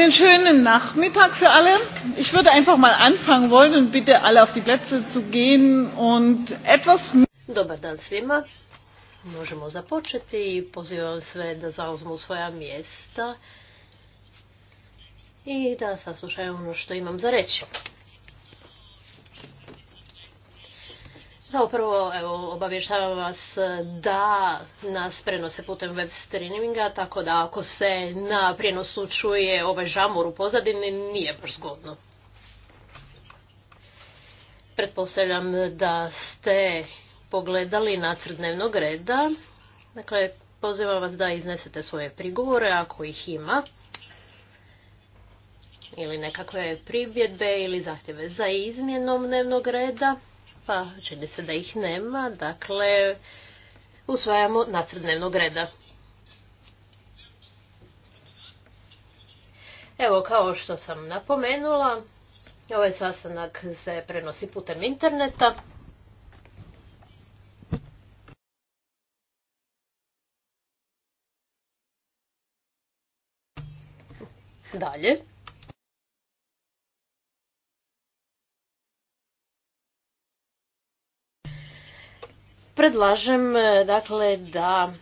Einen schönen Nachmittag für alle. Ich würde einfach mal anfangen wollen und bitte alle auf die Plätze zu gehen und etwas... Dobar dan svima. Možemo započeti i pozivam sve da zauzmu svoja mjesta i da saslušaju ono što imam za reći. Kao prvo, evo, obavještavam vas da nas prenose putem web streaminga, tako da ako se na prijenosu čuje ovaj žamor u pozadini, nije baš zgodno. Pretpostavljam da ste pogledali nacrt dnevnog reda. Dakle, pozivam vas da iznesete svoje prigovore, ako ih ima, ili nekakve pribjedbe ili zahtjeve za izmjenom dnevnog reda pa čini se da ih nema, dakle usvajamo nacrt dnevnog reda. Evo, kao što sam napomenula, ovaj sastanak se prenosi putem interneta. Dalje. Predlažem e, dakle da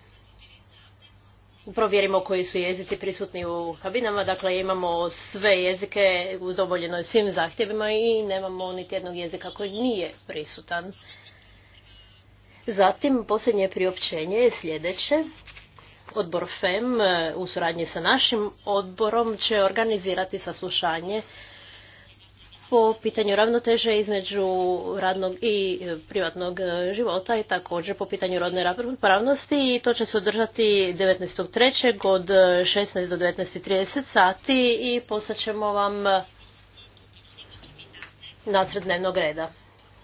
provjerimo koji su jezici prisutni u kabinama. Dakle, imamo sve jezike udovoljeno svim zahtjevima i nemamo niti jednog jezika koji nije prisutan. Zatim, posljednje priopćenje je sljedeće. Odbor FEM e, u suradnji sa našim odborom će organizirati saslušanje po pitanju ravnoteže između radnog i e, privatnog e, života i također po pitanju rodne ravnopravnosti i to će se održati 19.3. od 16 e, do 19.30 sati i ćemo vam nacred dnevnog reda.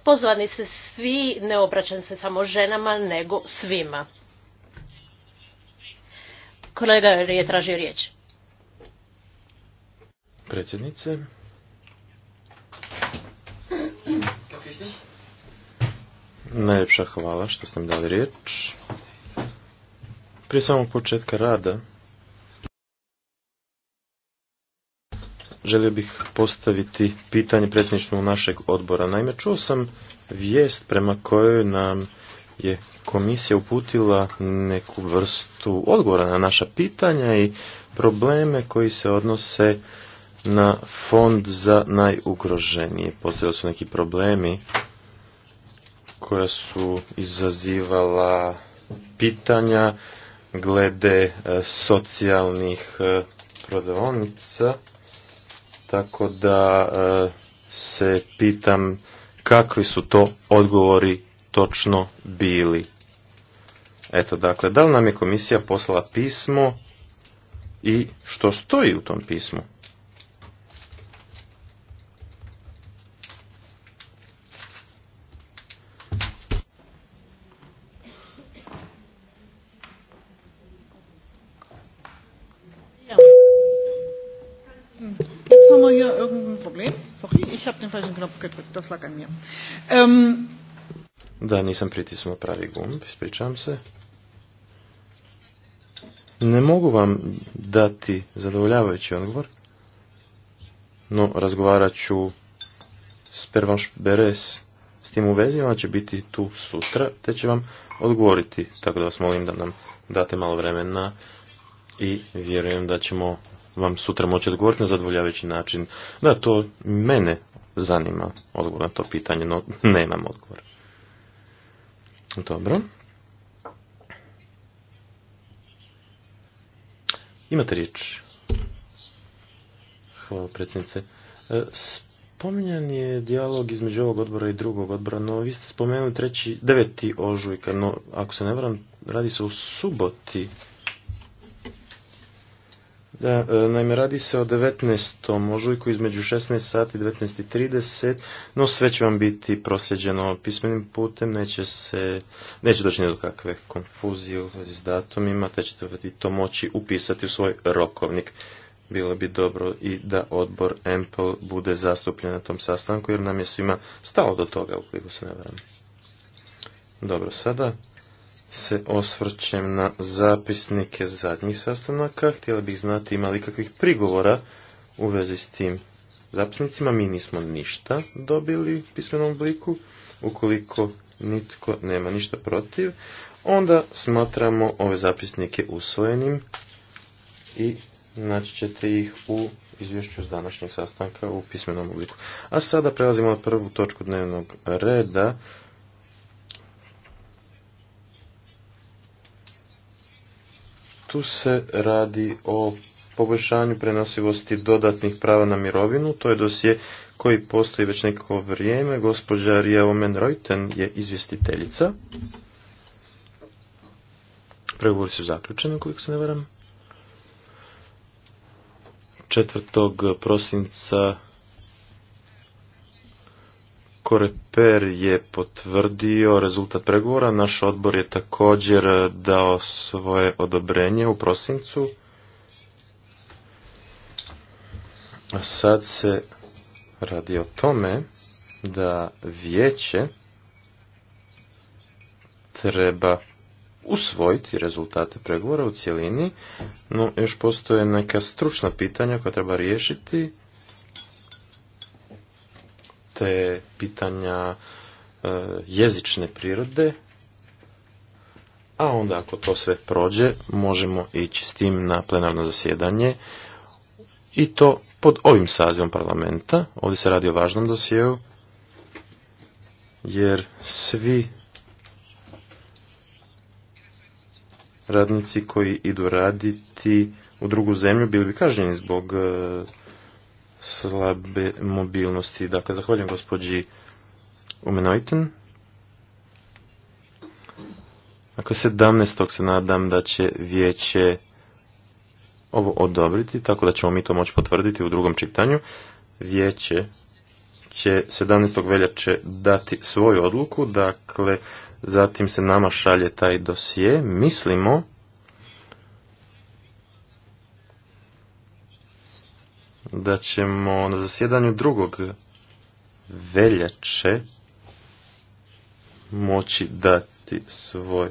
Pozvani se svi, ne obraćam se samo ženama, nego svima. Kolega je tražio riječ. Predsjednice, Najljepša hvala što ste mi dali riječ. Prije samog početka rada želio bih postaviti pitanje predsjedničnom našeg odbora. Naime, čuo sam vijest prema kojoj nam je komisija uputila neku vrstu odgovora na naša pitanja i probleme koji se odnose na fond za najugroženije. Postavili su neki problemi koja su izazivala pitanja glede e, socijalnih e, prodavnica, tako da e, se pitam kakvi su to odgovori točno bili. Eto, dakle, da li nam je komisija poslala pismo i što stoji u tom pismu? da, nisam pritisnuo pravi gumb, ispričavam se. Ne mogu vam dati zadovoljavajući odgovor, no razgovarat ću s Pervanš Beres s tim u vezi, ona će biti tu sutra, te će vam odgovoriti, tako da vas molim da nam date malo vremena i vjerujem da ćemo vam sutra moći odgovoriti na zadovoljavajući način. Da, to mene zanima odgovor na to pitanje, no nemam odgovor. Dobro. Imate riječ. Hvala predsjednice. E, spominjan je dijalog između ovog odbora i drugog odbora, no vi ste spomenuli treći, deveti ožujka, no ako se ne varam, radi se o suboti. Da, e, naime, radi se o 19. ožujku između 16 sati i 19.30, no sve će vam biti prosjeđeno pismenim putem, neće, se, neće doći do kakve konfuzije u s datumima, te ćete to moći upisati u svoj rokovnik. Bilo bi dobro i da odbor EMPL bude zastupljen na tom sastanku, jer nam je svima stalo do toga, ukoliko se ne varam. Dobro, sada se osvrćem na zapisnike zadnjih sastanaka. Htjela bih znati ima li kakvih prigovora u vezi s tim zapisnicima. Mi nismo ništa dobili u pismenom obliku. Ukoliko nitko nema ništa protiv, onda smatramo ove zapisnike usvojenim i naći ćete ih u izvješću s današnjeg sastanka u pismenom obliku. A sada prelazimo na prvu točku dnevnog reda, tu se radi o poboljšanju prenosivosti dodatnih prava na mirovinu. To je dosje koji postoji već neko vrijeme. Gospođa Rija Omen je izvjestiteljica. Pregovori su zaključeni, koliko se ne varam. 4. prosinca Per je potvrdio rezultat pregovora, naš odbor je također dao svoje odobrenje u prosincu. A sad se radi o tome da vijeće treba usvojiti rezultate pregovora u cjelini, no još postoje neka stručna pitanja koja treba riješiti je pitanja e, jezične prirode, a onda ako to sve prođe, možemo ići s tim na plenarno zasjedanje i to pod ovim sazivom parlamenta. Ovdje se radi o važnom dosjeu, jer svi radnici koji idu raditi u drugu zemlju bili bi kažnjeni zbog e, slabe mobilnosti. Dakle, zahvaljujem gospođi Umenojten. Dakle, 17. se nadam da će vijeće ovo odobriti, tako da ćemo mi to moći potvrditi u drugom čitanju. Vijeće će 17. veljače dati svoju odluku, dakle, zatim se nama šalje taj dosije. Mislimo da ćemo na zasjedanju drugog veljače moći dati svoj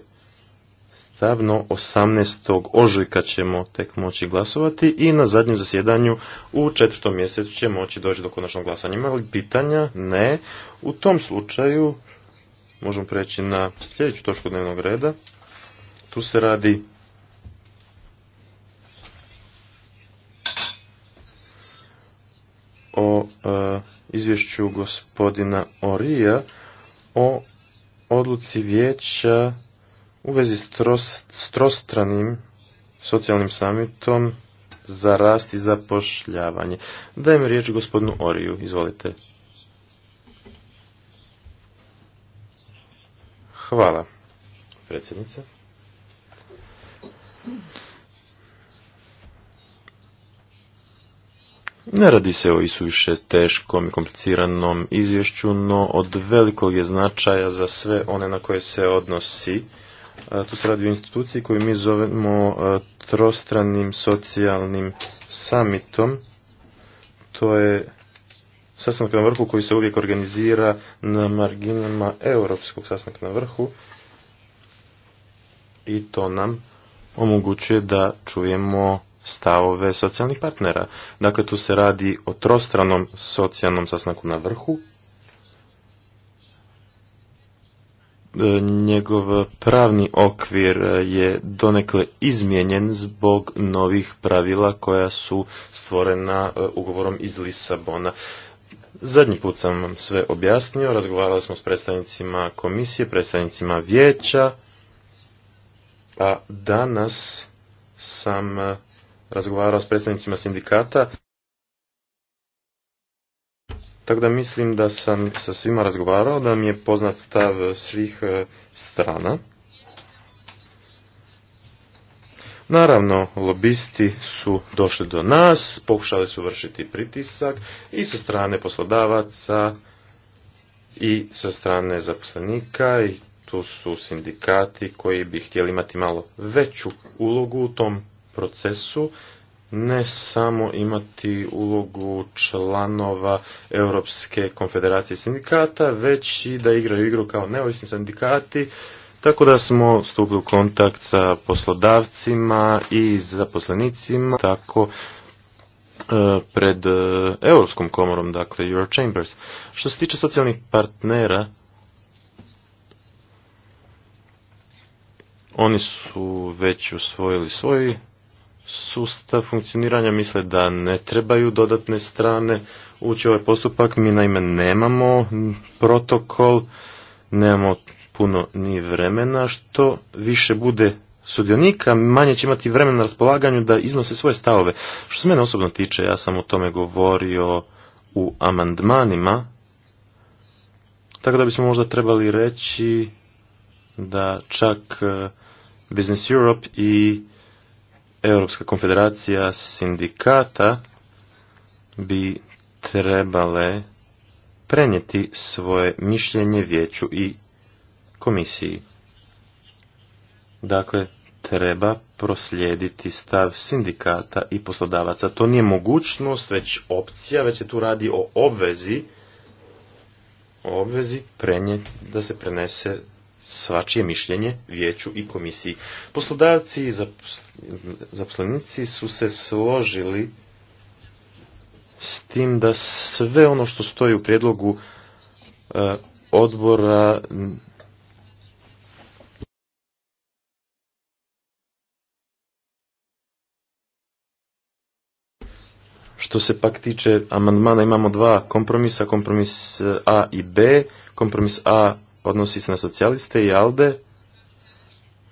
stavno 18. ožujka ćemo tek moći glasovati i na zadnjem zasjedanju u četvrtom mjesecu će moći doći do konačnog glasanja. Ima li pitanja? Ne. U tom slučaju možemo preći na sljedeću točku dnevnog reda. Tu se radi E, izvješću gospodina Orija o odluci vijeća u vezi s trostranim socijalnim samitom za rast i zapošljavanje. Dajem riječ gospodinu Oriju, izvolite. Hvala, predsjednice. Ne radi se o isuviše teškom i kompliciranom izvješću, no od velikog je značaja za sve one na koje se odnosi. Tu se radi o instituciji koju mi zovemo trostranim socijalnim samitom. To je sastanak na vrhu koji se uvijek organizira na marginama europskog sastanka na vrhu i to nam omogućuje da čujemo stavove socijalnih partnera. Dakle, tu se radi o trostranom socijalnom sasnaku na vrhu. E, njegov pravni okvir je donekle izmijenjen zbog novih pravila koja su stvorena e, ugovorom iz Lisabona. Zadnji put sam vam sve objasnio, razgovarali smo s predstavnicima komisije, predstavnicima vijeća, a danas sam e, razgovarao s predstavnicima sindikata. Tako da mislim da sam sa svima razgovarao, da mi je poznat stav svih e, strana. Naravno, lobisti su došli do nas, pokušali su vršiti pritisak i sa strane poslodavaca i sa strane zaposlenika i tu su sindikati koji bi htjeli imati malo veću ulogu u tom procesu ne samo imati ulogu članova Europske konfederacije sindikata, već i da igraju igru kao neovisni sindikati, tako da smo stupili u kontakt sa poslodavcima i zaposlenicima, tako e, pred e, Europskom komorom, dakle Eurochambers. Što se tiče socijalnih partnera, oni su već usvojili svoj sustav funkcioniranja misle da ne trebaju dodatne strane ući ovaj postupak. Mi naime nemamo protokol, nemamo puno ni vremena. Što više bude sudionika, manje će imati vremena na raspolaganju da iznose svoje stavove. Što se mene osobno tiče, ja sam o tome govorio u amandmanima, tako da bismo možda trebali reći da čak eh, Business Europe i Europska konfederacija sindikata bi trebale prenijeti svoje mišljenje vijeću i komisiji. Dakle, treba proslijediti stav sindikata i poslodavaca. To nije mogućnost, već opcija, već se tu radi o obvezi, obvezi prenijeti da se prenese svačije mišljenje vijeću i komisiji. Poslodavci i zaposlenici su se složili s tim da sve ono što stoji u prijedlogu e, odbora Što se pak tiče amandmana, imamo dva kompromisa, kompromis e, A i B. Kompromis A odnosi se na socijaliste i ALDE.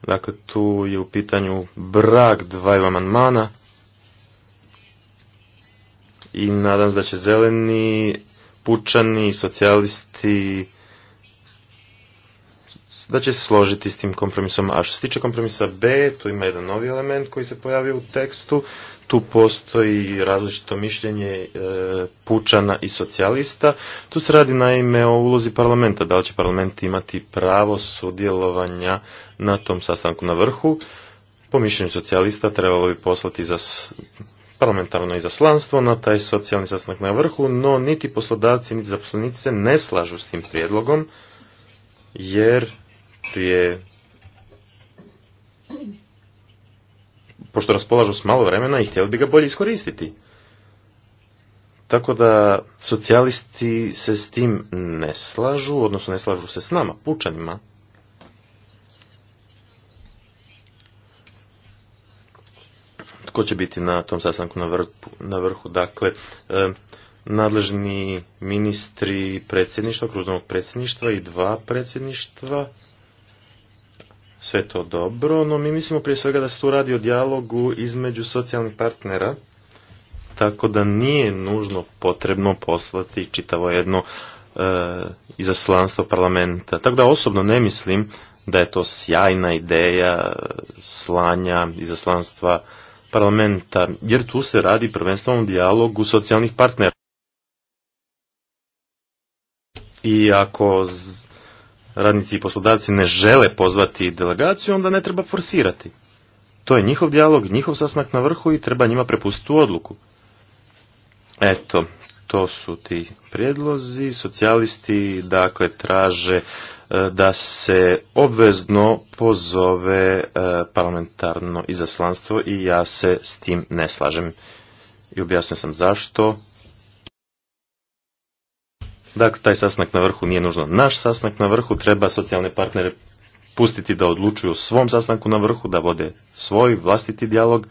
Dakle, tu je u pitanju brak dvaju amandmana. I nadam se da će zeleni, pučani, socijalisti da će se složiti s tim kompromisom A. Što se tiče kompromisa B, tu ima jedan novi element koji se pojavio u tekstu. Tu postoji različito mišljenje e, pučana i socijalista. Tu se radi naime o ulozi parlamenta. Da li će parlament imati pravo sudjelovanja na tom sastanku na vrhu? Po mišljenju socijalista trebalo bi poslati za parlamentarno izaslanstvo na taj socijalni sastanak na vrhu, no niti poslodavci niti zaposlenici se ne slažu s tim prijedlogom jer je. pošto raspolažu s malo vremena i htjeli bi ga bolje iskoristiti. Tako da socijalisti se s tim ne slažu, odnosno ne slažu se s nama, pučanima. Tko će biti na tom sastanku na, vrhu, na vrhu? Dakle, nadležni ministri predsjedništva, kruznog predsjedništva i dva predsjedništva sve to dobro, no mi mislimo prije svega da se tu radi o dijalogu između socijalnih partnera, tako da nije nužno potrebno poslati čitavo jedno e, izaslanstvo parlamenta. Tako da osobno ne mislim da je to sjajna ideja e, slanja izaslanstva parlamenta, jer tu se radi prvenstveno o dijalogu socijalnih partnera. I ako radnici i poslodavci ne žele pozvati delegaciju, onda ne treba forsirati. To je njihov dijalog, njihov sasnak na vrhu i treba njima prepustiti tu odluku. Eto, to su ti prijedlozi. Socijalisti, dakle, traže e, da se obvezno pozove e, parlamentarno izaslanstvo i ja se s tim ne slažem. I objasnio sam zašto. Dakle, taj sastanak na vrhu nije nužno naš sastanak na vrhu, treba socijalne partnere pustiti da odlučuju o svom sastanku na vrhu, da vode svoj vlastiti dijalog,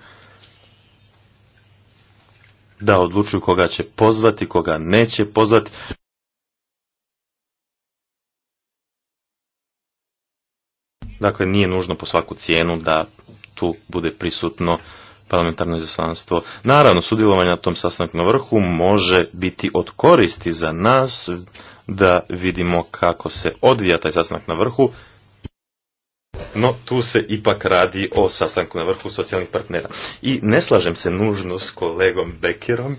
da odlučuju koga će pozvati, koga neće pozvati. Dakle, nije nužno po svaku cijenu da tu bude prisutno parlamentarno izaslanstvo. Naravno, sudjelovanje na tom sastanku na vrhu može biti od koristi za nas da vidimo kako se odvija taj sastanak na vrhu, no tu se ipak radi o sastanku na vrhu socijalnih partnera. I ne slažem se nužno s kolegom Bekirom,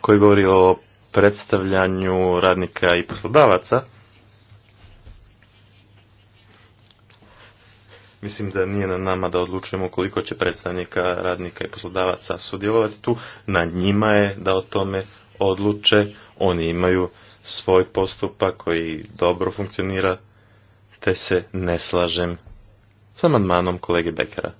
koji govori o predstavljanju radnika i poslodavaca, Mislim da nije na nama da odlučujemo koliko će predstavnika radnika i poslodavaca sudjelovati tu. Na njima je da o tome odluče. Oni imaju svoj postupak koji dobro funkcionira, te se ne slažem s amandmanom kolege Bekera.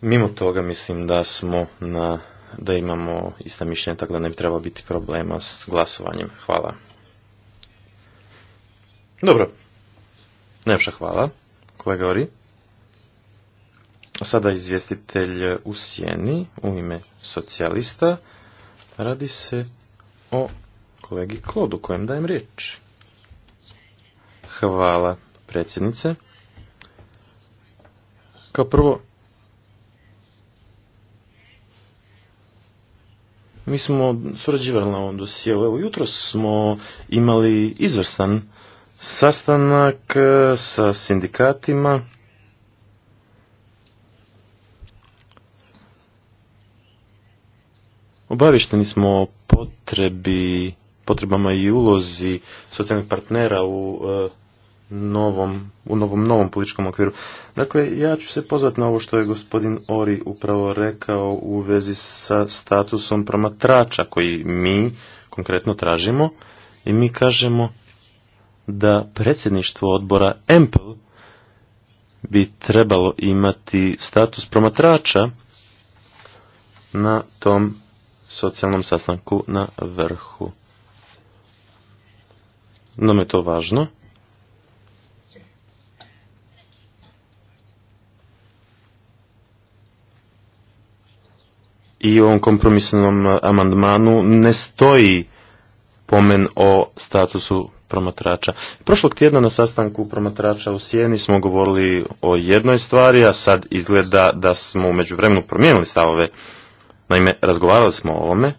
Mimo toga mislim da smo na da imamo ista mišljenja, tako da ne bi trebalo biti problema s glasovanjem. Hvala. Dobro, hvala, kolega Sada izvjestitelj u sjeni u ime socijalista. Radi se o kolegi Klodu kojem dajem riječ. Hvala predsjednice. Kao prvo, mi smo surađivali na ovom dosijelu. Evo, jutro smo imali izvrstan sastanak e, sa sindikatima. Obavišteni smo o potrebi, potrebama i ulozi socijalnih partnera u e, novom, u novom, novom političkom okviru. Dakle, ja ću se pozvati na ovo što je gospodin Ori upravo rekao u vezi sa statusom promatrača koji mi konkretno tražimo i mi kažemo da predsjedništvo odbora EMPL bi trebalo imati status promatrača na tom socijalnom sastanku na vrhu. No je to važno. I u ovom kompromisnom amandmanu ne stoji pomen o statusu promatrača. Prošlog tjedna na sastanku promatrača u Sijeni smo govorili o jednoj stvari, a sad izgleda da smo umeđu vremenu promijenili stavove. Naime, razgovarali smo o ovome,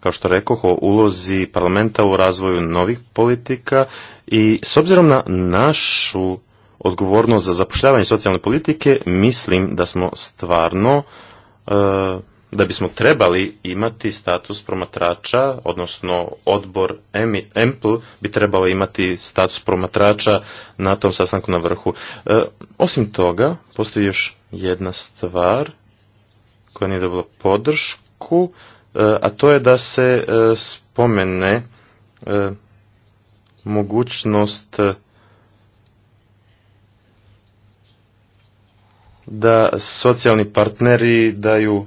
kao što rekoh, o ulozi parlamenta u razvoju novih politika i s obzirom na našu odgovornost za zapošljavanje socijalne politike, mislim da smo stvarno e, da bismo trebali imati status promatrača, odnosno odbor EMPL bi trebalo imati status promatrača na tom sastanku na vrhu. E, osim toga, postoji još jedna stvar koja nije dobila podršku, e, a to je da se e, spomene mogućnost da socijalni partneri daju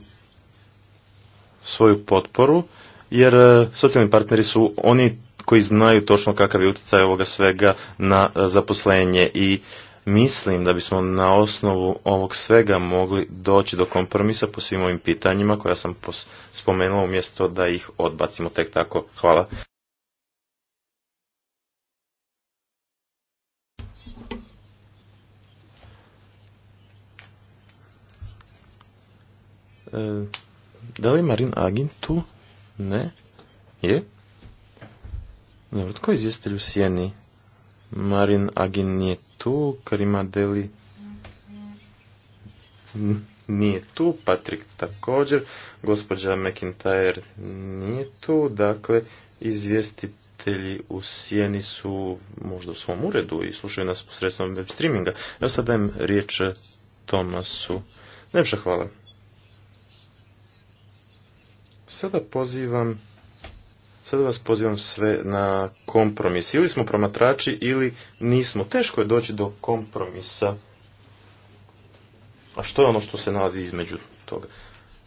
svoju potporu, jer e, socijalni partneri su oni koji znaju točno kakav je utjecaj ovoga svega na e, zaposlenje i mislim da bismo na osnovu ovog svega mogli doći do kompromisa po svim ovim pitanjima koja sam spomenula umjesto da ih odbacimo tek tako. Hvala. E, da li Marin Agin tu? Ne. Je? Ne, tko je izvjestitelj u Sjeni? Marin Agin nije tu, Karima Deli nije tu, Patrik također, gospođa McIntyre nije tu, dakle izvjestitelji u Sjeni su možda u svom uredu i slušaju nas posredstvom web streaminga. Evo sad dajem riječ Tomasu. Najpša hvala. Sada pozivam Sada vas pozivam sve na kompromis. Ili smo promatrači ili nismo. Teško je doći do kompromisa. A što je ono što se nalazi između toga?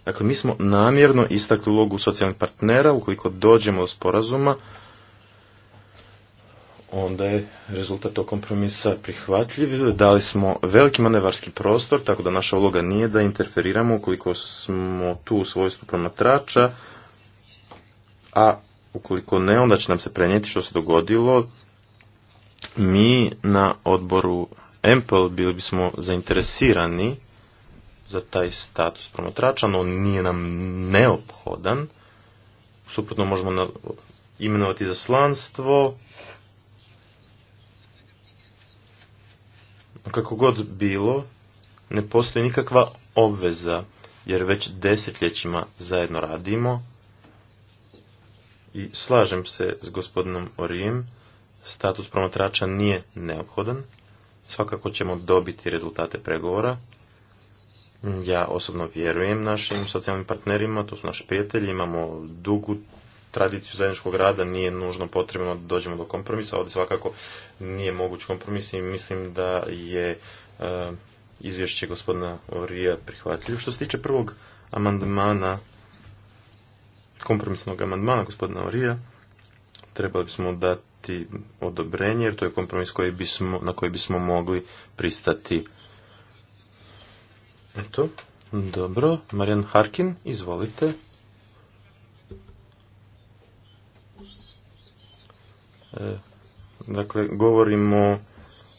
Dakle, mi smo namjerno istakli ulogu socijalnih partnera, ukoliko dođemo do sporazuma, onda je rezultat tog kompromisa prihvatljiv. Dali smo veliki manevarski prostor, tako da naša uloga nije da interferiramo ukoliko smo tu u svojstvu promatrača, a ukoliko ne, onda će nam se prenijeti što se dogodilo. Mi na odboru MPL bili bismo zainteresirani za taj status promatrača, no nije nam neophodan. Suprotno možemo imenovati zaslanstvo, kako god bilo, ne postoji nikakva obveza, jer već desetljećima zajedno radimo i slažem se s gospodinom Orijem, status promatrača nije neophodan, svakako ćemo dobiti rezultate pregovora. Ja osobno vjerujem našim socijalnim partnerima, to su naši prijatelji, imamo dugu tradiciju zajedničkog rada nije nužno potrebno da dođemo do kompromisa. Ovdje svakako nije moguć kompromis i mislim da je e, izvješće gospodina Orija prihvatljivo. Što se tiče prvog amandmana, kompromisnog amandmana gospodina Orija, trebali bismo dati odobrenje, jer to je kompromis koji bismo, na koji bismo mogli pristati. Eto, dobro. Marijan Harkin, izvolite. E, dakle, govorimo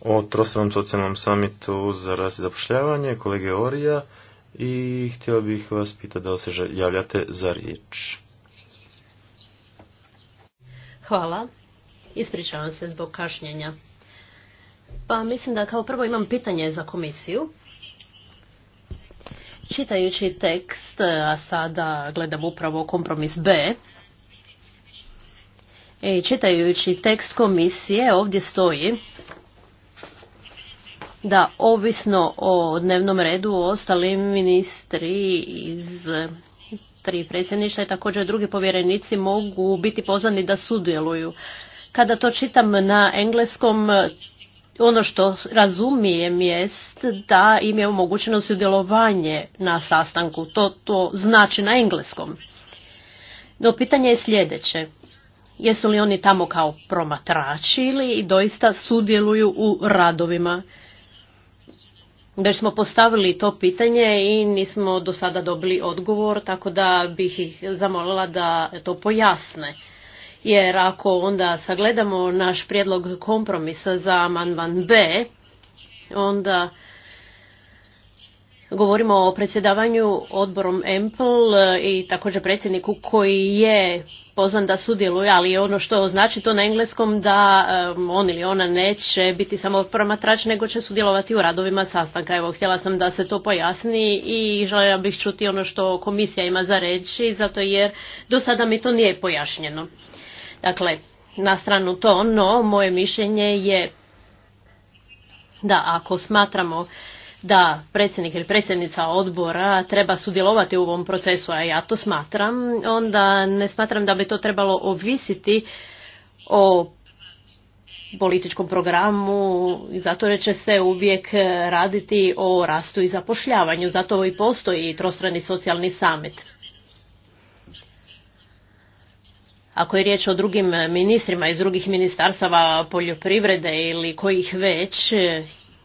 o trostranom socijalnom samitu za rast zapošljavanje, kolege Orija, i htio bih vas pitati da li se javljate za riječ. Hvala. Ispričavam se zbog kašnjenja. Pa mislim da kao prvo imam pitanje za komisiju. Čitajući tekst, a sada gledam upravo kompromis B, i e, čitajući tekst komisije ovdje stoji da ovisno o dnevnom redu ostali ministri iz tri predsjedništva i također drugi povjerenici mogu biti pozvani da sudjeluju. Kada to čitam na engleskom, ono što razumijem jest da im je omogućeno sudjelovanje na sastanku. To, to znači na engleskom. No pitanje je sljedeće. Jesu li oni tamo kao promatrači ili doista sudjeluju u radovima? Već smo postavili to pitanje i nismo do sada dobili odgovor, tako da bih ih zamolila da to pojasne. Jer ako onda sagledamo naš prijedlog kompromisa za amandman B, onda Govorimo o predsjedavanju odborom EMPL e, i također predsjedniku koji je pozvan da sudjeluje, ali ono što znači to na engleskom da on ili ona neće biti samo promatrač, nego će sudjelovati u radovima sastanka. Evo, htjela sam da se to pojasni i željela bih čuti ono što komisija ima za reći, zato jer do sada mi to nije pojašnjeno. Dakle, na stranu to, no moje mišljenje je da ako smatramo da predsjednik ili predsjednica odbora treba sudjelovati u ovom procesu, a ja to smatram, onda ne smatram da bi to trebalo ovisiti o političkom programu, zato će se uvijek raditi o rastu i zapošljavanju, zato i postoji trostrani socijalni samit. Ako je riječ o drugim ministrima iz drugih ministarstava poljoprivrede ili kojih već,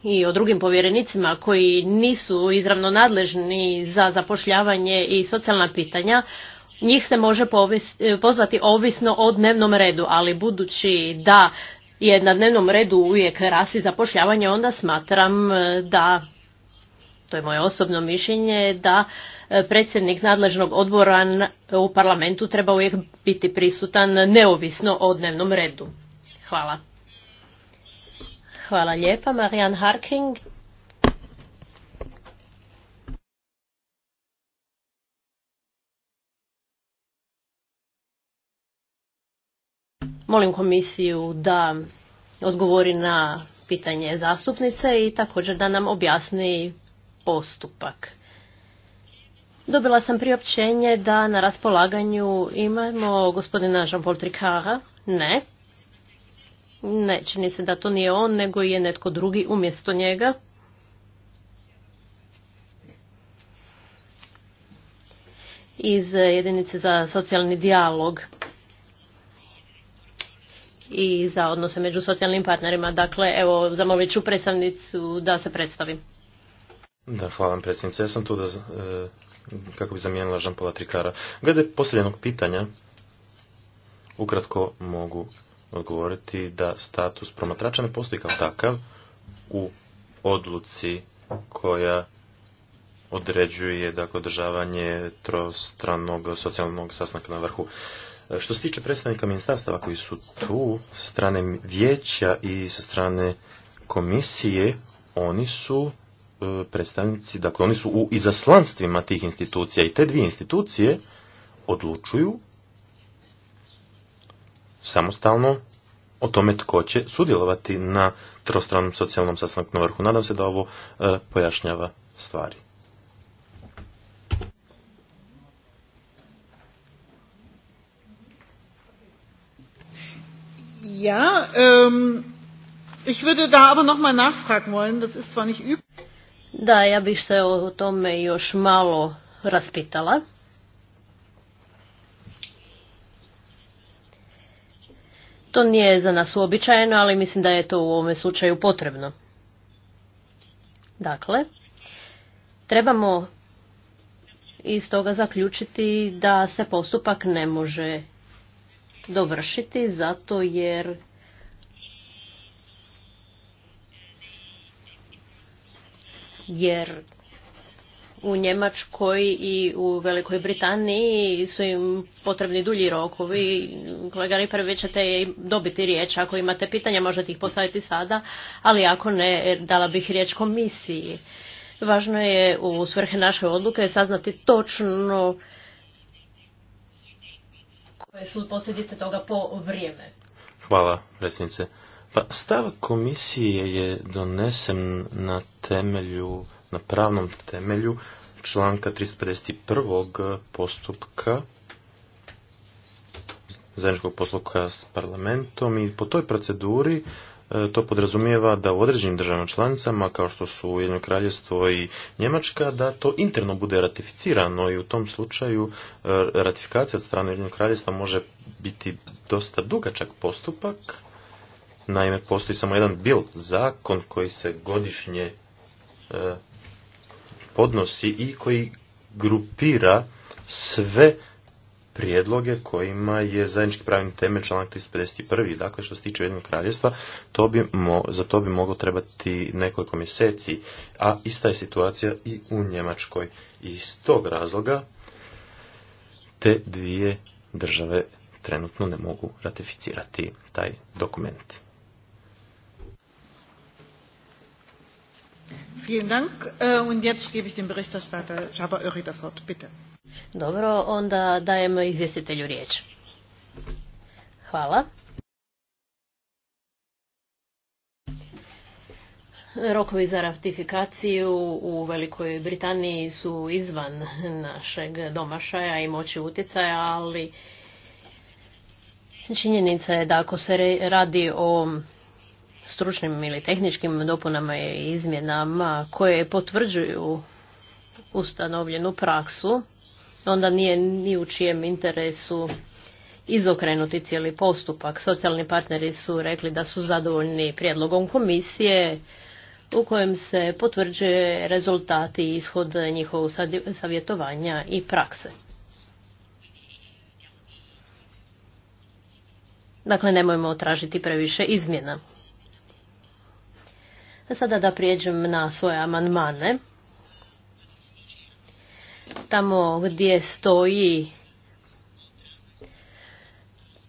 i o drugim povjerenicima koji nisu izravno nadležni za zapošljavanje i socijalna pitanja, njih se može e, pozvati ovisno o dnevnom redu, ali budući da je na dnevnom redu uvijek rasi zapošljavanje, onda smatram e, da, to je moje osobno mišljenje, da e, predsjednik nadležnog odbora u parlamentu treba uvijek biti prisutan neovisno o dnevnom redu. Hvala. Hvala lijepa. Marijan Harking. Molim komisiju da odgovori na pitanje zastupnice i također da nam objasni postupak. Dobila sam priopćenje da na raspolaganju imamo gospodina Jean-Paul Ne. Ne, čini se da to nije on, nego je netko drugi umjesto njega. iz eh, jedinice za socijalni dijalog i za odnose među socijalnim partnerima. Dakle, evo, zamolit ću predstavnicu da se predstavim. Da, hvala predsjednice. Ja sam tu da, eh, kako bi zamijenila Žampola Trikara. Glede posljednog pitanja, ukratko mogu odgovoriti da status promatrača ne postoji kao takav u odluci koja određuje dakle, održavanje trostranog socijalnog sastanka na vrhu. E, što se tiče predstavnika ministarstava koji su tu, strane vijeća i sa strane komisije, oni su e, predstavnici, dakle oni su u izaslanstvima tih institucija i te dvije institucije odlučuju samostalno o tome tko će sudjelovati na trostranom socijalnom sastanku na vrhu. Nadam se da ovo e, pojašnjava stvari. Ja, um, ich würde da aber noch mal nachfragen wollen, das ist zwar nicht Da, ja bih se o tome još malo raspitala. To nije za nas uobičajeno, ali mislim da je to u ovome slučaju potrebno. Dakle, trebamo iz toga zaključiti da se postupak ne može dovršiti zato jer jer u Njemačkoj i u Velikoj Britaniji su im potrebni dulji rokovi. Kolega Riper, vi ćete dobiti riječ. Ako imate pitanja, možete ih postaviti sada, ali ako ne, dala bih riječ komisiji. Važno je u svrhe naše odluke saznati točno koje su posljedice toga po vrijeme. Hvala, predsjednice. Pa stav komisije je donesen na temelju, na pravnom temelju članka 351. postupka zajedničkog postupka s parlamentom i po toj proceduri e, to podrazumijeva da u određenim državama članicama, kao što su Ujedinjeno kraljevstvo i Njemačka, da to interno bude ratificirano i u tom slučaju e, ratifikacija od strane Ujedinjenog kraljevstva može biti dosta dugačak postupak Naime, postoji samo jedan bil, zakon koji se godišnje e, podnosi i koji grupira sve prijedloge kojima je zajednički pravni temelj članak 351. Dakle, što se tiče jednog kraljestva, to za to bi moglo trebati nekoliko mjeseci, a ista je situacija i u Njemačkoj. Iz tog razloga te dvije države trenutno ne mogu ratificirati taj dokument. Dobro, onda dajem izvjestitelju riječ. Hvala. Rokovi za ratifikaciju u Velikoj Britaniji su izvan našeg domašaja i moći utjecaja, ali činjenica je da ako se radi o stručnim ili tehničkim dopunama i izmjenama koje potvrđuju ustanovljenu praksu, onda nije ni u čijem interesu izokrenuti cijeli postupak. Socijalni partneri su rekli da su zadovoljni prijedlogom komisije u kojem se potvrđuje rezultati i ishod njihovog savjetovanja i prakse. Dakle, nemojmo tražiti previše izmjena. Sada da prijeđem na svoje amandmane. Tamo gdje stoji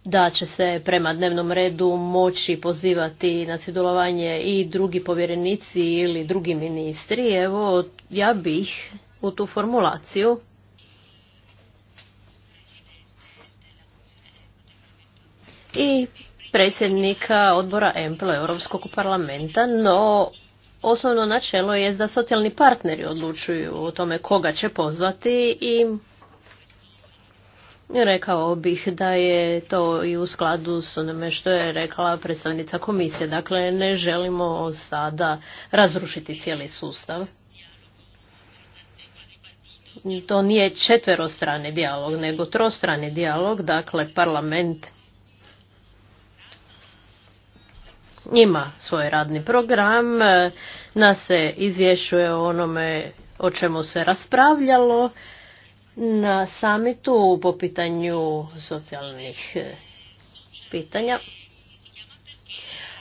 da će se prema dnevnom redu moći pozivati na sudjelovanje i drugi povjerenici ili drugi ministri. Evo, ja bih u tu formulaciju i predsjednika odbora emple Europskog parlamenta, no osnovno načelo je da socijalni partneri odlučuju o tome koga će pozvati i Rekao bih da je to i u skladu s onome što je rekla predstavnica komisije. Dakle, ne želimo sada razrušiti cijeli sustav. To nije četverostrani dijalog, nego trostrani dijalog. Dakle, parlament ima svoj radni program, e, nas se izvješuje o onome o čemu se raspravljalo na samitu po pitanju socijalnih e, pitanja.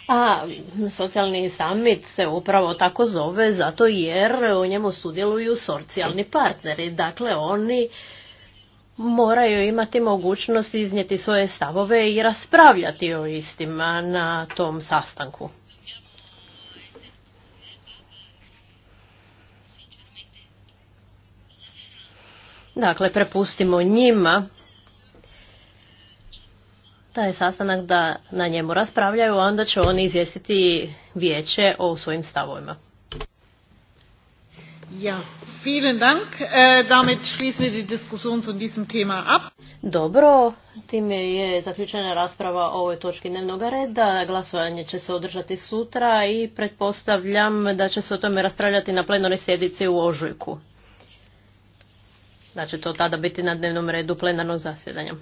A socijalni samit se upravo tako zove zato jer u njemu sudjeluju socijalni partneri, dakle oni moraju imati mogućnost iznijeti svoje stavove i raspravljati o istima na tom sastanku. Dakle, prepustimo njima taj sastanak da na njemu raspravljaju, a onda će oni izvijestiti vijeće o svojim stavovima. Ja, Vielen Dank. Äh, damit schließen wir die Diskussion Dobro, time je zaključena rasprava o ovoj točki dnevnog reda. Glasovanje će se održati sutra i pretpostavljam da će se o tome raspravljati na plenarnoj sjednici u ožujku. Da će to tada biti na dnevnom redu plenarnog zasjedanja.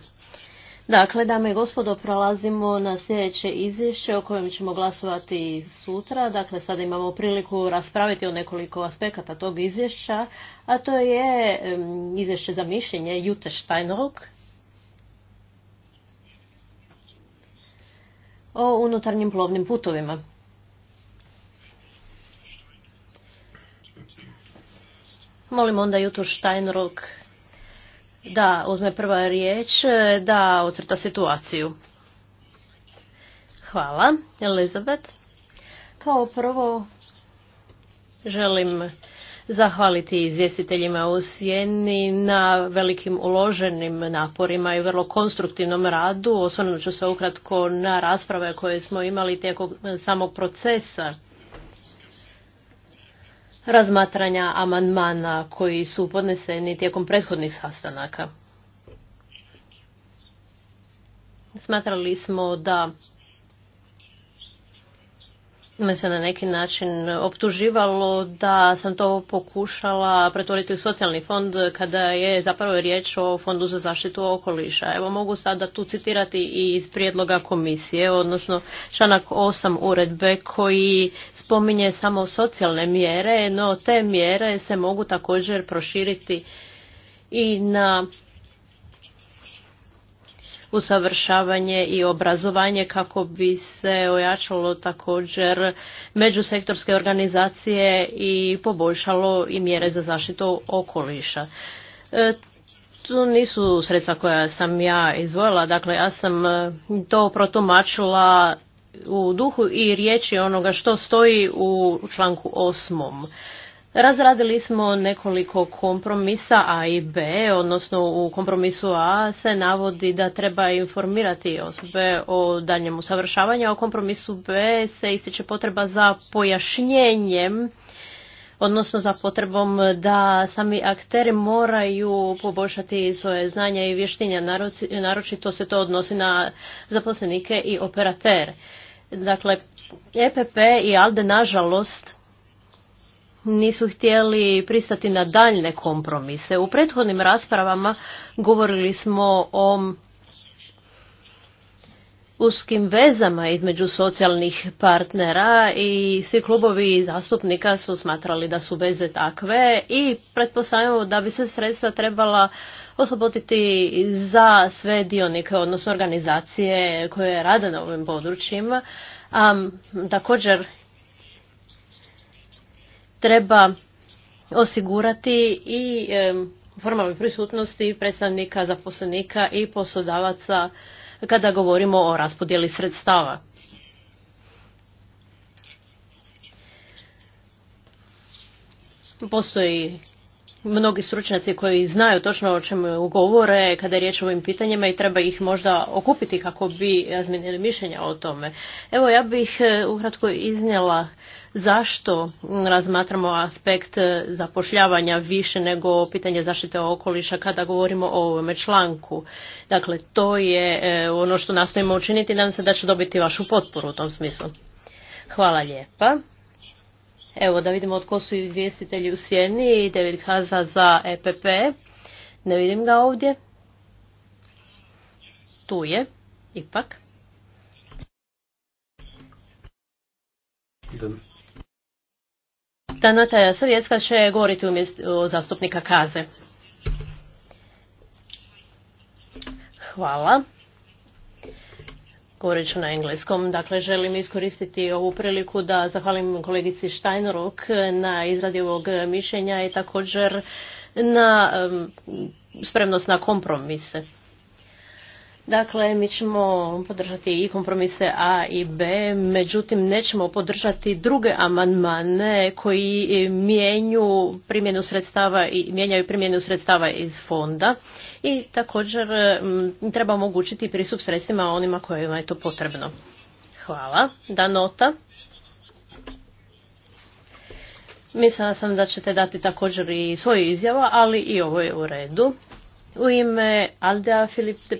Dakle, dame i gospodo, prolazimo na sljedeće izvješće o kojem ćemo glasovati sutra. Dakle, sada imamo priliku raspraviti o nekoliko aspekata tog izvješća, a to je izvješće za mišljenje Jute Steinrock o unutarnjim plovnim putovima. Molim onda Jutu Steinrock da uzme prva riječ, e, da ocrta situaciju. Hvala, Elizabet. Kao prvo želim zahvaliti izvjestiteljima u Sjeni na velikim uloženim naporima i vrlo konstruktivnom radu. Osvrnut ću se ukratko na rasprave koje smo imali tijekom samog procesa razmatranja amandmana koji su podneseni tijekom prethodnih sastanaka. Smatrali smo da me se na neki način optuživalo da sam to pokušala pretvoriti u socijalni fond kada je zapravo riječ o fondu za zaštitu okoliša. Evo mogu sada tu citirati i iz prijedloga komisije, odnosno članak 8 uredbe koji spominje samo socijalne mjere, no te mjere se mogu također proširiti i na usavršavanje i obrazovanje kako bi se ojačalo također međusektorske organizacije i poboljšalo i mjere za zaštitu okoliša. E, to nisu sredstva koja sam ja izvojila, dakle ja sam e, to protumačila u duhu i riječi onoga što stoji u članku osmom. Razradili smo nekoliko kompromisa A i B, odnosno u kompromisu A se navodi da treba informirati osobe o daljem usavršavanju, a u kompromisu B se ističe potreba za pojašnjenjem odnosno za potrebom da sami akteri moraju poboljšati svoje znanja i vještinja, naročito se to odnosi na zaposlenike i operatere. Dakle, EPP i ALDE, nažalost, nisu htjeli pristati na daljne kompromise. U prethodnim raspravama govorili smo o uskim vezama između socijalnih partnera i svi klubovi zastupnika su smatrali da su veze takve i pretpostavljamo da bi se sredstva trebala osloboditi za sve dionike, odnosno organizacije koje rade na ovim područjima. A, također treba osigurati i formalnoj prisutnosti predstavnika zaposlenika i poslodavaca kada govorimo o raspodjeli sredstava. Postoji mnogi stručnjaci koji znaju točno o čemu govore kada je riječ o ovim pitanjima i treba ih možda okupiti kako bi razmijenili mišljenja o tome. Evo ja bih eh, ukratko iznijela zašto razmatramo aspekt e, zapošljavanja više nego pitanje zaštite okoliša kada govorimo o ovome članku. Dakle, to je e, ono što nastojimo učiniti. Nadam se da će dobiti vašu potporu u tom smislu. Hvala lijepa. Evo da vidimo tko su izvjestitelji u Sjeni. David Haza za EPP. Ne vidim ga ovdje. Tu je, ipak. Ta Nataja će govoriti umjesto zastupnika Kaze. Hvala. Govorit ću na engleskom. Dakle, želim iskoristiti ovu priliku da zahvalim kolegici Steinrock na izradi ovog mišljenja i također na spremnost na kompromise. Dakle, mi ćemo podržati i kompromise A i B, međutim nećemo podržati druge amandmane koji mijenju primjenu sredstava i mijenjaju primjenu sredstava iz fonda i također treba omogućiti pristup sredstvima onima kojima je to potrebno. Hvala. Da nota. Mislila sam da ćete dati također i svoju izjavu, ali i ovo je u redu. U ime Aldea Filip de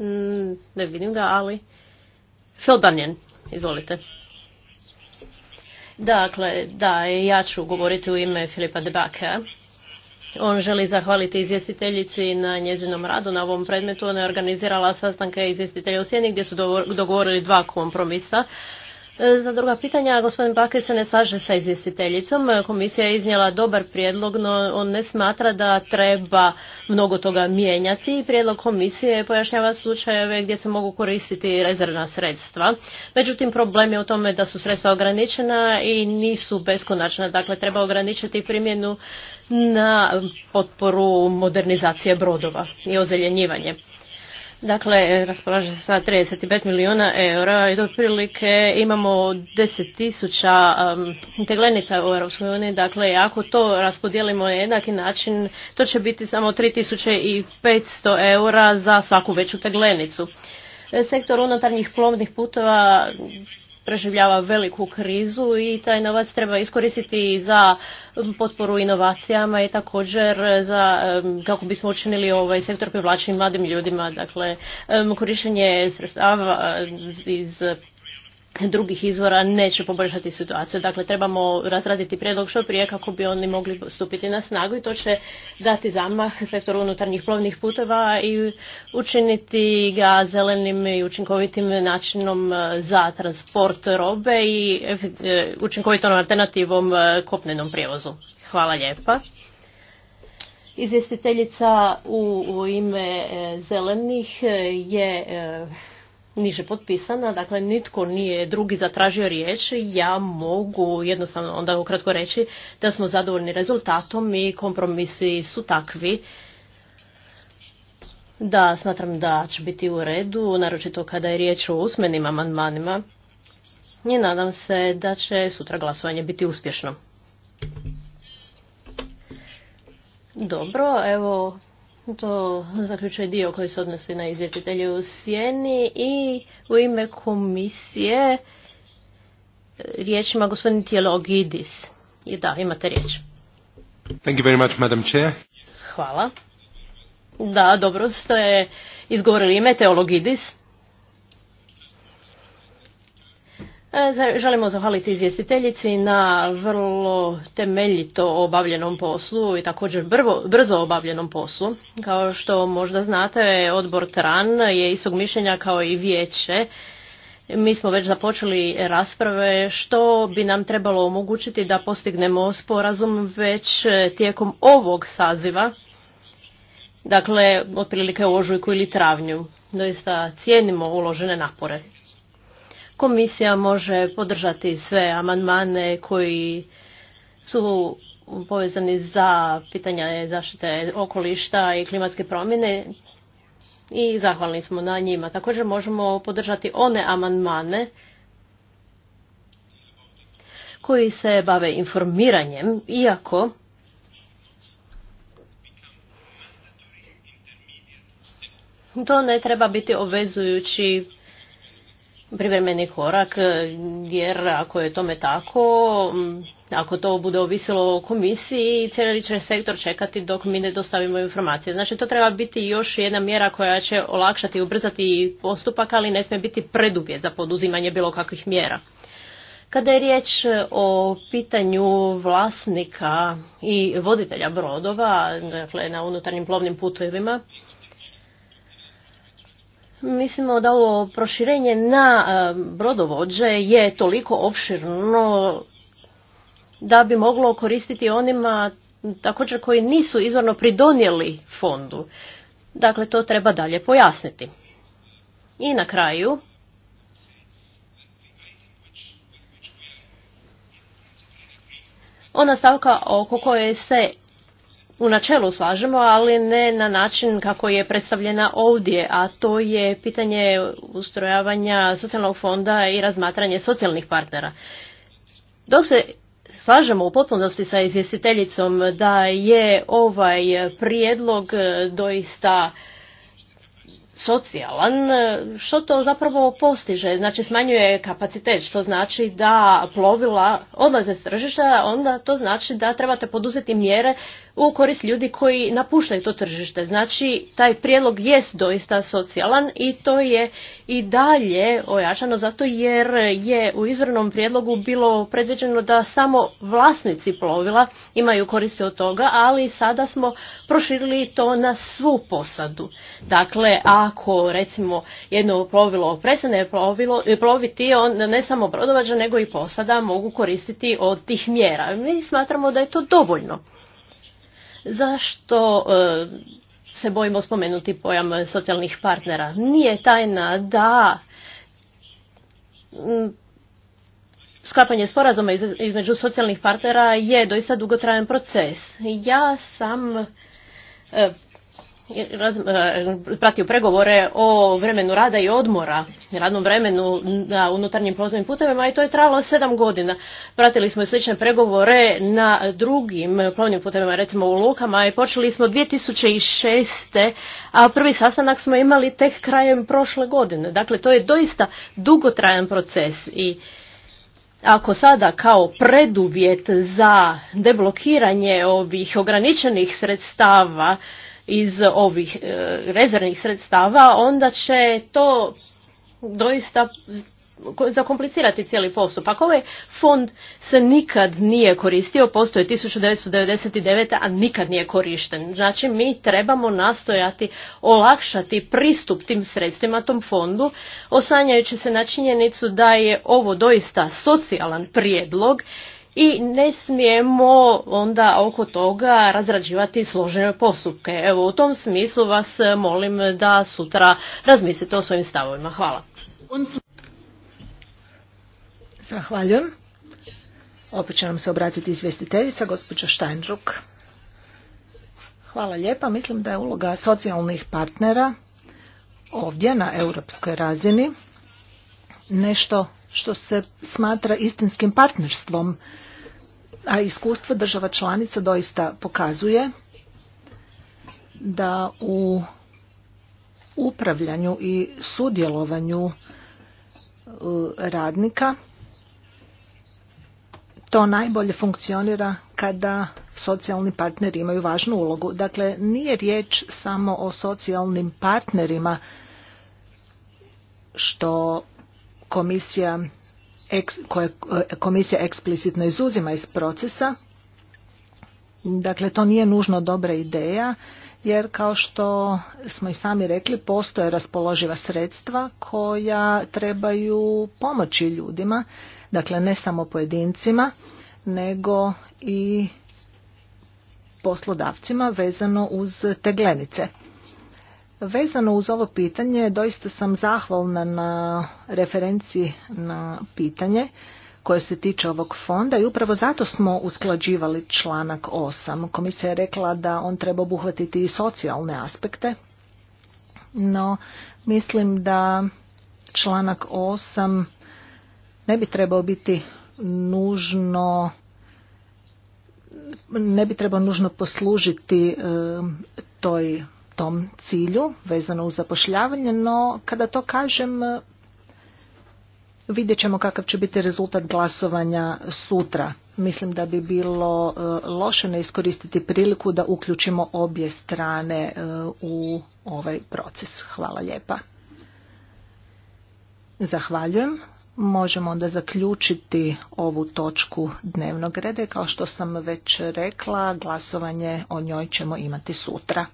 Mm, ne vidim ga, ali... Bunyan, izvolite. Dakle, da, ja ću govoriti u ime Filipa Debaka. On želi zahvaliti izvjestiteljici na njezinom radu na ovom predmetu. Ona je organizirala sastanke izvjestitelja u Sjeni gdje su dogovorili dva kompromisa. E, za druga pitanja, gospodin Bakić se ne slaže sa izvjestiteljicom. E, Komisija je iznijela dobar prijedlog, no on ne smatra da treba mnogo toga mijenjati. Prijedlog komisije pojašnjava slučajeve gdje se mogu koristiti rezervna sredstva. Međutim, problem je u tome da su sredstva ograničena i nisu beskonačna. Dakle, treba ograničiti primjenu na potporu modernizacije brodova i ozeljenjivanje. Dakle, raspolaže se sa 35 milijuna eura i prilike imamo 10 tisuća teglenica u EU. Dakle, ako to raspodijelimo na jednaki način, to će biti samo 3500 eura za svaku veću teglenicu. Sektor unutarnjih plovnih putova preživljava veliku krizu i taj novac treba iskoristiti za potporu inovacijama i također za, kako bismo učinili ovaj sektor privlačnim mladim ljudima. Dakle, korištenje sredstava iz drugih izvora neće poboljšati situaciju. Dakle, trebamo razraditi prijedlog što prije kako bi oni mogli stupiti na snagu i to će dati zamah sektoru unutarnjih plovnih puteva i učiniti ga zelenim i učinkovitim načinom e, za transport robe i e, učinkovitom alternativom e, kopnenom prijevozu. Hvala lijepa. Izvjestiteljica u, ime zelenih je niže potpisana, dakle nitko nije drugi zatražio riječ, ja mogu jednostavno onda ukratko reći da smo zadovoljni rezultatom i kompromisi su takvi da smatram da će biti u redu, naročito kada je riječ o usmenim amandmanima i nadam se da će sutra glasovanje biti uspješno. Dobro, evo to zaključuje dio koji se odnosi na izvjetitelje u sjeni i u ime komisije riječima gospodin Tijelogidis. I da, imate riječ. Thank you very much, Madam Chair. Hvala. Da, dobro ste izgovorili ime Teologidis. E, želimo zahvaliti izvjestiteljici na vrlo temeljito obavljenom poslu i također brzo obavljenom poslu. Kao što možda znate, odbor TRAN je istog mišljenja kao i vijeće. Mi smo već započeli rasprave što bi nam trebalo omogućiti da postignemo sporazum već tijekom ovog saziva, dakle otprilike ožujku ili travnju. Doista cijenimo uložene napore. Komisija može podržati sve amandmane koji su povezani za pitanja zaštite okolišta i klimatske promjene i zahvalni smo na njima. Također možemo podržati one amandmane koji se bave informiranjem, iako to ne treba biti obvezujući privremeni korak, e, jer ako je tome tako, ako to bude ovisilo o komisiji, cijeli će sektor čekati dok mi ne dostavimo informacije. Znači to treba biti još jedna mjera koja će olakšati i ubrzati postupak, ali ne smije biti preduvjet za poduzimanje bilo kakvih mjera. Kada je riječ o pitanju vlasnika i voditelja brodova, dakle na unutarnjim plovnim putovima, Mislimo da ovo proširenje na e, brodovođe je toliko opširno da bi moglo koristiti onima također koji nisu izvorno pridonijeli fondu. Dakle, to treba dalje pojasniti. I na kraju, ona stavka oko koje se u načelu slažemo, ali ne na način kako je predstavljena ovdje, a to je pitanje ustrojavanja socijalnog fonda i razmatranje socijalnih partnera. Dok se slažemo u potpunosti sa izvjestiteljicom da je ovaj prijedlog doista socijalan, što to zapravo postiže? Znači smanjuje kapacitet, što znači da plovila odlaze s tržišta, onda to znači da trebate poduzeti mjere u korist ljudi koji napuštaju to tržište. Znači, taj prijedlog jest doista socijalan i to je i dalje ojačano zato jer je u izvornom prijedlogu bilo predviđeno da samo vlasnici plovila imaju koristi od toga, ali sada smo proširili to na svu posadu. Dakle, ako recimo jedno plovilo prestane ploviti, on ne samo brodovađa nego i posada mogu koristiti od tih mjera. Mi smatramo da je to dovoljno. Zašto e, se bojimo spomenuti pojam socijalnih partnera? Nije tajna da sklapanje sporazuma između socijalnih partnera je doista dugotrajan proces. Ja sam e, E, pratio pregovore o vremenu rada i odmora, radnom vremenu na unutarnjim plovnim putevima i to je trajalo sedam godina. Pratili smo i slične pregovore na drugim plovnim putevima, recimo u Lukama i počeli smo 2006. a prvi sastanak smo imali tek krajem prošle godine. Dakle, to je doista dugotrajan proces i ako sada kao preduvjet za deblokiranje ovih ograničenih sredstava iz ovih e, rezervnih sredstava, onda će to doista zakomplicirati cijeli postupak. Ovaj fond se nikad nije koristio, postoje 1999. a nikad nije korišten. Znači mi trebamo nastojati olakšati pristup tim sredstvima tom fondu, osanjajući se na činjenicu da je ovo doista socijalan prijedlog i ne smijemo onda oko toga razrađivati složene postupke. Evo, u tom smislu vas e, molim da sutra razmislite o svojim stavovima. Hvala. Zahvaljujem. Opet će nam se obratiti izvjestiteljica, gospođa Štajnruk. Hvala lijepa. Mislim da je uloga socijalnih partnera ovdje na europskoj razini nešto što se smatra istinskim partnerstvom a iskustvo država članica doista pokazuje da u upravljanju i sudjelovanju e, radnika to najbolje funkcionira kada socijalni partneri imaju važnu ulogu. Dakle, nije riječ samo o socijalnim partnerima što komisija koje e, komisija eksplicitno izuzima iz procesa. Dakle, to nije nužno dobra ideja jer kao što smo i sami rekli postoje raspoloživa sredstva koja trebaju pomoći ljudima, dakle ne samo pojedincima nego i poslodavcima vezano uz teglenice. Vezano uz ovo pitanje, doista sam zahvalna na referenciji na pitanje koje se tiče ovog fonda i upravo zato smo usklađivali članak 8. Komisija je rekla da on treba obuhvatiti i socijalne aspekte, no mislim da članak 8 ne bi trebao biti nužno ne bi trebao nužno poslužiti e, toj tom cilju vezano uz zapošljavanje, no kada to kažem vidjet ćemo kakav će biti rezultat glasovanja sutra. Mislim da bi bilo e, loše ne iskoristiti priliku da uključimo obje strane e, u ovaj proces. Hvala lijepa. Zahvaljujem. Možemo onda zaključiti ovu točku dnevnog reda. Kao što sam već rekla, glasovanje o njoj ćemo imati sutra.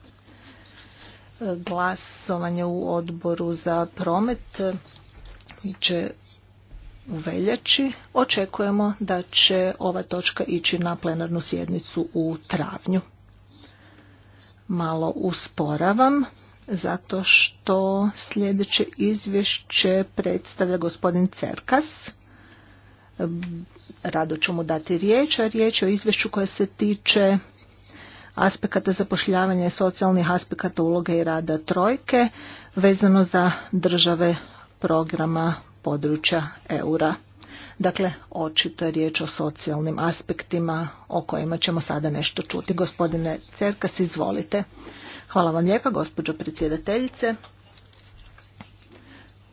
Glasovanje u odboru za promet će u veljači. Očekujemo da će ova točka ići na plenarnu sjednicu u travnju. Malo usporavam zato što sljedeće izvješće predstavlja gospodin Cerkas. Rado ću mu dati riječ, a riječ je o izvješću koje se tiče aspekata zapošljavanja i socijalnih aspekata uloge i rada trojke vezano za države programa područja eura. Dakle, očito je riječ o socijalnim aspektima o kojima ćemo sada nešto čuti. Gospodine Cerkas, izvolite. Hvala vam lijepa, gospođo predsjedateljice.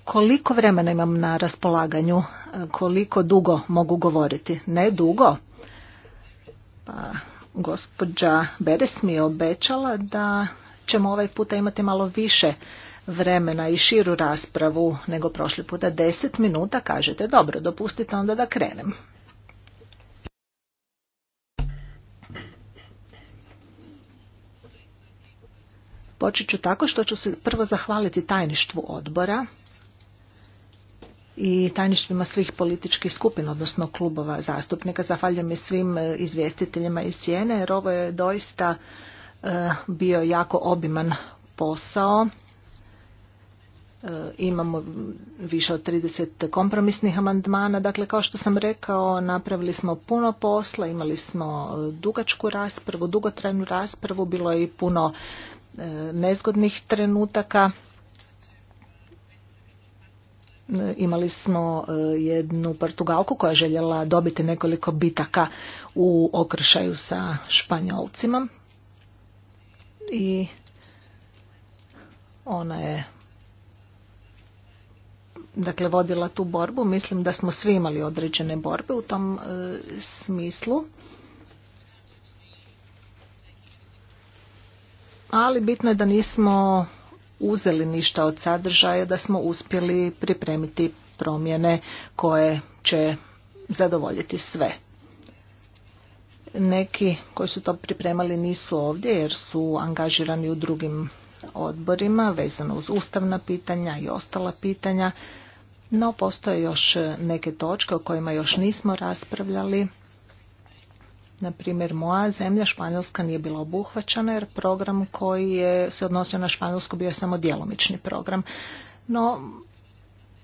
Koliko vremena imam na raspolaganju? Koliko dugo mogu govoriti? Ne dugo? Pa, Gospođa Beres mi je obećala da ćemo ovaj puta imati malo više vremena i širu raspravu nego prošli puta. Deset minuta kažete, dobro, dopustite onda da krenem. Počet ću tako što ću se prvo zahvaliti tajništvu odbora i tajništvima svih političkih skupina, odnosno klubova zastupnika. Zahvaljujem i svim e, izvjestiteljima iz Cijene jer ovo je doista e, bio jako obiman posao. E, imamo više od 30 kompromisnih amandmana. Dakle, kao što sam rekao, napravili smo puno posla, imali smo dugačku raspravu, dugotrajnu raspravu, bilo je i puno nezgodnih trenutaka E, imali smo e, jednu Portugalku koja je željela dobiti nekoliko bitaka u okršaju sa Španjolcima i ona je dakle vodila tu borbu. Mislim da smo svi imali određene borbe u tom e, smislu. Ali bitno je da nismo uzeli ništa od sadržaja, da smo uspjeli pripremiti promjene koje će zadovoljiti sve. Neki koji su to pripremali nisu ovdje jer su angažirani u drugim odborima vezano uz ustavna pitanja i ostala pitanja, no postoje još neke točke o kojima još nismo raspravljali na primjer, moja zemlja, Španjolska, nije bila obuhvaćena jer program koji je se odnosio na Španjolsku bio je samo djelomični program. No,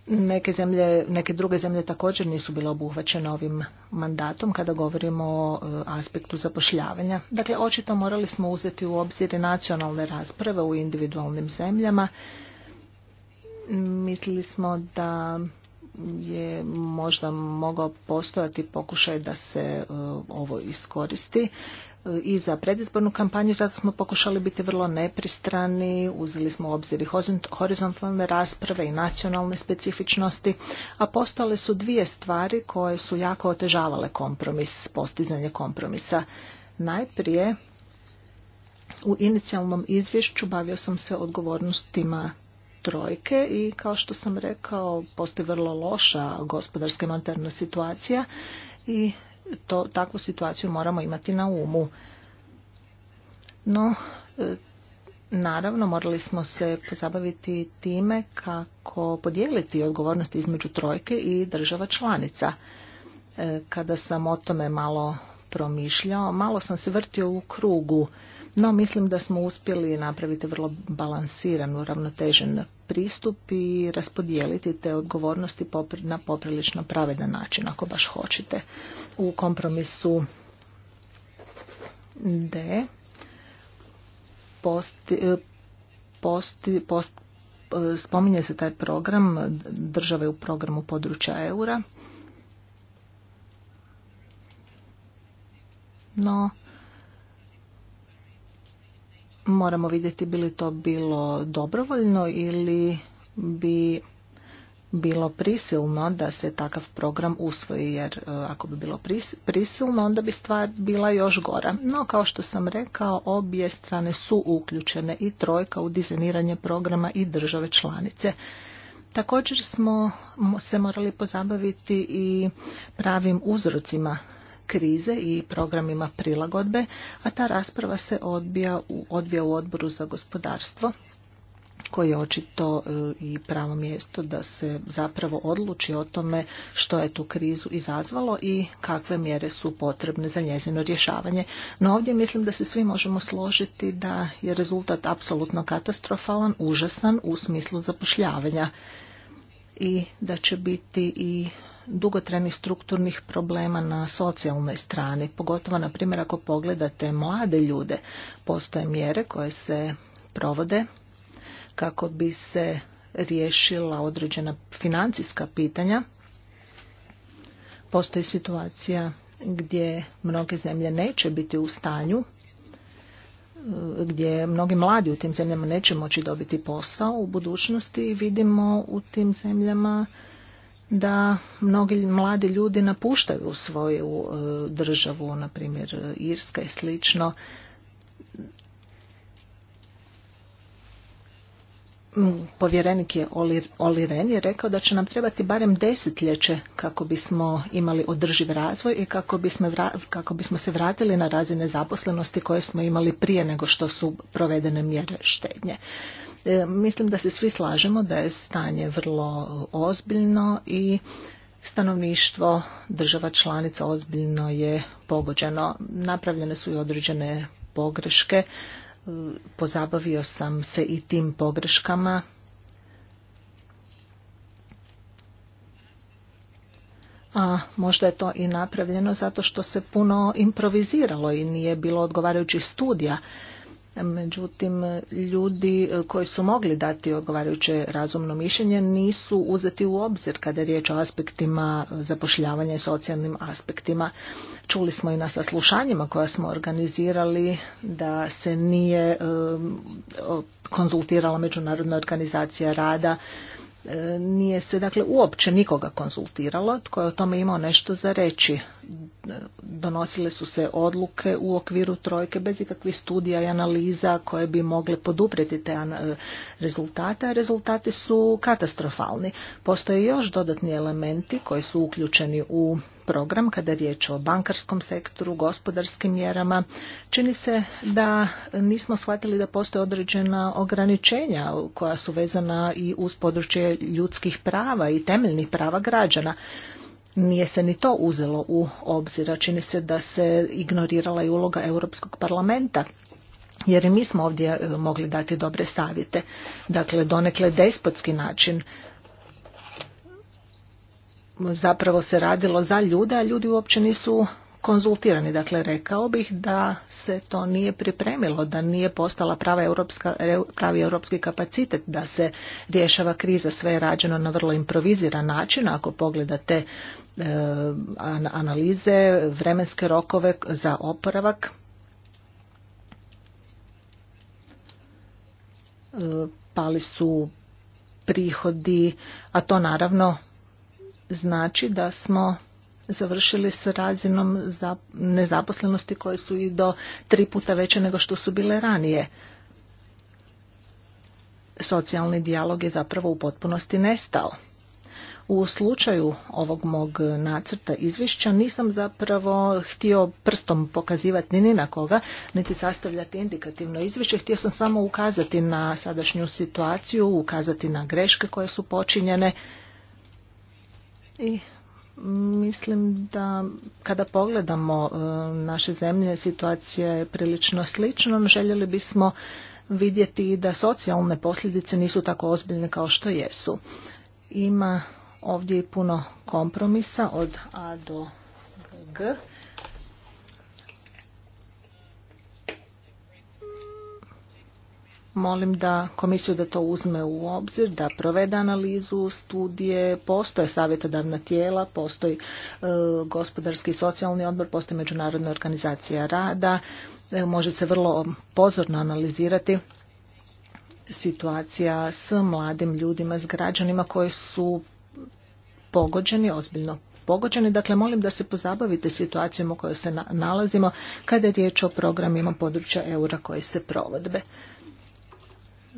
neke, zemlje, neke druge zemlje također nisu bile obuhvaćene ovim mandatom kada govorimo o e, aspektu zapošljavanja. Dakle, očito morali smo uzeti u obzir nacionalne rasprave u individualnim zemljama. Mislili smo da je možda mogao postojati pokušaj da se e, ovo iskoristi e, i za predizbornu kampanju, zato smo pokušali biti vrlo nepristrani, uzeli smo u obzir i horizontalne rasprave i nacionalne specifičnosti, a postale su dvije stvari koje su jako otežavale kompromis, postizanje kompromisa. Najprije u inicijalnom izvješću bavio sam se odgovornostima trojke i kao što sam rekao postoji vrlo loša gospodarska i monetarna situacija i to, takvu situaciju moramo imati na umu. No, e, naravno morali smo se pozabaviti time kako podijeliti odgovornosti između trojke i država članica. E, kada sam o tome malo promišljao, malo sam se vrtio u krugu no, mislim da smo uspjeli napraviti vrlo balansiran, uravnotežen pristup i raspodijeliti te odgovornosti na poprilično pravedan način, ako baš hoćete. U kompromisu D spominje se taj program države u programu područja eura. No, moramo vidjeti bi li to bilo dobrovoljno ili bi bilo prisilno da se takav program usvoji, jer e, ako bi bilo prisilno, onda bi stvar bila još gora. No, kao što sam rekao, obje strane su uključene i trojka u dizajniranje programa i države članice. Također smo se morali pozabaviti i pravim uzrocima krize i programima prilagodbe, a ta rasprava se odbija u, odbija u odboru za gospodarstvo koji je očito e, i pravo mjesto da se zapravo odluči o tome što je tu krizu izazvalo i kakve mjere su potrebne za njezino rješavanje. No ovdje mislim da se svi možemo složiti da je rezultat apsolutno katastrofalan, užasan u smislu zapošljavanja i da će biti i dugotrenih strukturnih problema na socijalnoj strani, pogotovo na primjer ako pogledate mlade ljude, postoje mjere koje se provode kako bi se riješila određena financijska pitanja. Postoji situacija gdje mnoge zemlje neće biti u stanju gdje mnogi mladi u tim zemljama neće moći dobiti posao u budućnosti i vidimo u tim zemljama da mnogi mladi ljudi napuštaju svoju e, državu, na primjer Irska i slično, Mm, povjerenik je Oli Ren je rekao da će nam trebati barem desetljeće kako bismo imali održiv razvoj i kako bismo, kako bismo se vratili na razine zaposlenosti koje smo imali prije nego što su provedene mjere štednje. E, mislim da se svi slažemo da je stanje vrlo ozbiljno i stanovništvo država članica ozbiljno je pogođeno. Napravljene su i određene pogreške pozabavio sam se i tim pogreškama. A možda je to i napravljeno zato što se puno improviziralo i nije bilo odgovarajućih studija Međutim, ljudi e, koji su mogli dati odgovarajuće razumno mišljenje nisu uzeti u obzir kada je riječ o aspektima zapošljavanja i socijalnim aspektima. Čuli smo i na saslušanjima koja smo organizirali da se nije e, konzultirala Međunarodna organizacija rada E, nije se dakle uopće nikoga konzultiralo tko je o tome imao nešto za reći. E, donosile su se odluke u okviru trojke bez ikakvih studija i analiza koje bi mogle poduprijeti te e, rezultate, a rezultati su katastrofalni. Postoje još dodatni elementi koji su uključeni u program kada je riječ o bankarskom sektoru, gospodarskim mjerama. Čini se da nismo shvatili da postoje određena ograničenja koja su vezana i uz područje ljudskih prava i temeljnih prava građana. Nije se ni to uzelo u obzira. Čini se da se ignorirala i uloga Europskog parlamenta jer i mi smo ovdje e, mogli dati dobre savjete. Dakle, donekle despotski način zapravo se radilo za ljude, a ljudi uopće nisu konzultirani. Dakle, rekao bih da se to nije pripremilo, da nije postala prava europska, pravi europski kapacitet, da se rješava kriza. Sve je rađeno na vrlo improviziran način. Ako pogledate e, analize, vremenske rokove za oporavak, e, pali su prihodi, a to naravno znači da smo završili s razinom nezaposlenosti koje su i do tri puta veće nego što su bile ranije. Socijalni dijalog je zapravo u potpunosti nestao. U slučaju ovog mog nacrta izvješća nisam zapravo htio prstom pokazivati ni na koga, niti sastavljati indikativno izvješće. Htio sam samo ukazati na sadašnju situaciju, ukazati na greške koje su počinjene i Mislim da kada pogledamo e, naše zemlje, situacija je prilično slična. Željeli bismo vidjeti da socijalne posljedice nisu tako ozbiljne kao što jesu. Ima ovdje i puno kompromisa od A do G molim da komisiju da to uzme u obzir, da provede analizu studije, postoje savjetodavna tijela, postoji e, gospodarski i socijalni odbor, postoji međunarodna organizacija rada, e, može se vrlo pozorno analizirati situacija s mladim ljudima, s građanima koji su pogođeni, ozbiljno pogođeni. Dakle, molim da se pozabavite situacijom u kojoj se nalazimo kada je riječ o programima područja eura koje se provodbe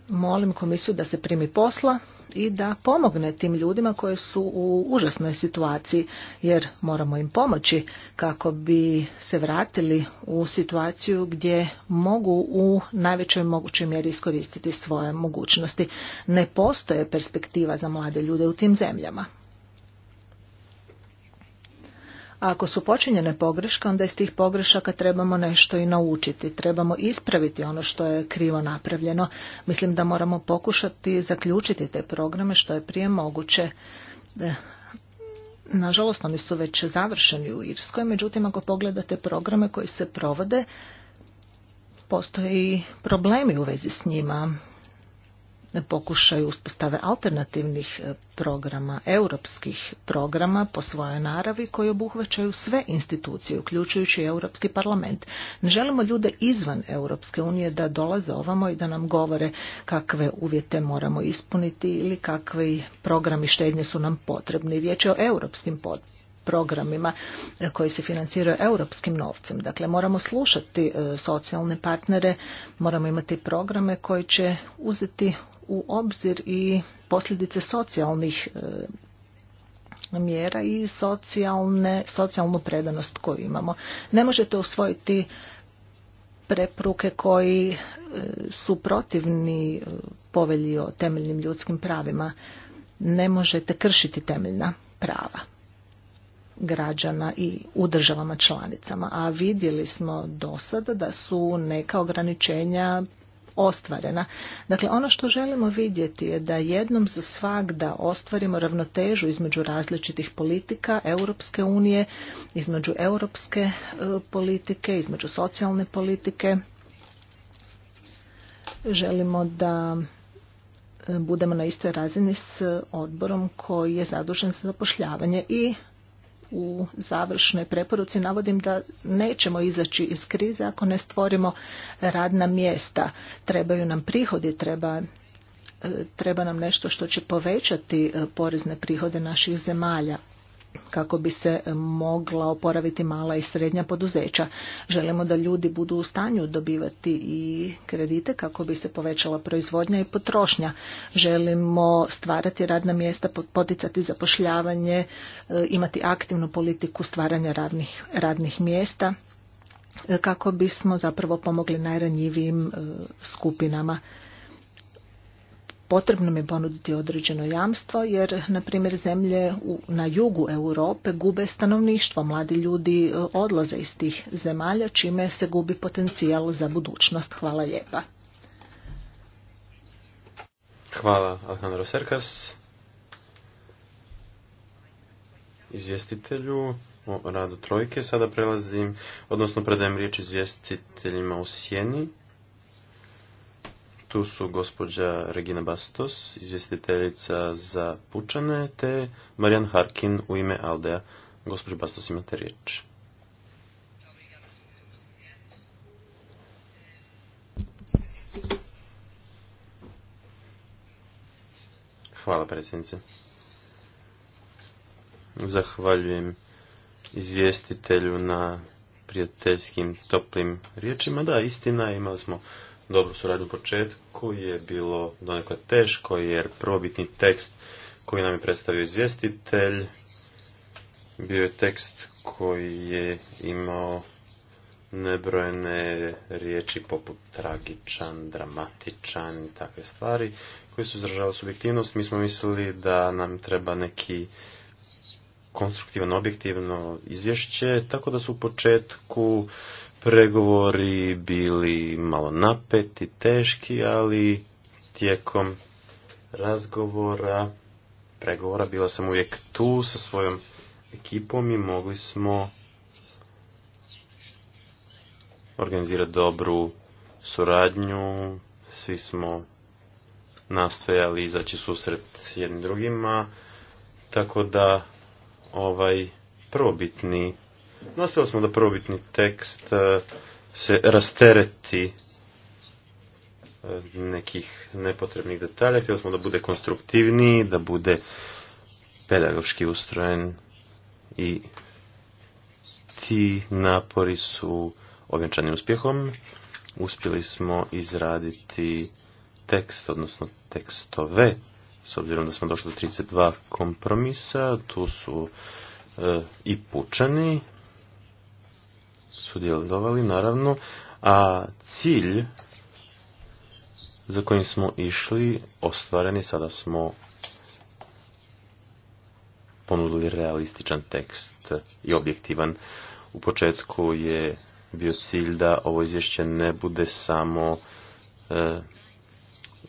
molim komisiju da se primi posla i da pomogne tim ljudima koji su u užasnoj situaciji jer moramo im pomoći kako bi se vratili u situaciju gdje mogu u najvećoj mogućoj mjeri iskoristiti svoje mogućnosti. Ne postoje perspektiva za mlade ljude u tim zemljama. A ako su počinjene pogreške, onda iz tih pogrešaka trebamo nešto i naučiti. Trebamo ispraviti ono što je krivo napravljeno. Mislim da moramo pokušati zaključiti te programe što je prije moguće. E, nažalost, oni su već završeni u Irskoj, međutim, ako pogledate programe koji se provode, i problemi u vezi s njima pokušaju uspostave alternativnih e, programa, europskih programa po svojoj naravi koji obuhvaćaju sve institucije, uključujući Europski parlament. Ne želimo ljude izvan Europske unije da dolaze ovamo i da nam govore kakve uvjete moramo ispuniti ili kakvi programi štednje su nam potrebni. Riječ je o europskim programima e, koji se financiraju europskim novcem. Dakle, moramo slušati e, socijalne partnere, moramo imati programe koji će uzeti u obzir i posljedice socijalnih e, mjera i socijalnu predanost koju imamo. Ne možete usvojiti preporuke koji e, su protivni e, povelji o temeljnim ljudskim pravima. Ne možete kršiti temeljna prava građana i u državama članicama. A vidjeli smo do sada da su neka ograničenja ostvarena. Dakle, ono što želimo vidjeti je da jednom za da ostvarimo ravnotežu između različitih politika Europske unije, između europske e, politike, između socijalne politike. Želimo da e, budemo na istoj razini s odborom koji je zadužen za zapošljavanje i u završnoj preporuci navodim da nećemo izaći iz krize ako ne stvorimo radna mjesta. Trebaju nam prihodi, treba e, treba nam nešto što će povećati e, porezne prihode naših zemalja kako bi se mogla oporaviti mala i srednja poduzeća. Želimo da ljudi budu u stanju dobivati i kredite kako bi se povećala proizvodnja i potrošnja. Želimo stvarati radna mjesta, poticati zapošljavanje, e, imati aktivnu politiku stvaranja radnih, radnih mjesta e, kako bismo zapravo pomogli najranjivijim e, skupinama potrebno mi ponuditi određeno jamstvo jer na primjer zemlje na jugu Europe gube stanovništvo, mladi ljudi e, odlaze iz tih zemalja čime se gubi potencijal za budućnost. Hvala lijepa. Hvala Alejandro Serkas izvjestitelju o radu trojke. Sada prelazim, odnosno predajem riječ izvjestiteljima u sjeni. Tu su gospođa Regina Bastos, izvjestiteljica za Pučane, te Marijan Harkin u ime Aldea. Gospođa Bastos, imate riječ. Hvala predsjednice. Zahvaljujem izvjestitelju na prijateljskim toplim riječima. Da, istina imali smo dobru suradnju u početku je bilo donekle teško jer prvobitni tekst koji nam je predstavio izvjestitelj bio je tekst koji je imao nebrojene riječi poput tragičan, dramatičan i takve stvari koje su izražavale subjektivnost. Mi smo mislili da nam treba neki konstruktivno, objektivno izvješće, tako da su u početku pregovori bili malo napeti, teški, ali tijekom razgovora, pregovora bila sam uvijek tu sa svojom ekipom i mogli smo organizirati dobru suradnju, svi smo nastojali izaći susret jednim drugima, tako da ovaj prvobitni Nastavili smo da probitni tekst e, se rastereti e, nekih nepotrebnih detalja. Htjeli smo da bude konstruktivniji, da bude pedagoški ustrojen i ti napori su ovjenčani uspjehom. Uspjeli smo izraditi tekst, odnosno tekstove, s obzirom da smo došli do 32 kompromisa, tu su e, i pučani, sudjelovali, naravno, a cilj za kojim smo išli ostvareni, sada smo ponudili realističan tekst i objektivan. U početku je bio cilj da ovo izvješće ne bude samo e,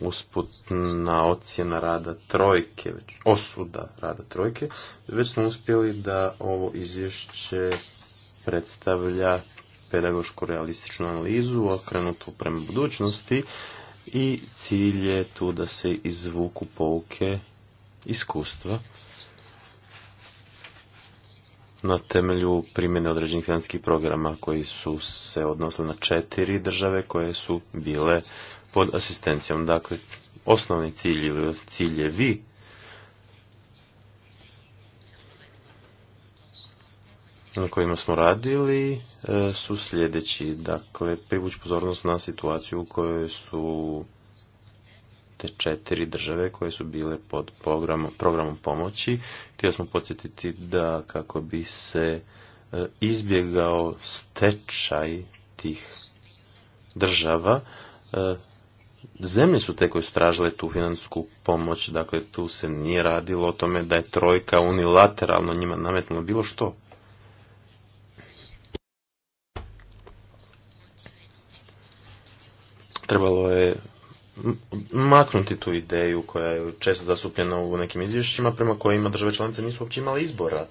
usputna ocjena rada trojke, već osuda rada trojke, već smo uspjeli da ovo izvješće predstavlja pedagošku realističnu analizu okrenutu prema budućnosti i cilj je tu da se izvuku pouke iskustva na temelju primjene određenih financijskih programa koji su se odnosili na četiri države koje su bile pod asistencijom. Dakle, osnovni cilj, ili ciljevi na kojima smo radili e, su sljedeći. Dakle, privući pozornost na situaciju u kojoj su te četiri države koje su bile pod programom, pomoći. Htio smo podsjetiti da kako bi se e, izbjegao stečaj tih država, e, zemlje su te koje su tražile tu financijsku pomoć, dakle tu se nije radilo o tome da je trojka unilateralno njima nametnula bilo što. Trebalo je maknuti tu ideju koja je često zastupljena u nekim izvješćima prema kojima države članice nisu uopće imale izbora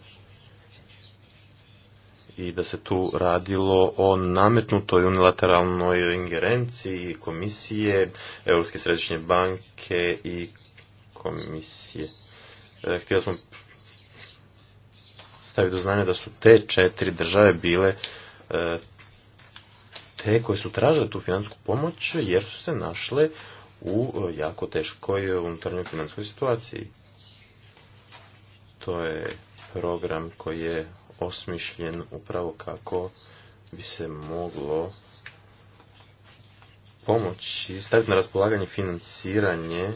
i da se tu radilo o nametnutoj unilateralnoj ingerenciji komisije, Europske središnje banke i komisije. E, htio smo stavi do znanja da su te četiri države bile e, te koje su tražile tu financijsku pomoć jer su se našle u e, jako teškoj unutarnjoj financijskoj situaciji. To je program koji je osmišljen upravo kako bi se moglo pomoći, staviti na raspolaganje financiranje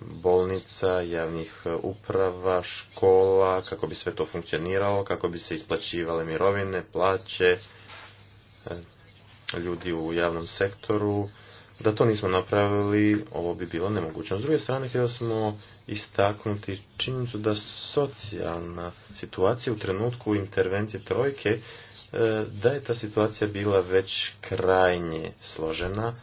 bolnica, javnih e, uprava, škola, kako bi sve to funkcioniralo, kako bi se isplaćivale mirovine, plaće e, ljudi u javnom sektoru. Da to nismo napravili, ovo bi bilo nemogućno. S druge strane, htjeli smo istaknuti činjenicu da socijalna situacija u trenutku intervencije trojke, e, da je ta situacija bila već krajnje složena,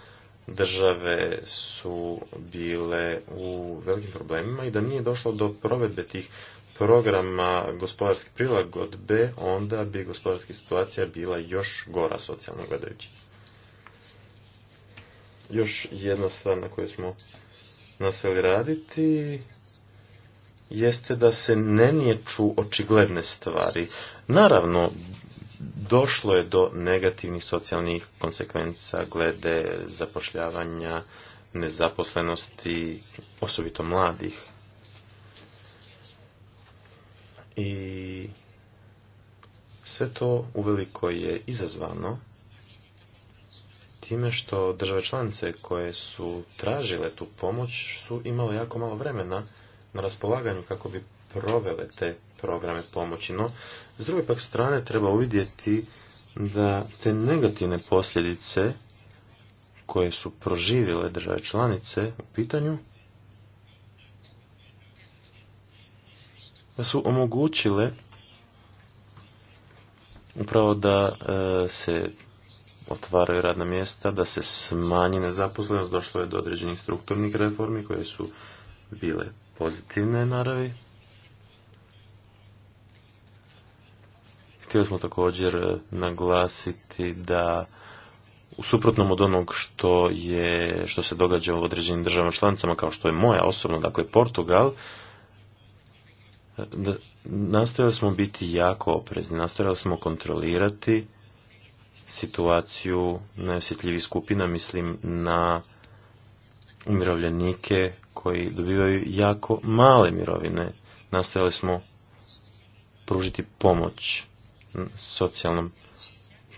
države su bile u velikim problemima i da nije došlo do provedbe tih programa gospodarske prilagodbe, onda bi gospodarska situacija bila još gora socijalno gledajući. Još jedna stvar na koju smo nastavili raditi jeste da se ne nijeću očigledne stvari. Naravno, došlo je do negativnih socijalnih konsekvenca glede zapošljavanja, nezaposlenosti, osobito mladih. I sve to uveliko je izazvano time što države članice koje su tražile tu pomoć su imale jako malo vremena na raspolaganju kako bi provele te programe pomoći. No, s druge pak strane treba uvidjeti da te negativne posljedice koje su proživjele države članice u pitanju, da su omogućile upravo da e, se otvaraju radna mjesta, da se smanji nezaposlenost, došlo je do određenih strukturnih reformi koje su bile pozitivne naravi, Htjeli smo također e, naglasiti da u suprotnom od onog što, je, što se događa u određenim državama članicama, kao što je moja osobno, dakle Portugal, e, nastojali smo biti jako oprezni, nastojali smo kontrolirati situaciju najosjetljivih skupina, mislim na umirovljenike koji dobivaju jako male mirovine. Nastojali smo pružiti pomoć socijalnom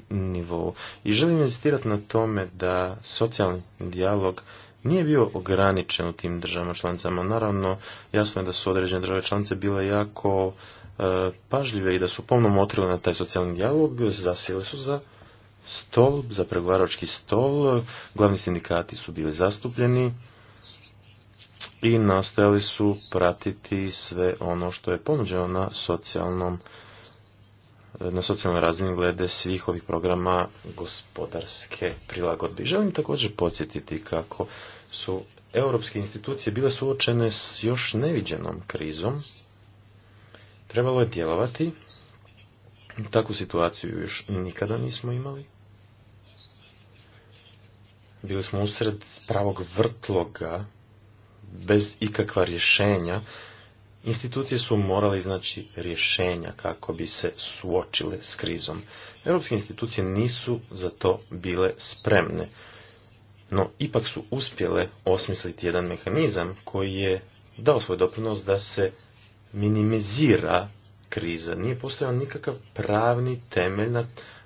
nivou. I želim insistirati na tome da socijalni dijalog nije bio ograničen u tim državama članicama. Naravno, jasno je da su određene države članice bile jako e, pažljive i da su pomno motrile na taj socijalni dijalog, zasjele su za stol, za pregovarački stol, glavni sindikati su bili zastupljeni i nastojali su pratiti sve ono što je ponuđeno na socijalnom na socijalnoj razini glede svih ovih programa gospodarske prilagodbe. Želim također podsjetiti kako su europske institucije bile suočene s još neviđenom krizom. Trebalo je djelovati. Takvu situaciju još nikada nismo imali. Bili smo usred pravog vrtloga bez ikakva rješenja Institucije su morale iznaći rješenja kako bi se suočile s krizom. Europske institucije nisu za to bile spremne, no ipak su uspjele osmisliti jedan mehanizam koji je dao svoj doprinos da se minimizira kriza. Nije postojao nikakav pravni temelj na,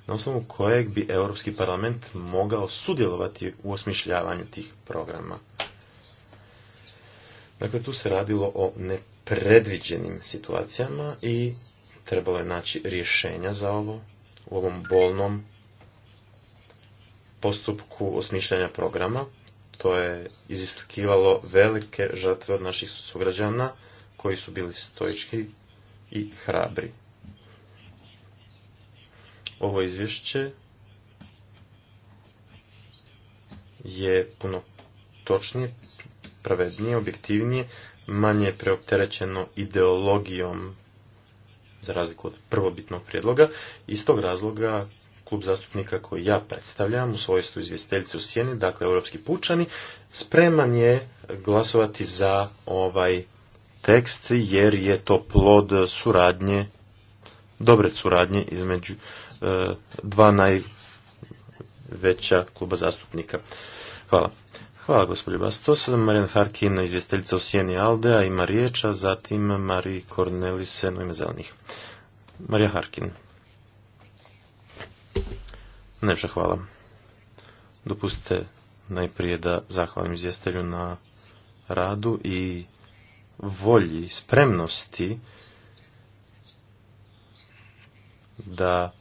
na osnovu kojeg bi Europski parlament mogao sudjelovati u osmišljavanju tih programa. Dakle, tu se radilo o ne predviđenim situacijama i trebalo je naći rješenja za ovo u ovom bolnom postupku osmišljanja programa. To je iziskivalo velike žrtve od naših sugrađana koji su bili stojički i hrabri. Ovo izvješće je puno točnije, pravednije, objektivnije manje preopterećeno ideologijom za razliku od prvobitnog prijedloga. Iz tog razloga klub zastupnika koji ja predstavljam u svojstvu izvjestiteljice u Sjeni, dakle Europski pučani, spreman je glasovati za ovaj tekst jer je to plod suradnje, dobre suradnje između e, dva najveća kluba zastupnika. Hvala. Hvala gospođe Bastos. Marijan Farkin, izvjesteljica u Alde, a ima riječ, a zatim Mari Kornelise, u ime zelenih. Marija Harkin. Najpša hvala. Dopustite najprije da zahvalim izvjestelju na radu i volji, spremnosti da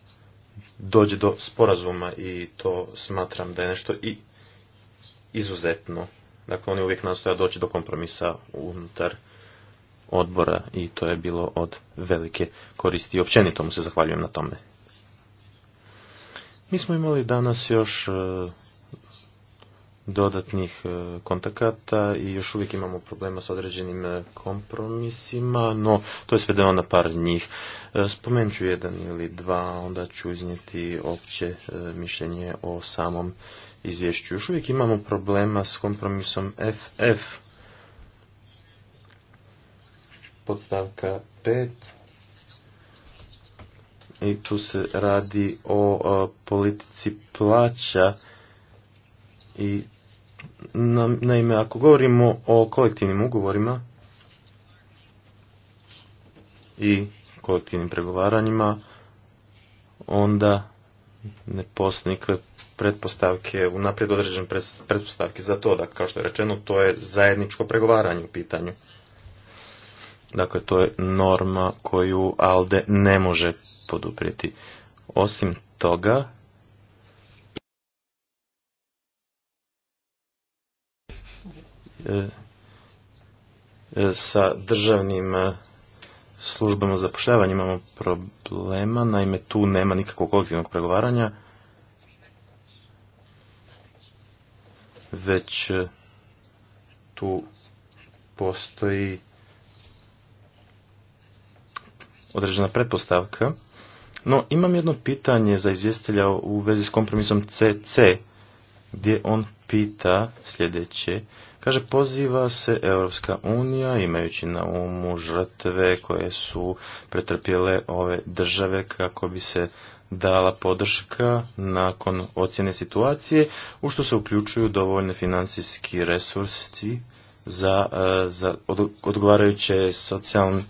dođe do sporazuma i to smatram da je nešto i izuzetno. Dakle, oni uvijek nastoja doći do kompromisa unutar odbora i to je bilo od velike koristi i općenito mu se zahvaljujem na tome. Mi smo imali danas još e, dodatnih e, kontakata i još uvijek imamo problema s određenim e, kompromisima, no to je svedeno na par njih. Spomenut ću jedan ili dva, onda ću iznijeti opće mišljenje o samom izvješću. Još uvijek imamo problema s kompromisom FF. Podstavka 5. I tu se radi o, politici plaća i naime, ako govorimo o kolektivnim ugovorima i kolektivnim pregovaranjima, onda ne postoji nikakve pretpostavke, unaprijed određene pretpostavke za to, da kao što je rečeno, to je zajedničko pregovaranje u pitanju. Dakle, to je norma koju ALDE ne može poduprijeti. Osim toga, e, e, sa državnim e, službama zapošljavanja imamo problema, naime tu nema nikakvog kolektivnog pregovaranja, već e, tu postoji određena pretpostavka. No, imam jedno pitanje za izvjestitelja u vezi s kompromisom CC, gdje on pita sljedeće. Kaže, poziva se Europska unija, imajući na umu žrtve koje su pretrpjele ove države kako bi se dala podrška nakon ocjene situacije, u što se uključuju dovoljne financijski resursi za, e, za odgovarajuće socijalne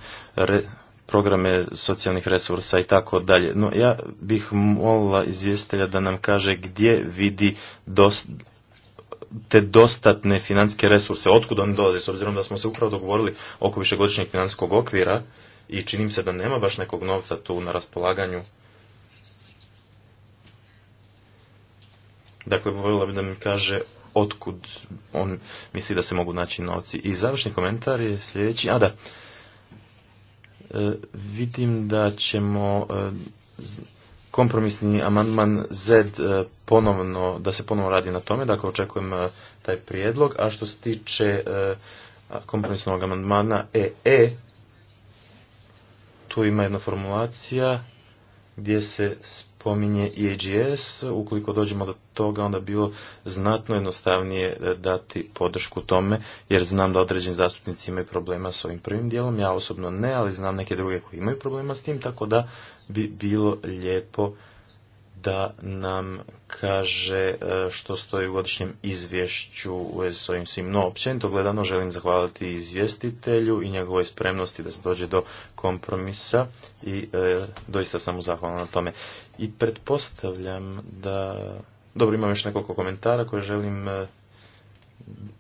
programe socijalnih resursa i tako dalje. No ja bih molila izvjestelja da nam kaže gdje vidi te dostatne financijske resurse, otkud on dolaze, s obzirom da smo se upravo dogovorili oko višegodišnjeg financijskog okvira i čini se da nema baš nekog novca tu na raspolaganju Dakle, voljela bi da mi kaže otkud on misli da se mogu naći novci. I završni komentar je sljedeći. A da, e, vidim da ćemo e, kompromisni amandman Z e, ponovno, da se ponovno radi na tome, dakle očekujem taj prijedlog, a što se tiče kompromisnog amandmana EE, tu ima jedna formulacija gdje se pominje EGS. Ukoliko dođemo do toga, onda bilo znatno jednostavnije e, dati podršku tome, jer znam da određeni zastupnici imaju problema s ovim prvim dijelom. Ja osobno ne, ali znam neke druge koji imaju problema s tim, tako da bi bilo lijepo da nam kaže e, što stoji u godišnjem izvješću u vezi s svim. No, općenito gledano želim zahvaliti izvjestitelju i njegovoj spremnosti da se dođe do kompromisa i e, doista sam mu zahvalan na tome. I pretpostavljam da... Dobro, imam još nekoliko komentara koje želim e,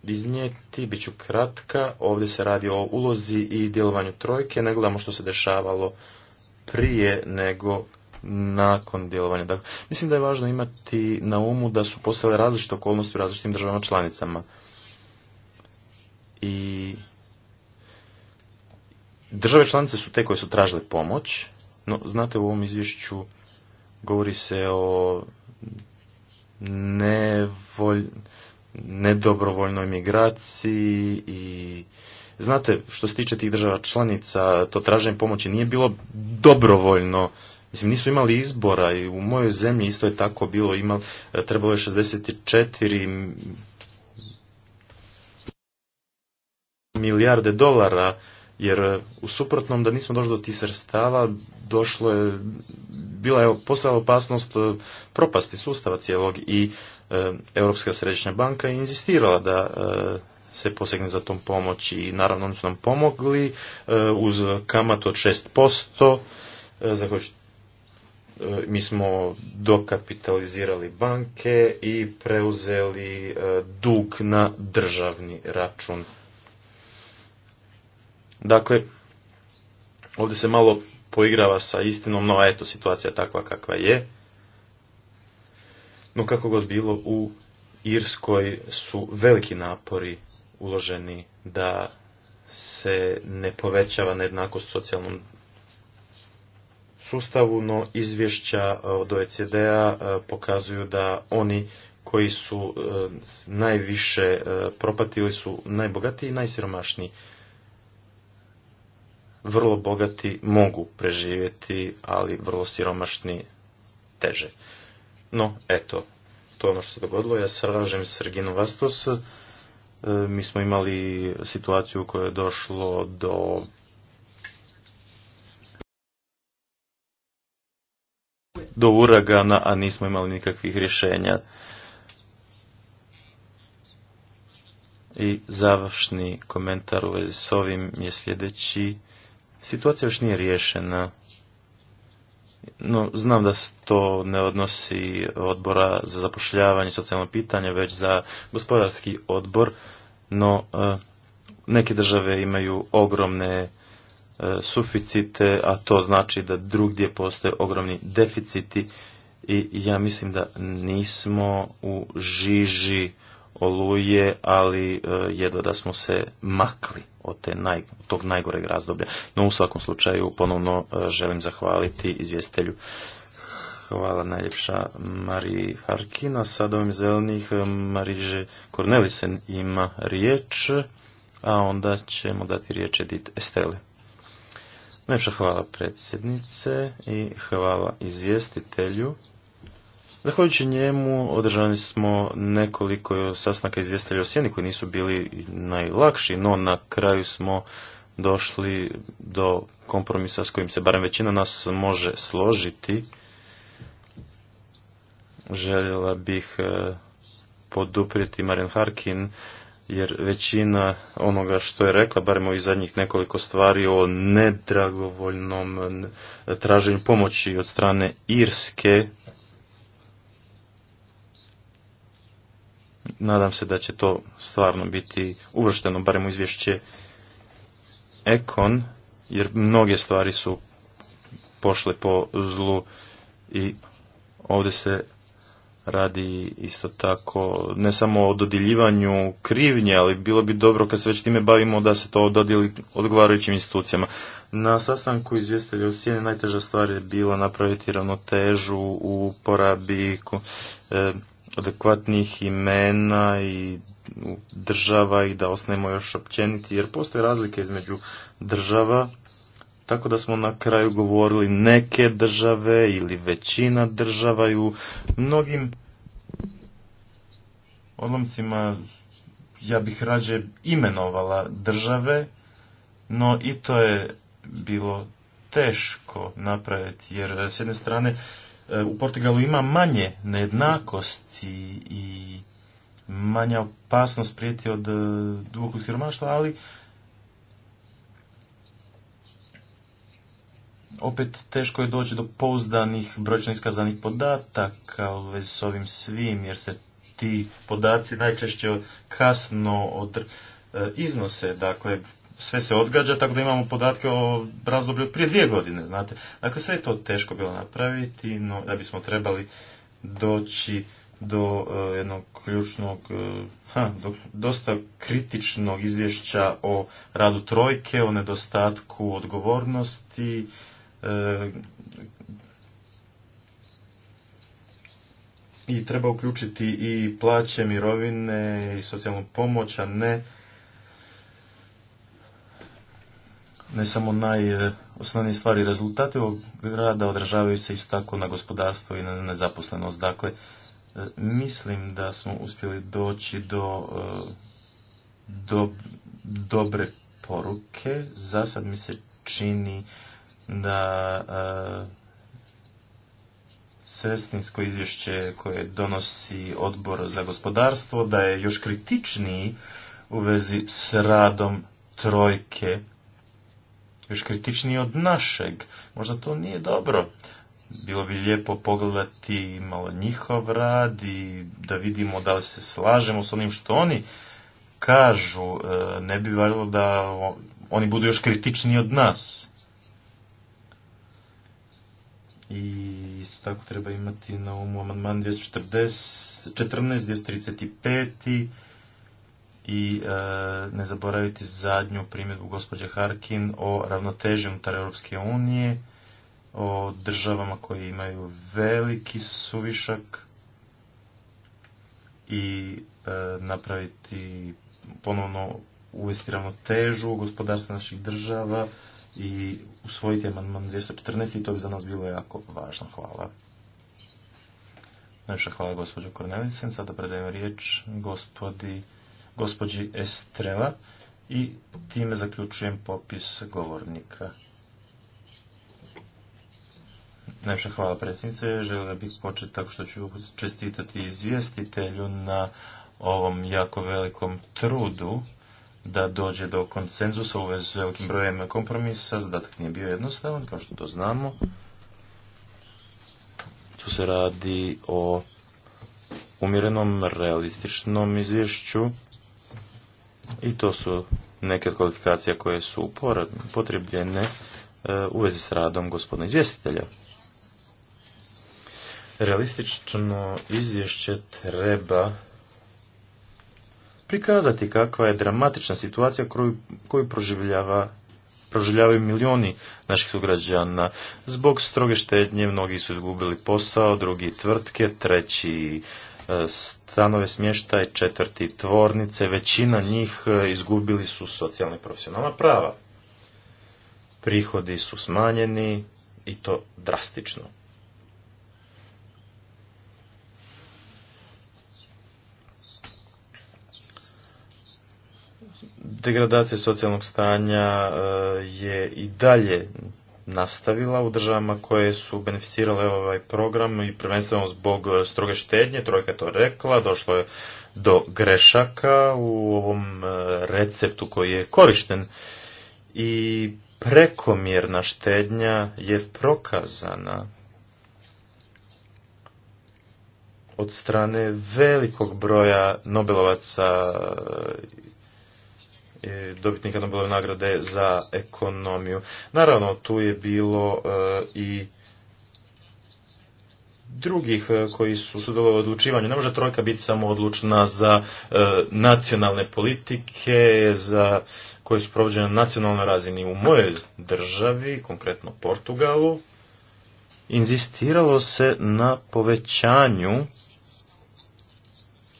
iznijeti, bit ću kratka. Ovdje se radi o ulozi i djelovanju trojke, ne gledamo što se dešavalo prije nego nakon djelovanja. Dakle, mislim da je važno imati na umu da su postale različite okolnosti u različitim državama članicama. I države članice su te koje su tražile pomoć, no znate u ovom izvješću govori se o nevolj, nedobrovoljnoj migraciji i znate što se tiče tih država članica to traženje pomoći nije bilo dobrovoljno Mislim, nisu imali izbora i u mojoj zemlji isto je tako bilo, imali, e, trebalo je 64 milijarde dolara, jer e, u suprotnom da nismo došli do tih sredstava, došlo je, bila je postojala opasnost e, propasti sustava cijelog i Europska središnja banka je inzistirala da se posegne za tom pomoć i naravno oni su nam pomogli uz kamatu od 6% za koju E, mi smo dokapitalizirali banke i preuzeli e, dug na državni račun. Dakle, ovdje se malo poigrava sa istinom, no eto, situacija takva kakva je. No kako god bilo, u Irskoj su veliki napori uloženi da se ne povećava nejednakost socijalnom sustavu, no izvješća e, od OECD-a e, pokazuju da oni koji su e, najviše propatili su najbogatiji i najsiromašniji. Vrlo bogati mogu preživjeti, ali vrlo siromašni teže. No, eto, to je ono što se dogodilo. Ja sražem Serginu Vastos. Mi smo imali situaciju u kojoj je došlo do do uragana, a nismo imali nikakvih rješenja. I završni komentar u vezi s ovim je sljedeći. Situacija još nije riješena. No, znam da se to ne odnosi odbora za zapošljavanje socijalno pitanje, već za gospodarski odbor, no eh, neke države imaju ogromne E, suficite, a to znači da drugdje postoje ogromni deficiti i ja mislim da nismo u žiži oluje, ali e, jedva da smo se makli od te naj, tog najgoreg razdoblja. No u svakom slučaju ponovno e, želim zahvaliti izvjestelju. Hvala najljepša Mariji Harkina. Sada ovim zelenih Mariže Kornelisen ima riječ, a onda ćemo dati riječ Edith Esteli. Najpša hvala predsjednice i hvala izvjestitelju. Zahvaljujući njemu održali smo nekoliko sastanaka izvjestitelja o sjeni koji nisu bili najlakši, no na kraju smo došli do kompromisa s kojim se barem većina nas može složiti. Željela bih eh, poduprijeti Marijan Harkin jer većina onoga što je rekla, barem ovih zadnjih nekoliko stvari o nedragovoljnom traženju pomoći od strane Irske, nadam se da će to stvarno biti uvršteno, barem u izvješće Ekon, jer mnoge stvari su pošle po zlu i ovdje se radi isto tako ne samo o dodjeljivanju krivnje, ali bilo bi dobro kad se već time bavimo da se to dodijeli odgovarajućim institucijama. Na sastanku izvjestelja u Sijeni najteža stvar je bila napraviti ravnotežu u porabi e, adekvatnih imena i država i da osnemo još općeniti, jer postoje razlike između država tako da smo na kraju govorili neke države ili većina država i u mnogim odlomcima ja bih rađe imenovala države, no i to je bilo teško napraviti, jer s jedne strane e, u Portugalu ima manje nejednakosti i manja opasnost prijeti od e, dubokog siromaštva, ali opet teško je doći do pouzdanih brojčno iskazanih podataka kao s ovim svim, jer se ti podaci najčešće kasno od, e, iznose, dakle sve se odgađa, tako da imamo podatke o razdoblju prije dvije godine, znate. Dakle, sve je to teško bilo napraviti, no da bismo trebali doći do e, jednog ključnog, e, ha, dosta kritičnog izvješća o radu trojke, o nedostatku odgovornosti, E, i treba uključiti i plaće, mirovine i socijalnu pomoć, a ne ne samo najosnovnije stvari. Rezultati ovog rada odražavaju se isto tako na gospodarstvo i na nezaposlenost. Dakle, e, mislim da smo uspjeli doći do, e, do dobre poruke. Za sad mi se čini da e, sestinsko izvješće koje donosi odbor za gospodarstvo da je još kritičniji u vezi s radom trojke, još kritičniji od našeg. Možda to nije dobro. Bilo bi lijepo pogledati malo njihov rad i da vidimo da li se slažemo s onim što oni kažu. E, ne bi valjalo da oni budu još kritičniji od nas i isto tako treba imati na umu amandman 214, 235 i e, ne zaboraviti zadnju primjedbu gospođe Harkin o ravnoteži unutar Europske unije, o državama koje imaju veliki suvišak i e, napraviti ponovno uvesti ravnotežu gospodarstva naših država i usvojiti amandman 214 i to bi za nas bilo jako važno. Hvala. Najviše hvala gospođo Kornelisen. Sada predajem riječ gospodi, gospođi Estrela i time zaključujem popis govornika. Najviše hvala predsjednice. da bih početi tako što ću čestitati izvjestitelju na ovom jako velikom trudu da dođe do konsenzusa u vezi s velikim brojem kompromisa. Zadatak nije bio jednostavan, kao što to znamo. Tu se radi o umjerenom, realističnom izvješću i to su neke kvalifikacije koje su potrebljene e, u vezi s radom gospodina izvjestitelja. Realistično izvješće treba prikazati kakva je dramatična situacija koju, koju proživljava proživljavaju milioni naših sugrađana. Zbog stroge štednje mnogi su izgubili posao, drugi tvrtke, treći e, stanove smještaj, četvrti tvornice, većina njih e, izgubili su socijalna profesionalna prava. Prihodi su smanjeni i to drastično. degradacija socijalnog stanja e, je i dalje nastavila u državama koje su beneficirale ovaj program i prvenstveno zbog stroge štednje, trojka je to rekla, došlo je do grešaka u ovom e, receptu koji je korišten i prekomjerna štednja je prokazana od strane velikog broja Nobelovaca dobitnika Nobelove nagrade za ekonomiju. Naravno, tu je bilo e, i drugih e, koji su sudjelovali u odlučivanju. Ne može trojka biti samo odlučna za e, nacionalne politike, za koje su provođene na nacionalnoj razini. U mojoj državi, konkretno Portugalu, inzistiralo se na povećanju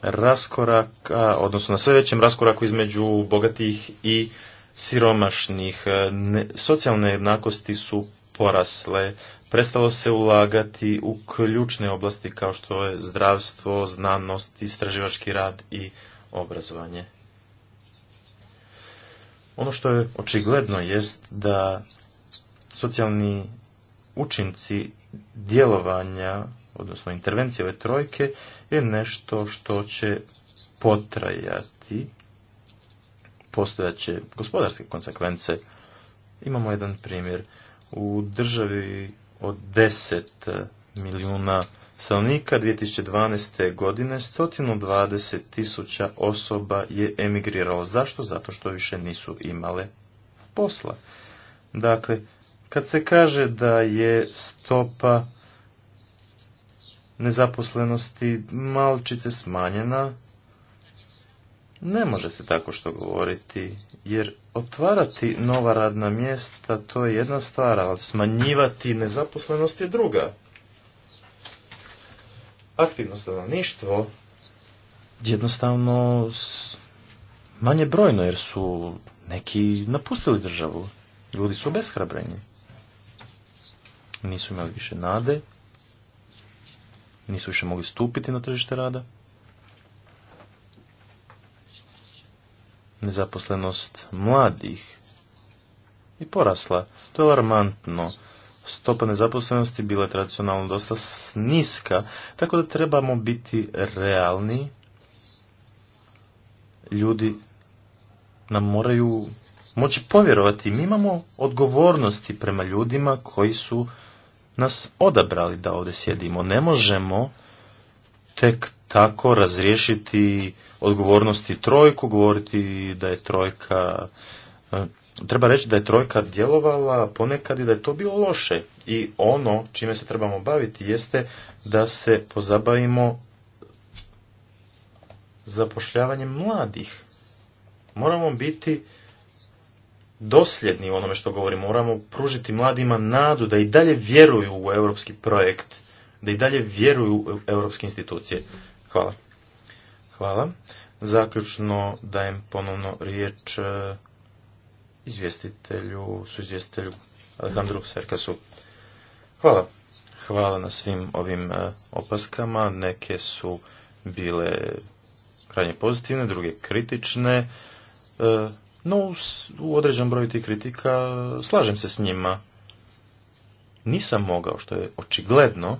raskoraka, odnosno na sve većem raskoraku između bogatih i siromašnih. E, socijalne jednakosti su porasle. Prestalo se ulagati u ključne oblasti kao što je zdravstvo, znanost, istraživački rad i obrazovanje. Ono što je očigledno jest da socijalni učinci djelovanja odnosno intervencije ove trojke je nešto što će potrajati, postojaće gospodarske konsekvence. Imamo jedan primjer. U državi od 10 milijuna stanovnika 2012. godine 120 tisuća osoba je emigriralo. Zašto? Zato što više nisu imale posla. Dakle, kad se kaže da je stopa nezaposlenosti malčice smanjena, ne može se tako što govoriti, jer otvarati nova radna mjesta to je jedna stvar, ali smanjivati nezaposlenost je druga. Aktivno stanovništvo jednostavno manje brojno, jer su neki napustili državu. Ljudi su obeshrabreni. Nisu imali više nade, nisu više mogli stupiti na tržište rada. Nezaposlenost mladih i porasla. To je alarmantno. Stopa nezaposlenosti bila je tradicionalno dosta niska, tako da trebamo biti realni. Ljudi nam moraju moći povjerovati. Mi imamo odgovornosti prema ljudima koji su nas odabrali da ovdje sjedimo. Ne možemo tek tako razriješiti odgovornosti trojku, govoriti da je trojka eh, treba reći da je trojka djelovala ponekad i da je to bilo loše. I ono čime se trebamo baviti jeste da se pozabavimo zapošljavanjem mladih. Moramo biti dosljedni u onome što govorimo. Moramo pružiti mladima nadu da i dalje vjeruju u europski projekt, da i dalje vjeruju u europske institucije. Hvala. Hvala. Zaključno dajem ponovno riječ e, izvjestitelju, su izvjestitelju Alejandru Serkasu. Hvala. Hvala na svim ovim e, opaskama. Neke su bile krajnje pozitivne, druge kritične. E, no, u određenom broju tih kritika slažem se s njima. Nisam mogao, što je očigledno,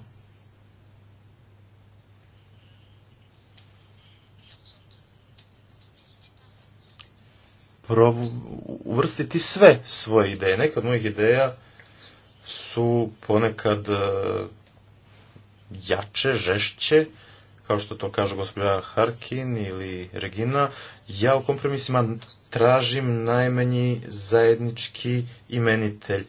uvrstiti sve svoje ideje. Neka od mojih ideja su ponekad e, jače, žešće, kao što to kaže gospođa Harkin ili Regina, ja u kompromisima tražim najmanji zajednički imenitelj.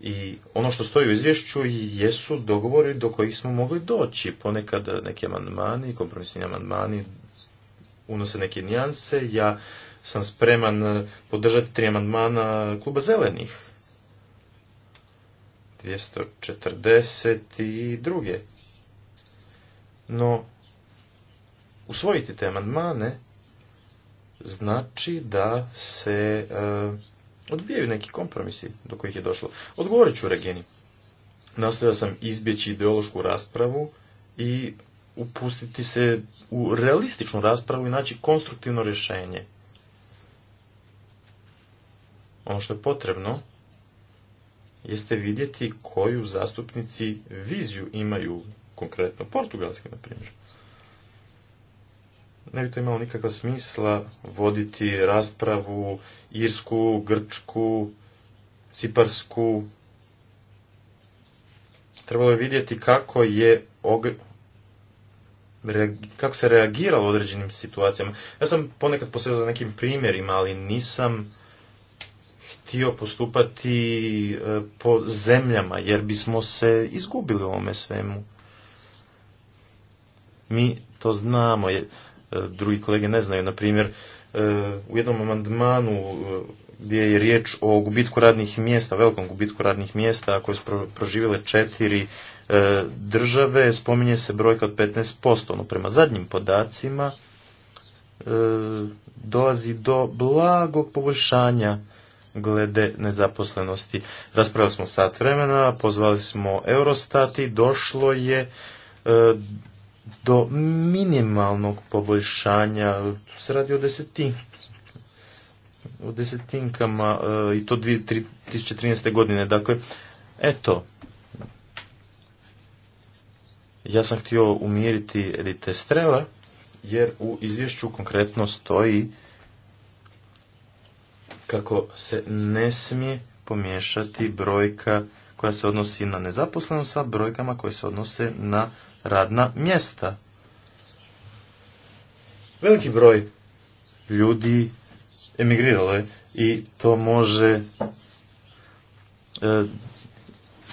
I ono što stoji u izvješću jesu dogovori do kojih smo mogli doći. Ponekad neki amandmani, kompromisni amandmani unose neke nijanse. Ja sam spreman podržati tri amandmana kluba zelenih. 240 i druge. No, usvojiti te amandmane, znači da se e, odbijaju neki kompromisi do kojih je došlo. Odgovorit ću Regeni. Nastavio sam izbjeći ideološku raspravu i upustiti se u realističnu raspravu i naći konstruktivno rješenje. Ono što je potrebno jeste vidjeti koju zastupnici viziju imaju, konkretno portugalski, na primjer ne bi to imalo nikakva smisla voditi raspravu Irsku, Grčku, Ciparsku. Trebalo je vidjeti kako je kako se reagiralo u određenim situacijama. Ja sam ponekad posjedao nekim primjerima, ali nisam htio postupati e, po zemljama, jer bismo se izgubili u ovome svemu. Mi to znamo. E, drugi kolege ne znaju. Na primjer, e, u jednom amandmanu e, gdje je riječ o gubitku radnih mjesta, velikom gubitku radnih mjesta koje su proživjele četiri države, spominje se brojka od 15%. No, prema zadnjim podacima dolazi do blagog poboljšanja glede nezaposlenosti. Raspravili smo sat vremena, pozvali smo Eurostati, došlo je do minimalnog poboljšanja. Tu se radi o desetinki O desetinkama e, i to 2013. godine. Dakle, eto, ja sam htio umiriti Edite Strela, jer u izvješću konkretno stoji kako se ne smije pomiješati brojka koja se odnosi na nezaposlenost sa brojkama koje se odnose na radna mjesta. Veliki broj ljudi emigriralo je i to može e,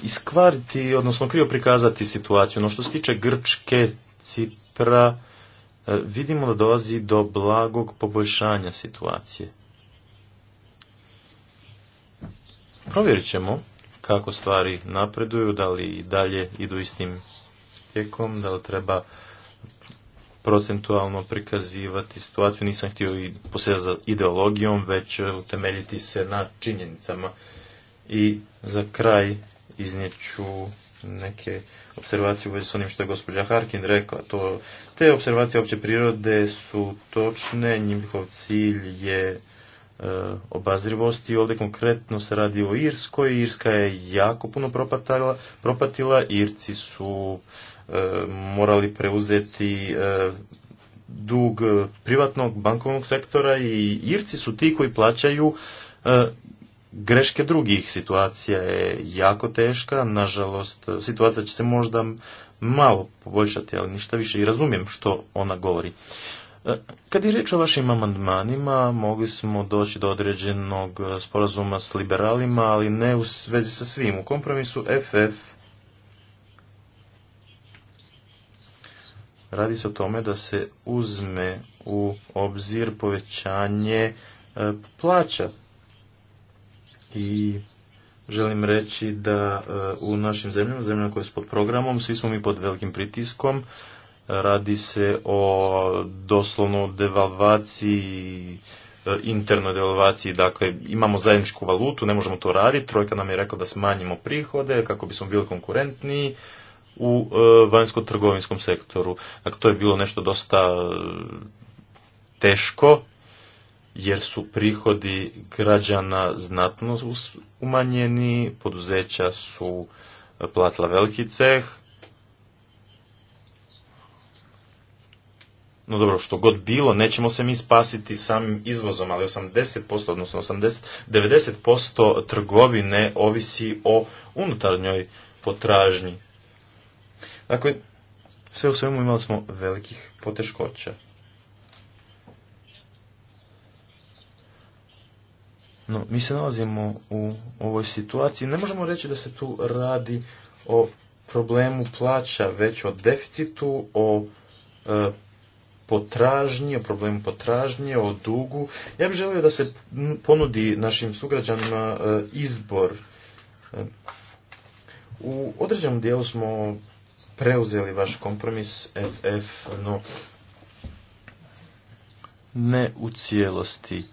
iskvariti, odnosno krivo prikazati situaciju. No što se tiče Grčke, Cipra, e, vidimo da dolazi do blagog poboljšanja situacije. Provjerit ćemo kako stvari napreduju, da li i dalje idu istim tijekom, da li treba procentualno prikazivati situaciju. Nisam htio i posezati za ideologijom, već e, utemeljiti se na činjenicama. I za kraj iznjeću neke observacije u vezi s onim što je gospođa Harkin rekla. To, te observacije opće prirode su točne, njihov cilj je e, obazrivost i ovdje konkretno se radi o Irskoj. Irska je jako puno propatila, Irci su E, morali preuzeti e, dug privatnog bankovnog sektora i Irci su ti koji plaćaju e, greške drugih. Situacija je jako teška, nažalost situacija će se možda malo poboljšati, ali ništa više i razumijem što ona govori. Kad je riječ o vašim amandmanima, mogli smo doći do određenog sporazuma s liberalima, ali ne u vezi sa svim. U kompromisu FF radi se o tome da se uzme u obzir povećanje e, plaća. I želim reći da e, u našim zemljama, zemljama koje su pod programom, svi smo mi pod velikim pritiskom. Radi se o doslovno devalvaciji e, internoj devalvaciji, dakle imamo zajedničku valutu, ne možemo to raditi, trojka nam je rekla da smanjimo prihode kako bismo bili konkurentniji, u e, vanjsko-trgovinskom sektoru. Dakle, to je bilo nešto dosta e, teško, jer su prihodi građana znatno umanjeni, poduzeća su e, platila veliki ceh. No dobro, što god bilo, nećemo se mi spasiti samim izvozom, ali 80%, odnosno 80, 90% trgovine ovisi o unutarnjoj potražnji. Dakle, sve u svemu imali smo velikih poteškoća. No, mi se nalazimo u ovoj situaciji. Ne možemo reći da se tu radi o problemu plaća, već o deficitu, o e, potražnji, o problemu potražnje, o dugu. Ja bih želio da se ponudi našim sugrađanima e, izbor. E, u određenom dijelu smo preuzeli vaš kompromis FF, no ne u cijelosti.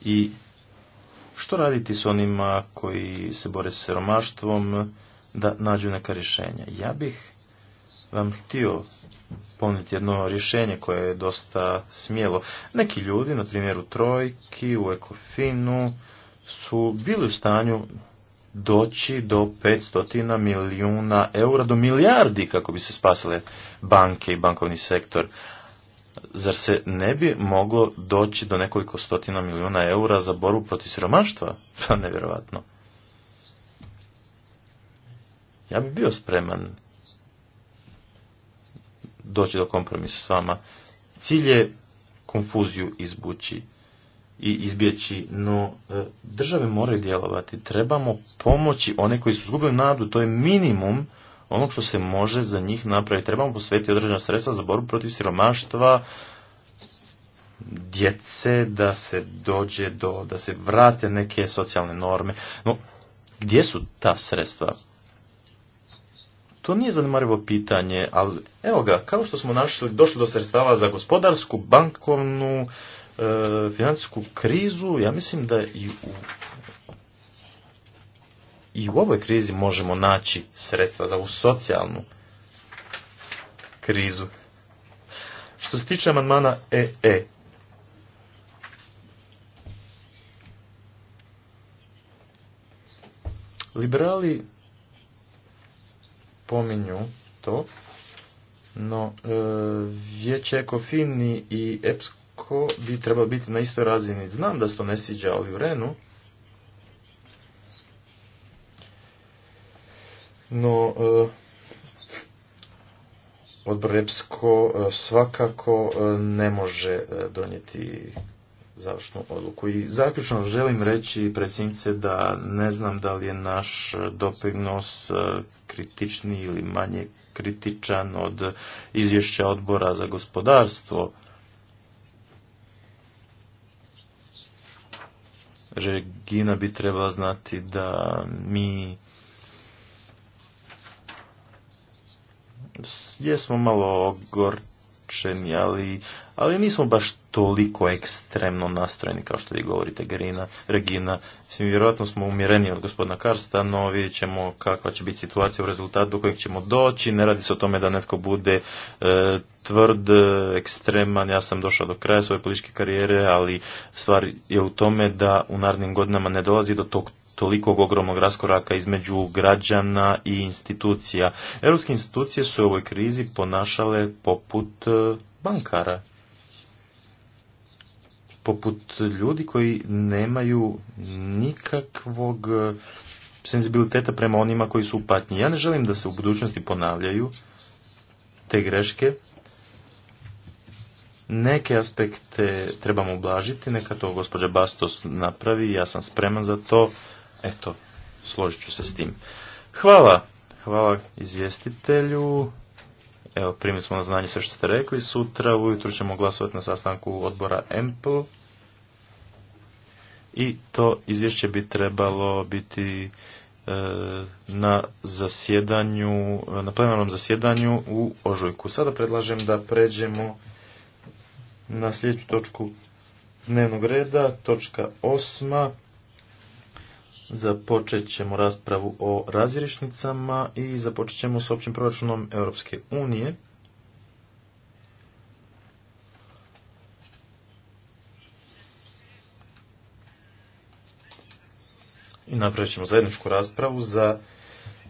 I što raditi s onima koji se bore s siromaštvom da nađu neka rješenja? Ja bih vam htio poniti jedno rješenje koje je dosta smjelo. Neki ljudi, na primjer u Trojki, u Ekofinu, su bili u stanju doći do 500 milijuna eura, do milijardi kako bi se spasile banke i bankovni sektor. Zar se ne bi moglo doći do nekoliko stotina milijuna eura za boru protiv siromaštva? Pa nevjerojatno. Ja bi bio spreman doći do kompromisa s vama. Cilj je konfuziju izbući i izbjeći, no e, države moraju djelovati. Trebamo pomoći one koji su izgubili nadu, to je minimum onog što se može za njih napraviti. Trebamo posvetiti određena sredstva za borbu protiv siromaštva, djece, da se dođe do, da se vrate neke socijalne norme. No, gdje su ta sredstva? To nije zanimarivo pitanje, ali evo ga, kao što smo našli, došli do sredstava za gospodarsku, bankovnu, E, financijsku krizu, ja mislim da i u, i u ovoj krizi možemo naći sredstva za ovu socijalnu krizu. Što se tiče amandmana EE, e, Liberali pominju to, no e, vječe i EPSKO ko bi trebao biti na istoj razini. Znam da se to ne sviđa, ali u Renu, no eh, odbor Repsko eh, svakako eh, ne može donijeti završnu odluku. I zaključno želim reći predsjednice da ne znam da li je naš doprinos kritični ili manje kritičan od izvješća odbora za gospodarstvo gina bi trebala znati da mi jesmo malo ogorčeni, ali, ali nismo baš toliko ekstremno nastrojeni kao što vi govorite Gerina, Regina. Mislim, vjerojatno smo umjereni od gospodina Karsta, no vidjet ćemo kakva će biti situacija u rezultatu do kojeg ćemo doći. Ne radi se o tome da netko bude e, tvrd, ekstreman. Ja sam došao do kraja svoje političke karijere, ali stvar je u tome da u narednim godinama ne dolazi do tog tolikog ogromnog raskoraka između građana i institucija. Europske institucije su u ovoj krizi ponašale poput e, bankara poput ljudi koji nemaju nikakvog e, senzibiliteta prema onima koji su u Ja ne želim da se u budućnosti ponavljaju te greške. Neke aspekte trebamo ublažiti, neka to gospođa Bastos napravi, ja sam spreman za to. Eto, složit ću se s tim. Hvala, hvala izvjestitelju. Evo, primili smo na znanje sve što ste rekli. Sutra ujutro ćemo glasovati na sastanku odbora EMPL i to izvješće bi trebalo biti e, na zasjedanju, na plenarnom zasjedanju u Ožujku. Sada predlažem da pređemo na sljedeću točku dnevnog reda, točka osma. Započet ćemo raspravu o razrišnicama i započet ćemo s općim proračunom Europske unije. napravit ćemo zajedničku raspravu za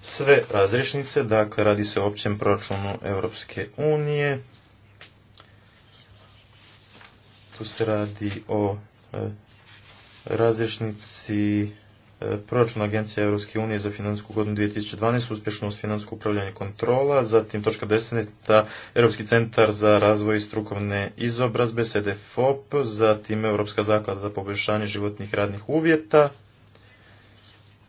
sve razrešnice, dakle radi se o općem proračunu Europske unije. Tu se radi o e, razrešnici e, proračuna Agencije Europske unije za financijsku godinu 2012, uspješnost financijskog upravljanja kontrola, zatim točka 10. Europski centar za razvoj i strukovne izobrazbe, SEDEFOP, zatim Europska zaklada za poboljšanje životnih radnih uvjeta,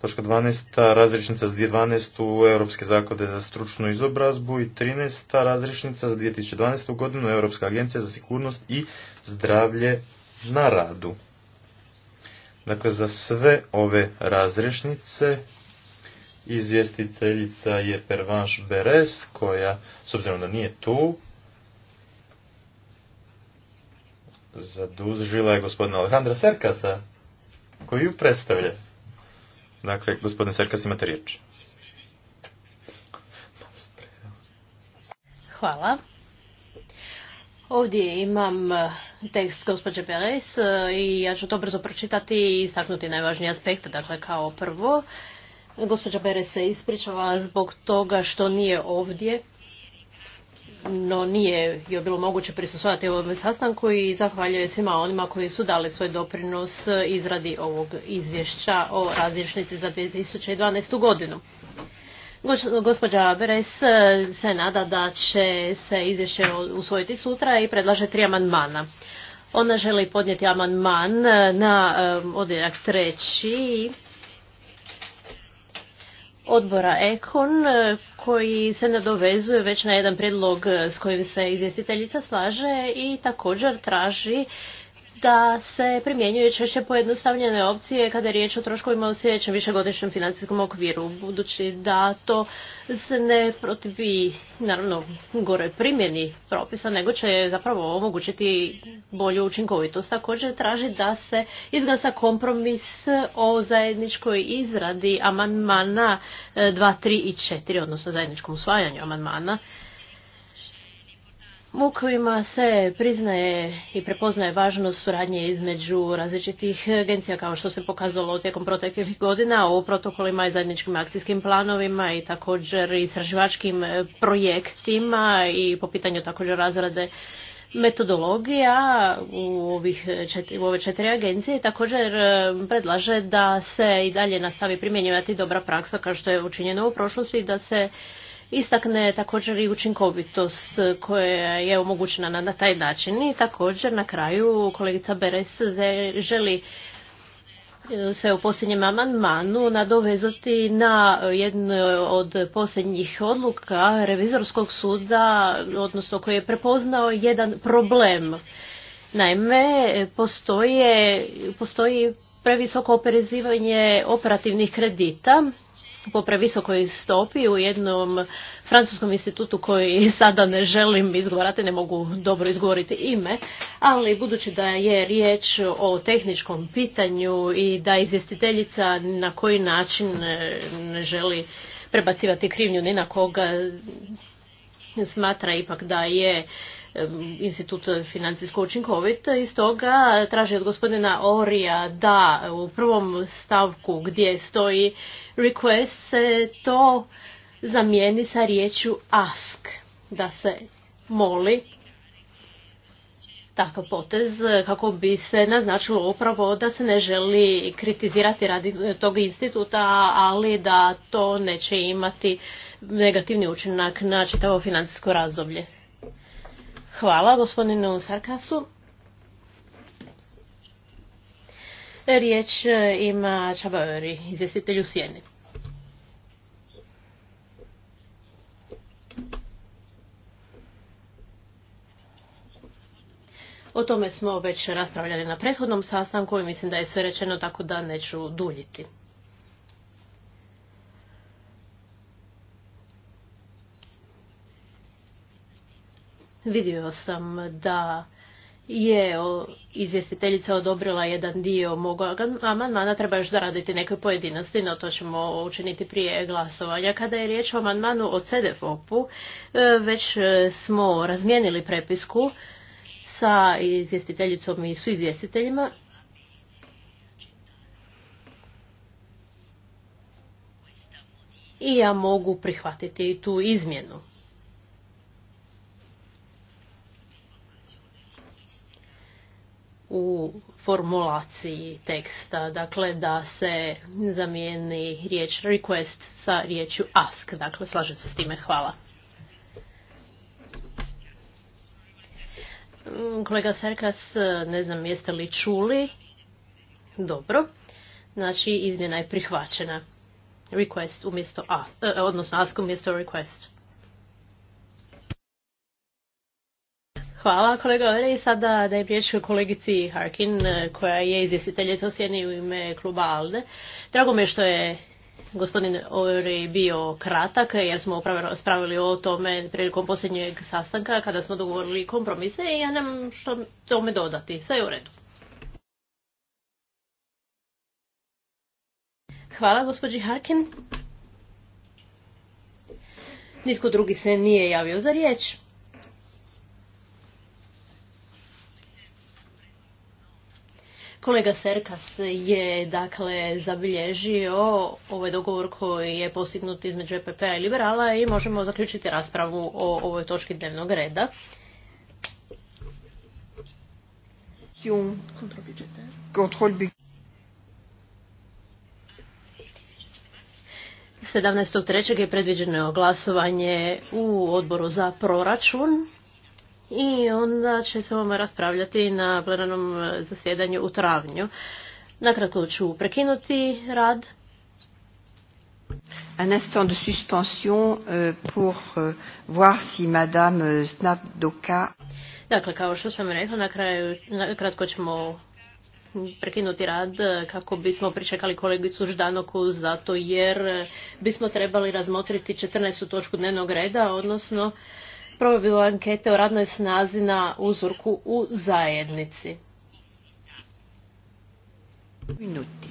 Točka 12. razrišnica za 2012. u Europske zaklade za stručnu izobrazbu i 13. razrišnica za 2012. godinu Europska agencija za sigurnost i zdravlje na radu. Dakle, za sve ove razrešnice izvjestiteljica je Pervanš Beres, koja, s obzirom da nije tu, zadužila je gospodina Alejandra Serkasa, koju predstavlja. Dakle, gospodin Serkas, imate riječ. Hvala. Ovdje imam tekst gospođe Beres i ja ću to brzo pročitati i istaknuti najvažniji aspekt. Dakle, kao prvo, gospođa Beres se ispričava zbog toga što nije ovdje no nije joj bilo moguće prisustvovati ovom sastanku i zahvaljujem svima onima koji su dali svoj doprinos izradi ovog izvješća o razrješnici za 2012. godinu. Gospođa Beres se nada da će se izvješće usvojiti sutra i predlaže tri amandmana. Ona želi podnijeti amandman na eh, odjeljak treći odbora Ekon e, koji se nadovezuje već na jedan predlog e, s kojim se izvjestiteljica slaže i također traži da se primjenjuje češće pojednostavljene opcije kada je riječ o troškovima u sljedećem višegodišnjem financijskom okviru, budući da to se ne protivi, naravno, gore primjeni propisa, nego će zapravo omogućiti bolju učinkovitost. Također traži da se izglasa kompromis o zajedničkoj izradi amandmana 2, e, 3 i 4, odnosno zajedničkom usvajanju amandmana u se priznaje i prepoznaje važnost suradnje između različitih agencija kao što se pokazalo tijekom proteklih godina o protokolima i zajedničkim akcijskim planovima i također i istraživačkim projektima i po pitanju također razrade metodologija u, ovih četiri, u ove četiri agencije također e, predlaže da se i dalje nastavi primjenjivati dobra praksa kao što je učinjeno u prošlosti i da se istakne također i učinkovitost koja je omogućena na taj način. I također na kraju kolegica Beres želi e, se u posljednjem amandmanu nadovezati na jednu od posljednjih odluka revizorskog suda, odnosno koji je prepoznao jedan problem. Naime, postoji previsoko operezivanje operativnih kredita po previsokoj stopi u jednom francuskom institutu koji sada ne želim izgovarati, ne mogu dobro izgovoriti ime, ali budući da je riječ o tehničkom pitanju i da izvjestiteljica na koji način e, ne želi prebacivati krivnju ni na koga, smatra ipak da je institut financijsko učinkovit i stoga traži od gospodina Orija da u prvom stavku gdje stoji request se to zamijeni sa riječju ask, da se moli takav potez kako bi se naznačilo upravo da se ne želi kritizirati radi tog instituta, ali da to neće imati negativni učinak na čitavo financijsko razdoblje. Hvala gospodinu Sarkasu. Riječ e, ima Čabaori, izvjestitelj u Sjeni. O tome smo već raspravljali na prethodnom sastanku i mislim da je sve rečeno tako da neću duljiti. Vidio sam da je izvjestiteljica odobrila jedan dio mog amandmana, treba još raditi neke pojedinosti, no to ćemo učiniti prije glasovanja. Kada je riječ o amandmanu o CDFOP-u, e, već e, smo razmijenili prepisku sa izvjestiteljicom i izvjestiteljima I ja mogu prihvatiti tu izmjenu. u formulaciji teksta, dakle da se zamijeni riječ request sa riječju ask. Dakle, slažem se s time. Hvala. Mm, kolega Serkas, ne znam jeste li čuli. Dobro. Znači, izmjena je prihvaćena. Request umjesto a, e, odnosno ask umjesto request. Hvala kolega Ore i sada je priječ kolegici Harkin eh, koja je izvjestitelje to u ime kluba ALDE. Drago mi što je gospodin Ore bio kratak jer smo spravili o tome prilikom posljednjeg sastanka kada smo dogovorili kompromise i ja nam što tome dodati. Sve je u redu. Hvala gospođi Harkin. Nisko drugi se nije javio za riječ. Kolega Serkas je dakle zabilježio ovaj dogovor koji je postignut između EPP-a i liberala i možemo zaključiti raspravu o ovoj točki dnevnog reda. Kontrol 17.3. je predviđeno glasovanje u odboru za proračun i onda će se raspravljati na plenarnom zasjedanju u travnju. Nakratko ću prekinuti rad. Un instant de suspension euh, pour euh, voir si madame euh, Snapdoka... Dakle, kao što sam rekla, na kraju, kratko ćemo prekinuti rad kako bismo pričekali kolegicu Ždanoku zato jer bismo trebali razmotriti 14. točku dnevnog reda, odnosno proveo ankete o radnoj snazi na uzorku u zajednici. Minuti.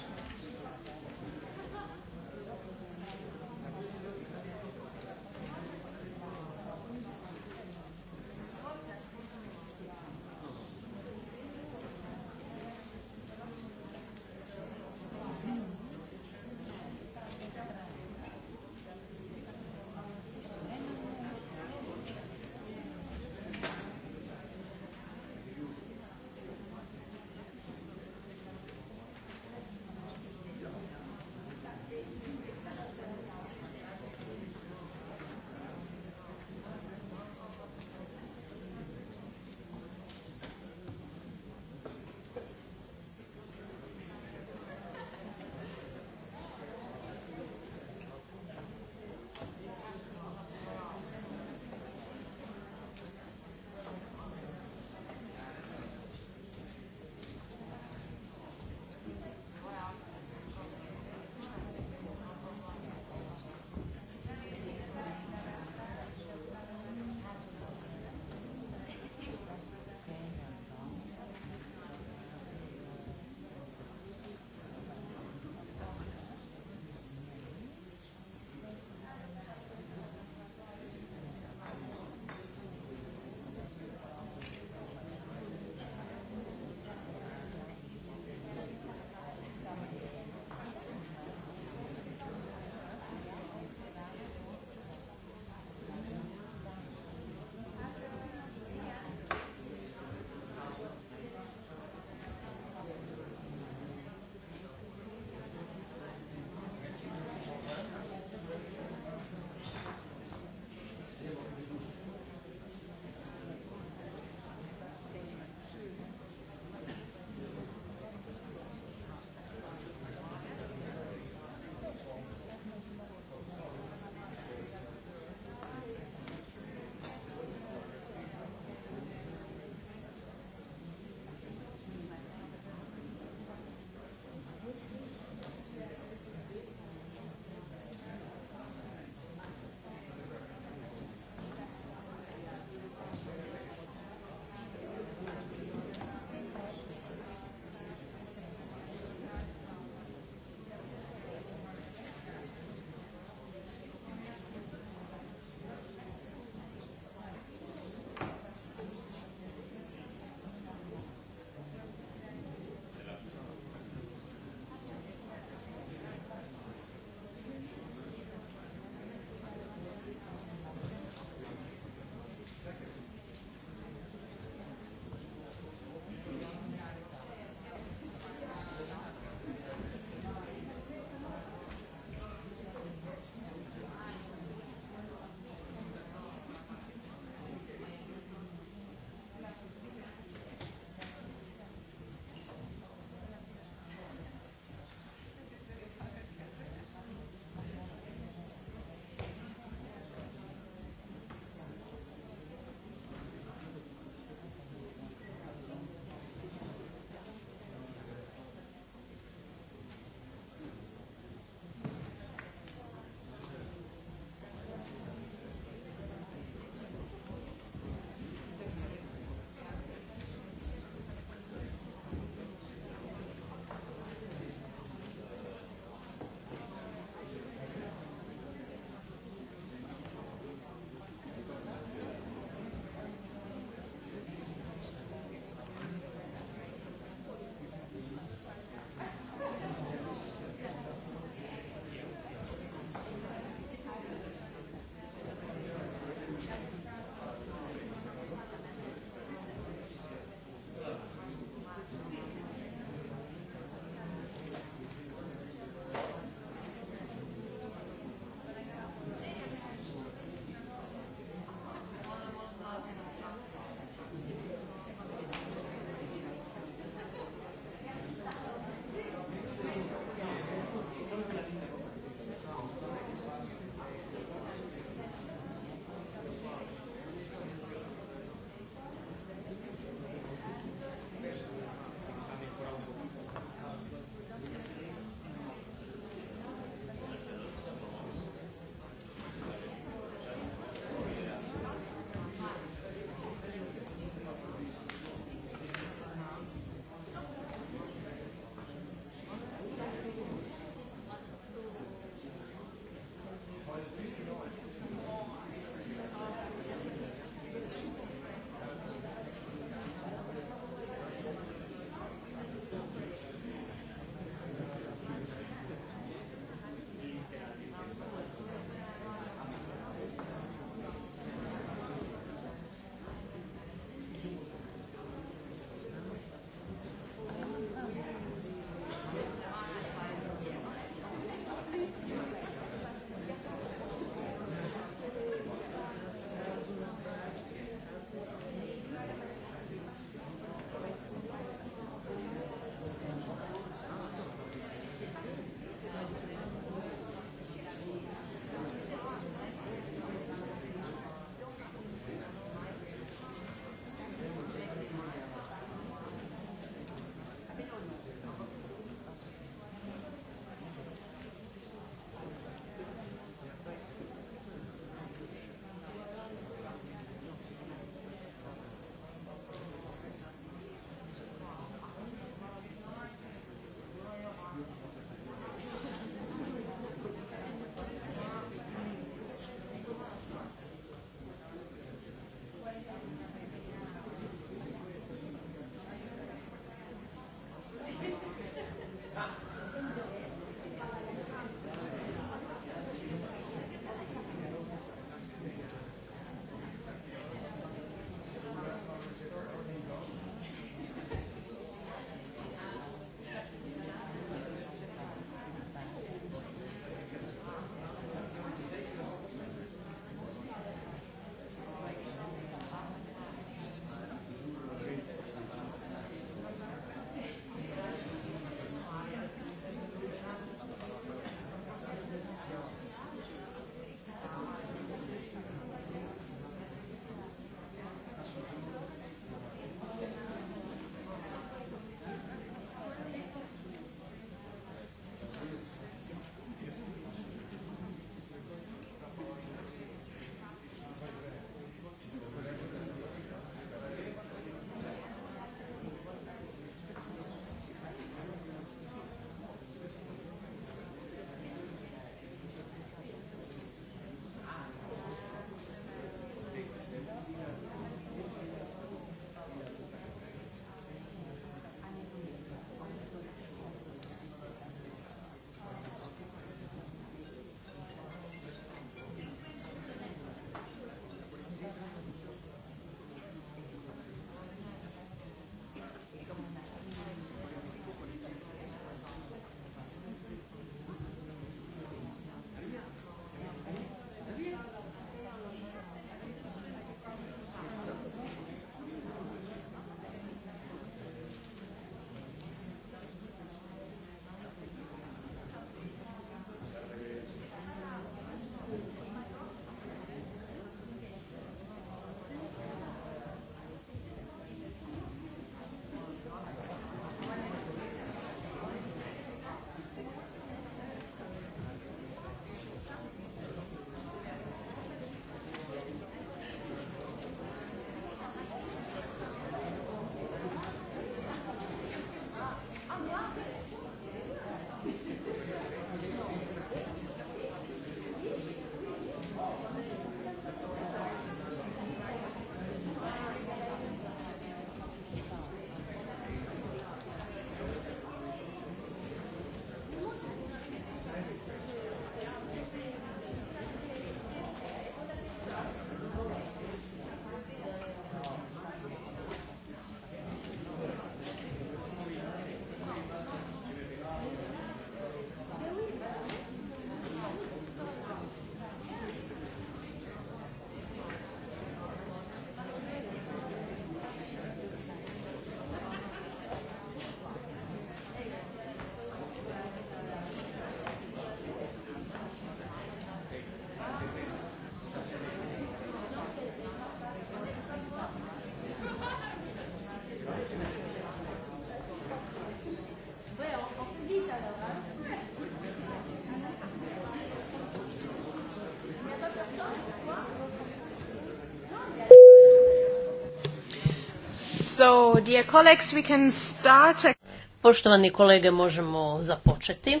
dear colleagues, we Poštovani kolege, možemo započeti.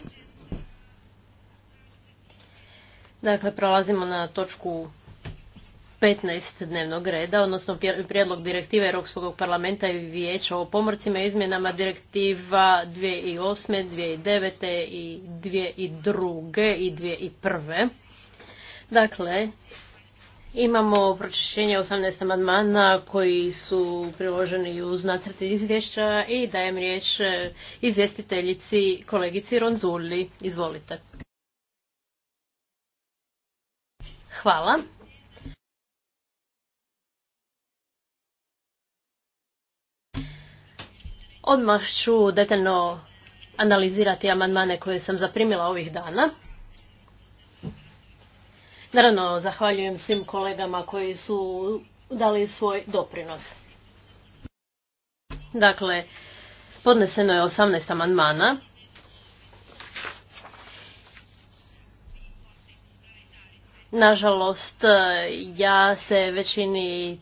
Dakle, prelazimo na točku 15 dnevnog reda, odnosno prijedlog direktive Europskog parlamenta i vijeća o pomorcima i izmjenama direktiva 2008, 2009 i 2002 i 2001. Dakle, Imamo pročišćenje 18 amandmana koji su priloženi uz nacrte izvješća i dajem riječ e, izvjestiteljici kolegici Ronzulli. Izvolite. Hvala. Odmah ću detaljno analizirati amandmane koje sam zaprimila ovih dana. Naravno, zahvaljujem svim kolegama koji su dali svoj doprinos. Dakle, podneseno je 18 amandmana. Nažalost, ja se većini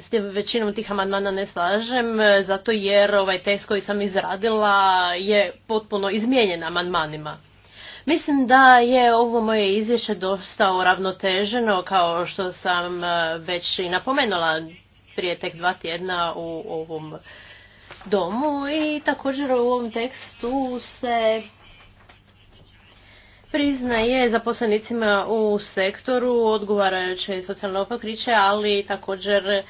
s tim većinom tih amandmana ne slažem, zato jer ovaj test koji sam izradila je potpuno izmijenjen amandmanima. Mislim da je ovo moje izvješće dosta uravnoteženo, kao što sam e, već i napomenula prije tek dva tjedna u ovom domu i također u ovom tekstu se priznaje zaposlenicima u sektoru odgovarajuće socijalno pokriće, ali također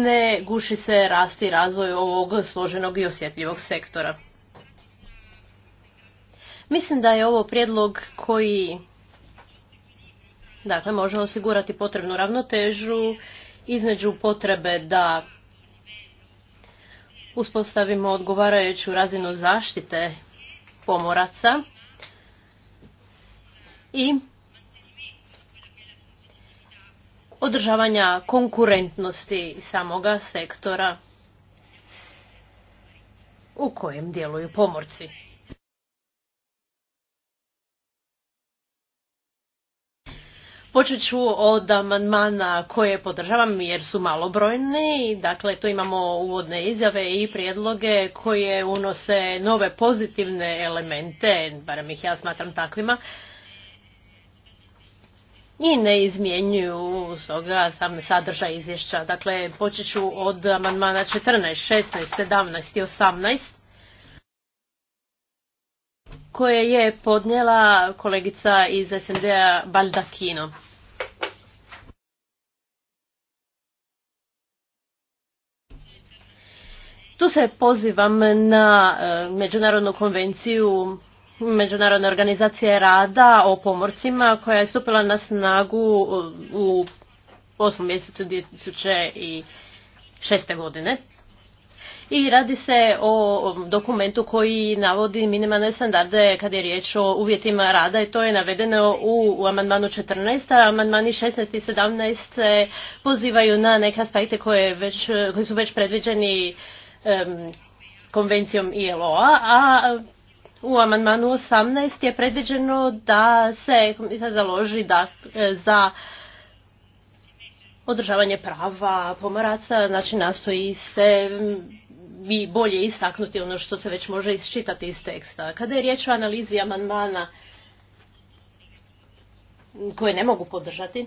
ne guši se rasti razvoj ovog složenog i osjetljivog sektora. Mislim da je ovo prijedlog koji dakle, može osigurati potrebnu ravnotežu između potrebe da uspostavimo odgovarajuću razinu zaštite pomoraca i održavanja konkurentnosti samoga sektora u kojem djeluju pomorci. Počet ću od amandmana koje podržavam jer su malobrojni. Dakle, tu imamo uvodne izjave i prijedloge koje unose nove pozitivne elemente, barem ih ja smatram takvima, i ne izmjenjuju stoga sam sadržaj izvješća. Dakle, počet ću od amandmana 14, 16, 17 i 18 koje je podnijela kolegica iz SND-a Baldakino. Tu se pozivam na e, Međunarodnu konvenciju Međunarodne organizacije rada o pomorcima koja je stupila na snagu e, u 8. mjesecu 2006. godine. I radi se o dokumentu koji navodi minimalne standarde kada je riječ o uvjetima rada i to je navedeno u, amandmanu 14, a amandmani 16 i 17 pozivaju na neke aspekte koje, koji su već predviđeni konvencijom ILO-a, a u amandmanu 18 je predviđeno da se komisija založi da, e, za održavanje prava pomoraca, znači nastoji se i bolje istaknuti ono što se već može isčitati iz teksta. Kada je riječ o analizi amandmana koje ne mogu podržati,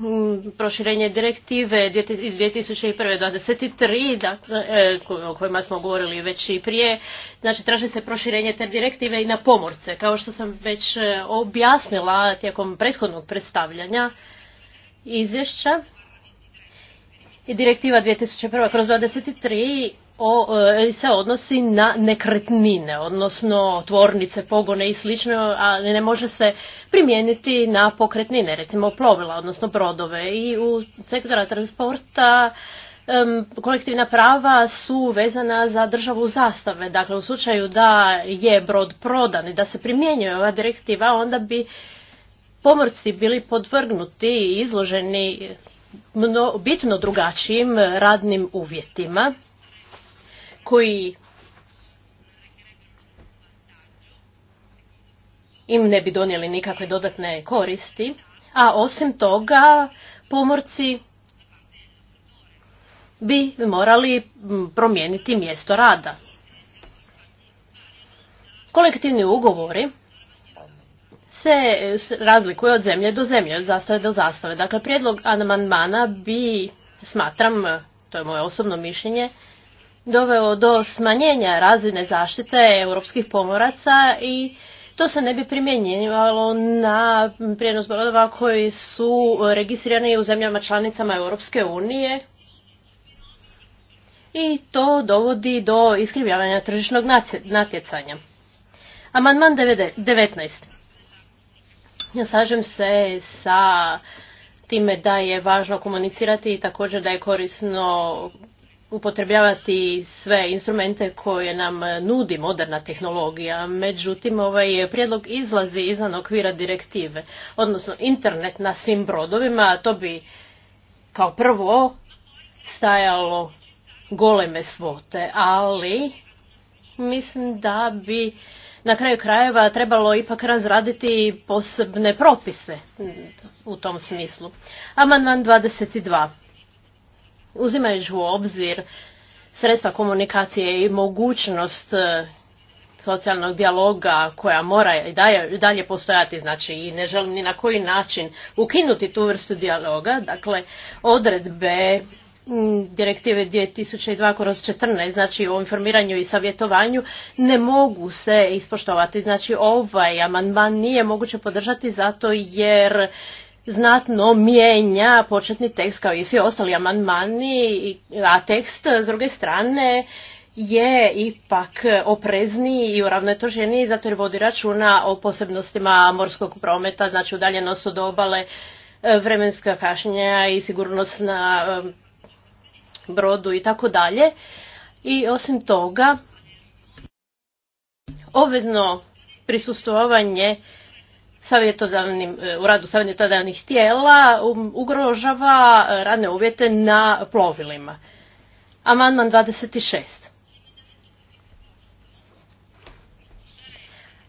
Mm, proširenje direktive iz 2001-23, dakle, e, o kojima smo govorili već i prije, znači traži se proširenje te direktive i na pomorce. Kao što sam već e, objasnila tijekom prethodnog predstavljanja izvješća, i direktiva 2001 kroz 23 o, e, se odnosi na nekretnine, odnosno tvornice, pogone i slično, a ne može se primijeniti na pokretnine, recimo plovila, odnosno brodove. I u sektora transporta kolektivna prava su vezana za državu zastave. Dakle, u slučaju da je brod prodan i da se primjenjuje ova direktiva, onda bi pomorci bili podvrgnuti i izloženi mno, bitno drugačijim radnim uvjetima koji im ne bi donijeli nikakve dodatne koristi, a osim toga pomorci bi morali promijeniti mjesto rada. Kolektivni ugovori se razlikuju od zemlje do zemlje, od zastave do zastave. Dakle, prijedlog amandmana bi, smatram, to je moje osobno mišljenje, doveo do smanjenja razine zaštite europskih pomoraca i to se ne bi primjenjivalo na prijenos brodova koji su registrirani u zemljama članicama Europske unije i to dovodi do iskrivljavanja tržišnog natjecanja. Amandman 19. Ja sažem se sa time da je važno komunicirati i također da je korisno upotrebljavati sve instrumente koje nam nudi moderna tehnologija. Međutim, ovaj prijedlog izlazi izvan okvira direktive. Odnosno, internet na svim brodovima, a to bi kao prvo stajalo goleme svote, ali mislim da bi na kraju krajeva trebalo ipak razraditi posebne propise u tom smislu. Amandman 22 uzimajući u obzir sredstva komunikacije i mogućnost e, socijalnog dijaloga koja mora i dalje, postojati, znači i ne želim ni na koji način ukinuti tu vrstu dijaloga, dakle odredbe direktive 2002/14 znači o informiranju i savjetovanju ne mogu se ispoštovati znači ovaj amandman nije moguće podržati zato jer znatno mijenja početni tekst kao i svi ostali amandmani, a tekst s druge strane je ipak oprezniji i uravnoteženiji zato jer vodi računa o posebnostima morskog prometa, znači udaljenost od obale, e, vremenska kašnja i sigurnost na e, brodu i tako dalje. I osim toga, obvezno prisustvovanje savjetodavnim, e, u radu savjetodavnih tijela um, ugrožava e, radne uvjete na plovilima. Amandman 26.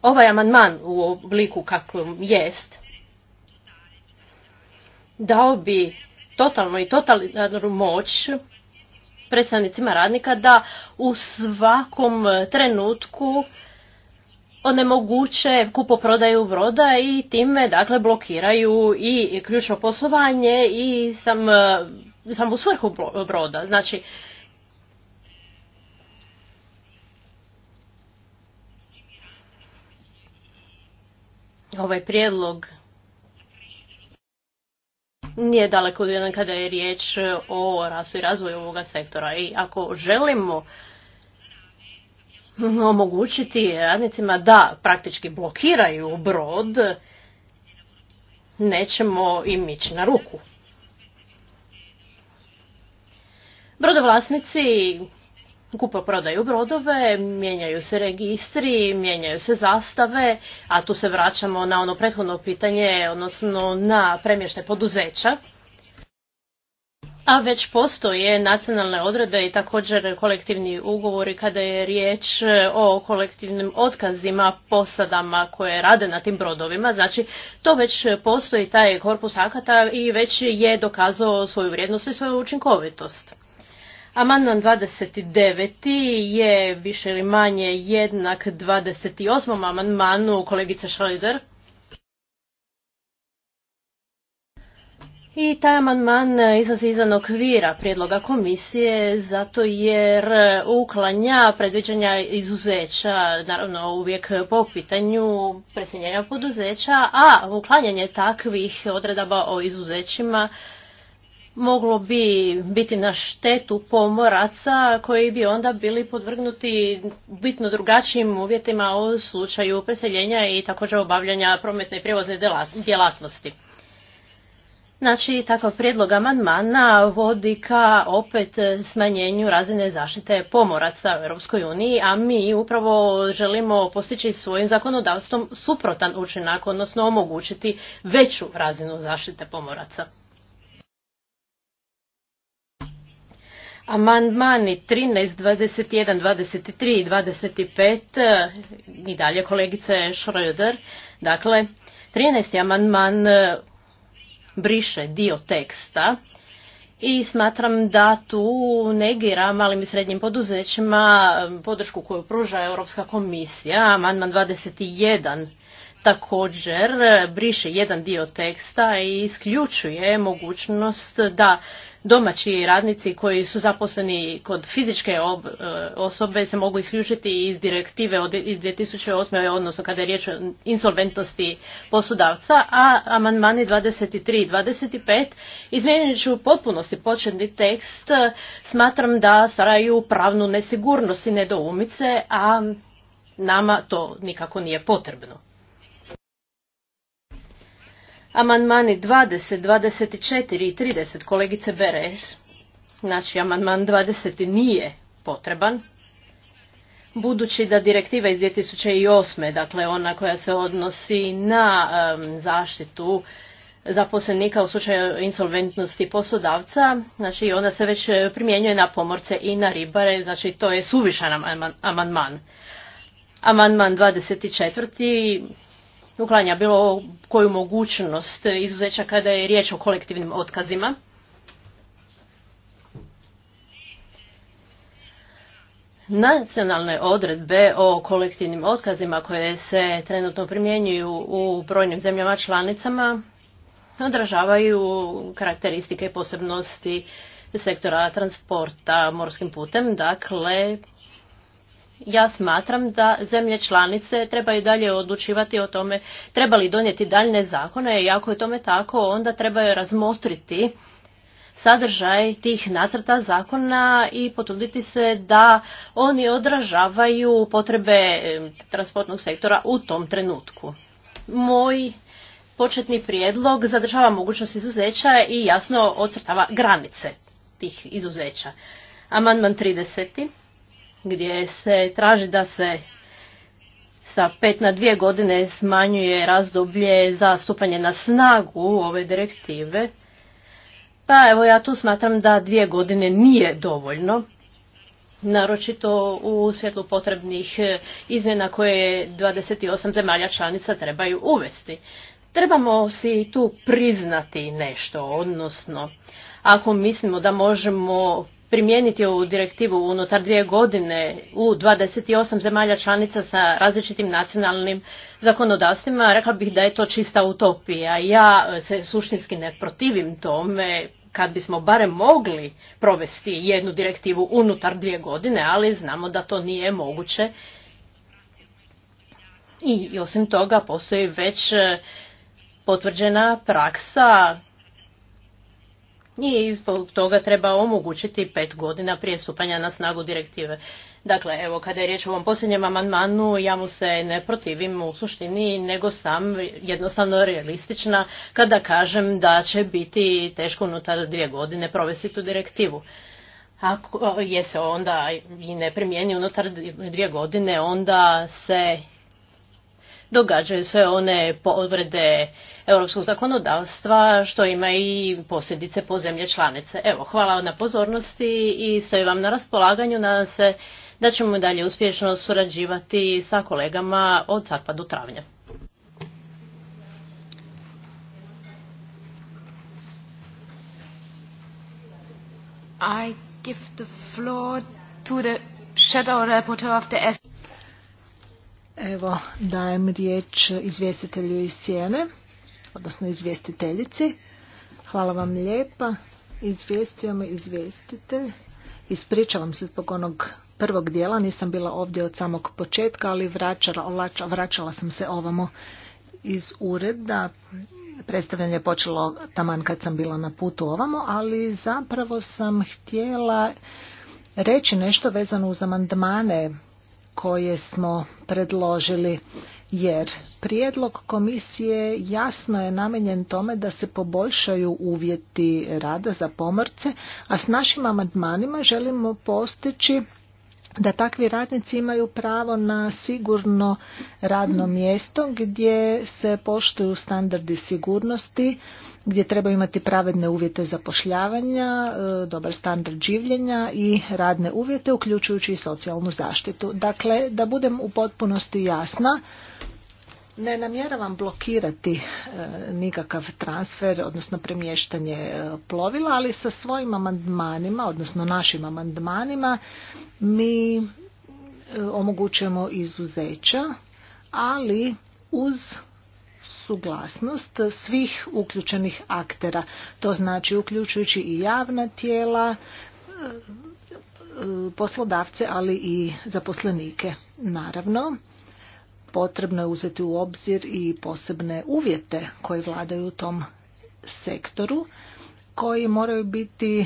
Ovaj amandman u obliku kakvom jest dao bi totalno i totalitarnu moć predstavnicima radnika da u svakom trenutku onemoguće kupoprodaju broda i time dakle blokiraju i ključno poslovanje i sam, e, u svrhu broda. Znači, ovaj prijedlog nije daleko jedan kada je riječ o rastu i razvoju ovoga sektora. I ako želimo omogućiti radnicima da praktički blokiraju brod, nećemo im ići na ruku. Brodovlasnici kupo prodaju brodove, mijenjaju se registri, mijenjaju se zastave, a tu se vraćamo na ono prethodno pitanje, odnosno na premještaj poduzeća a već postoje nacionalne odredbe i također kolektivni ugovori kada je riječ e, o kolektivnim otkazima posadama koje rade na tim brodovima. Znači, to već postoji taj korpus akata i već je dokazao svoju vrijednost i svoju učinkovitost. Amandman 29. je više ili manje jednak 28. amandmanu kolegice Šrojder I taj amandman e, izlazi izvan okvira prijedloga komisije zato jer e, uklanja predviđanja izuzeća, naravno uvijek po pitanju preseljenja poduzeća, a uklanjanje takvih odredaba o izuzećima moglo bi biti na štetu pomoraca koji bi onda bili podvrgnuti bitno drugačijim uvjetima u slučaju preseljenja i također obavljanja prometne i prijevozne djelatnosti. Znači, takav prijedlog amandmana vodi ka opet smanjenju razine zaštite pomoraca u Europskoj uniji, a mi upravo želimo postići svojim zakonodavstvom suprotan učinak, odnosno omogućiti veću razinu zaštite pomoraca. Amandmani 13, 21, 23 i 25 i dalje kolegice Schröder, Dakle, 13. amandman briše dio teksta i smatram da tu negira malim i srednjim poduzećima um, podršku koju pruža Europska komisija, amandman 21 također uh, briše jedan dio teksta i isključuje mogućnost da domaći radnici koji su zaposleni kod fizičke e, osobe se mogu isključiti iz direktive od, iz 2008. odnosno kada je riječ o insolventnosti poslodavca, a amandmani 23 i 25 izmijenit ću u potpunosti početni tekst. Smatram da stvaraju pravnu nesigurnost i nedoumice, a nama to nikako nije potrebno. Amandmani 20, 24 i 30 kolegice Beres, znači amandman 20 nije potreban, budući da direktiva iz 2008. dakle ona koja se odnosi na zaštitu zaposlenika u slučaju insolventnosti poslodavca, znači ona se već primjenjuje na pomorce i na ribare, znači to je suvišan amandman. Amandman 24 uklanja bilo koju mogućnost izuzeća kada je riječ o kolektivnim otkazima. Nacionalne odredbe o kolektivnim otkazima koje se trenutno primjenjuju u brojnim zemljama članicama odražavaju karakteristike i posebnosti sektora transporta morskim putem. Dakle, ja smatram da zemlje članice trebaju dalje odlučivati o tome treba li donijeti daljne zakone i ako je tome tako onda trebaju razmotriti sadržaj tih nacrta zakona i potruditi se da oni odražavaju potrebe transportnog sektora u tom trenutku. Moj početni prijedlog zadržava mogućnost izuzeća i jasno ocrtava granice tih izuzeća. Amandman 30 gdje se traži da se sa pet na dvije godine smanjuje razdoblje za stupanje na snagu ove direktive. Pa evo ja tu smatram da dvije godine nije dovoljno, naročito u svjetlu potrebnih izmjena koje 28 zemalja članica trebaju uvesti. Trebamo si tu priznati nešto, odnosno ako mislimo da možemo primijeniti ovu direktivu unutar dvije godine u 28 zemalja članica sa različitim nacionalnim zakonodavstvima, rekla bih da je to čista utopija. Ja se suštinski ne protivim tome kad bismo barem mogli provesti jednu direktivu unutar dvije godine, ali znamo da to nije moguće. I osim toga postoji već potvrđena praksa i zbog toga treba omogućiti pet godina prije stupanja na snagu direktive. Dakle, evo, kada je riječ o ovom posljednjem amandmanu, ja mu se ne protivim u suštini, nego sam jednostavno realistična kada kažem da će biti teško unutar dvije godine provesti tu direktivu. Ako je se onda i ne primijeni unutar dvije godine, onda se događaju sve one povrede europskog zakonodavstva što ima i posljedice po zemlje članice. Evo, hvala na pozornosti i stoji vam na raspolaganju. Nadam se da ćemo dalje uspješno surađivati sa kolegama od sarpa do Travnja. I give the floor to the shadow reporter of the Evo, dajem riječ izvjestitelju iz cijene, odnosno izvjestiteljici. Hvala vam lijepa. izvjestio me izvjestitelj. Ispričavam se zbog onog prvog dijela, nisam bila ovdje od samog početka, ali vraćala, vraćala sam se ovamo iz ureda. Predstavljanje je počelo taman kad sam bila na putu ovamo, ali zapravo sam htjela reći nešto vezano uz amandmane koje smo predložili jer prijedlog komisije jasno je namenjen tome da se poboljšaju uvjeti rada za pomorce, a s našim amandmanima želimo postići da takvi radnici imaju pravo na sigurno radno mjesto gdje se poštuju standardi sigurnosti gdje treba imati pravedne uvjete zapošljavanja, e, dobar standard življenja i radne uvjete, uključujući i socijalnu zaštitu. Dakle, da budem u potpunosti jasna, ne namjeravam blokirati e, nikakav transfer, odnosno premještanje e, plovila, ali sa svojim amandmanima, odnosno našim amandmanima, mi omogućujemo izuzeća, ali uz suglasnost svih uključenih aktera. To znači uključujući i javna tijela, e, e, poslodavce, ali i zaposlenike. Naravno, potrebno je uzeti u obzir i posebne uvjete koji vladaju u tom sektoru koji moraju biti e,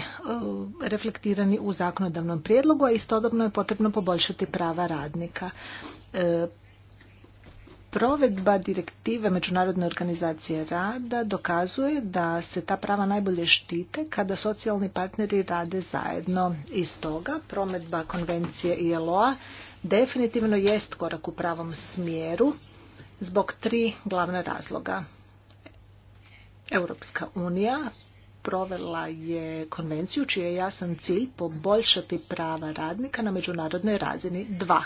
reflektirani u zakonodavnom prijedlogu, a istodobno je potrebno poboljšati prava radnika. Provedba direktive Međunarodne organizacije rada dokazuje da se ta prava najbolje štite kada socijalni partneri rade zajedno. I stoga prometba konvencije ILO-a definitivno jest korak u pravom smjeru zbog tri glavna razloga. Europska unija provela je konvenciju čiji je jasan cilj poboljšati prava radnika na međunarodnoj razini dva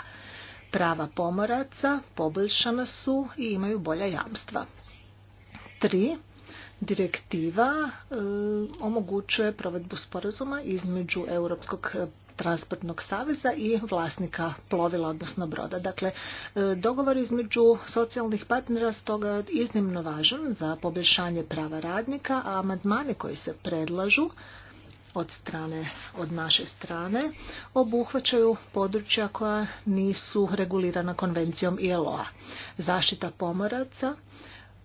prava pomoraca poboljšana su i imaju bolja jamstva. Tri, direktiva e, omogućuje provedbu sporazuma između Europskog transportnog saveza i vlasnika plovila, odnosno broda. Dakle, e, dogovor između socijalnih partnera stoga je iznimno važan za poboljšanje prava radnika, a amandmani koji se predlažu od strane, od naše strane, obuhvaćaju područja koja nisu regulirana konvencijom ILO-a. Zaštita pomoraca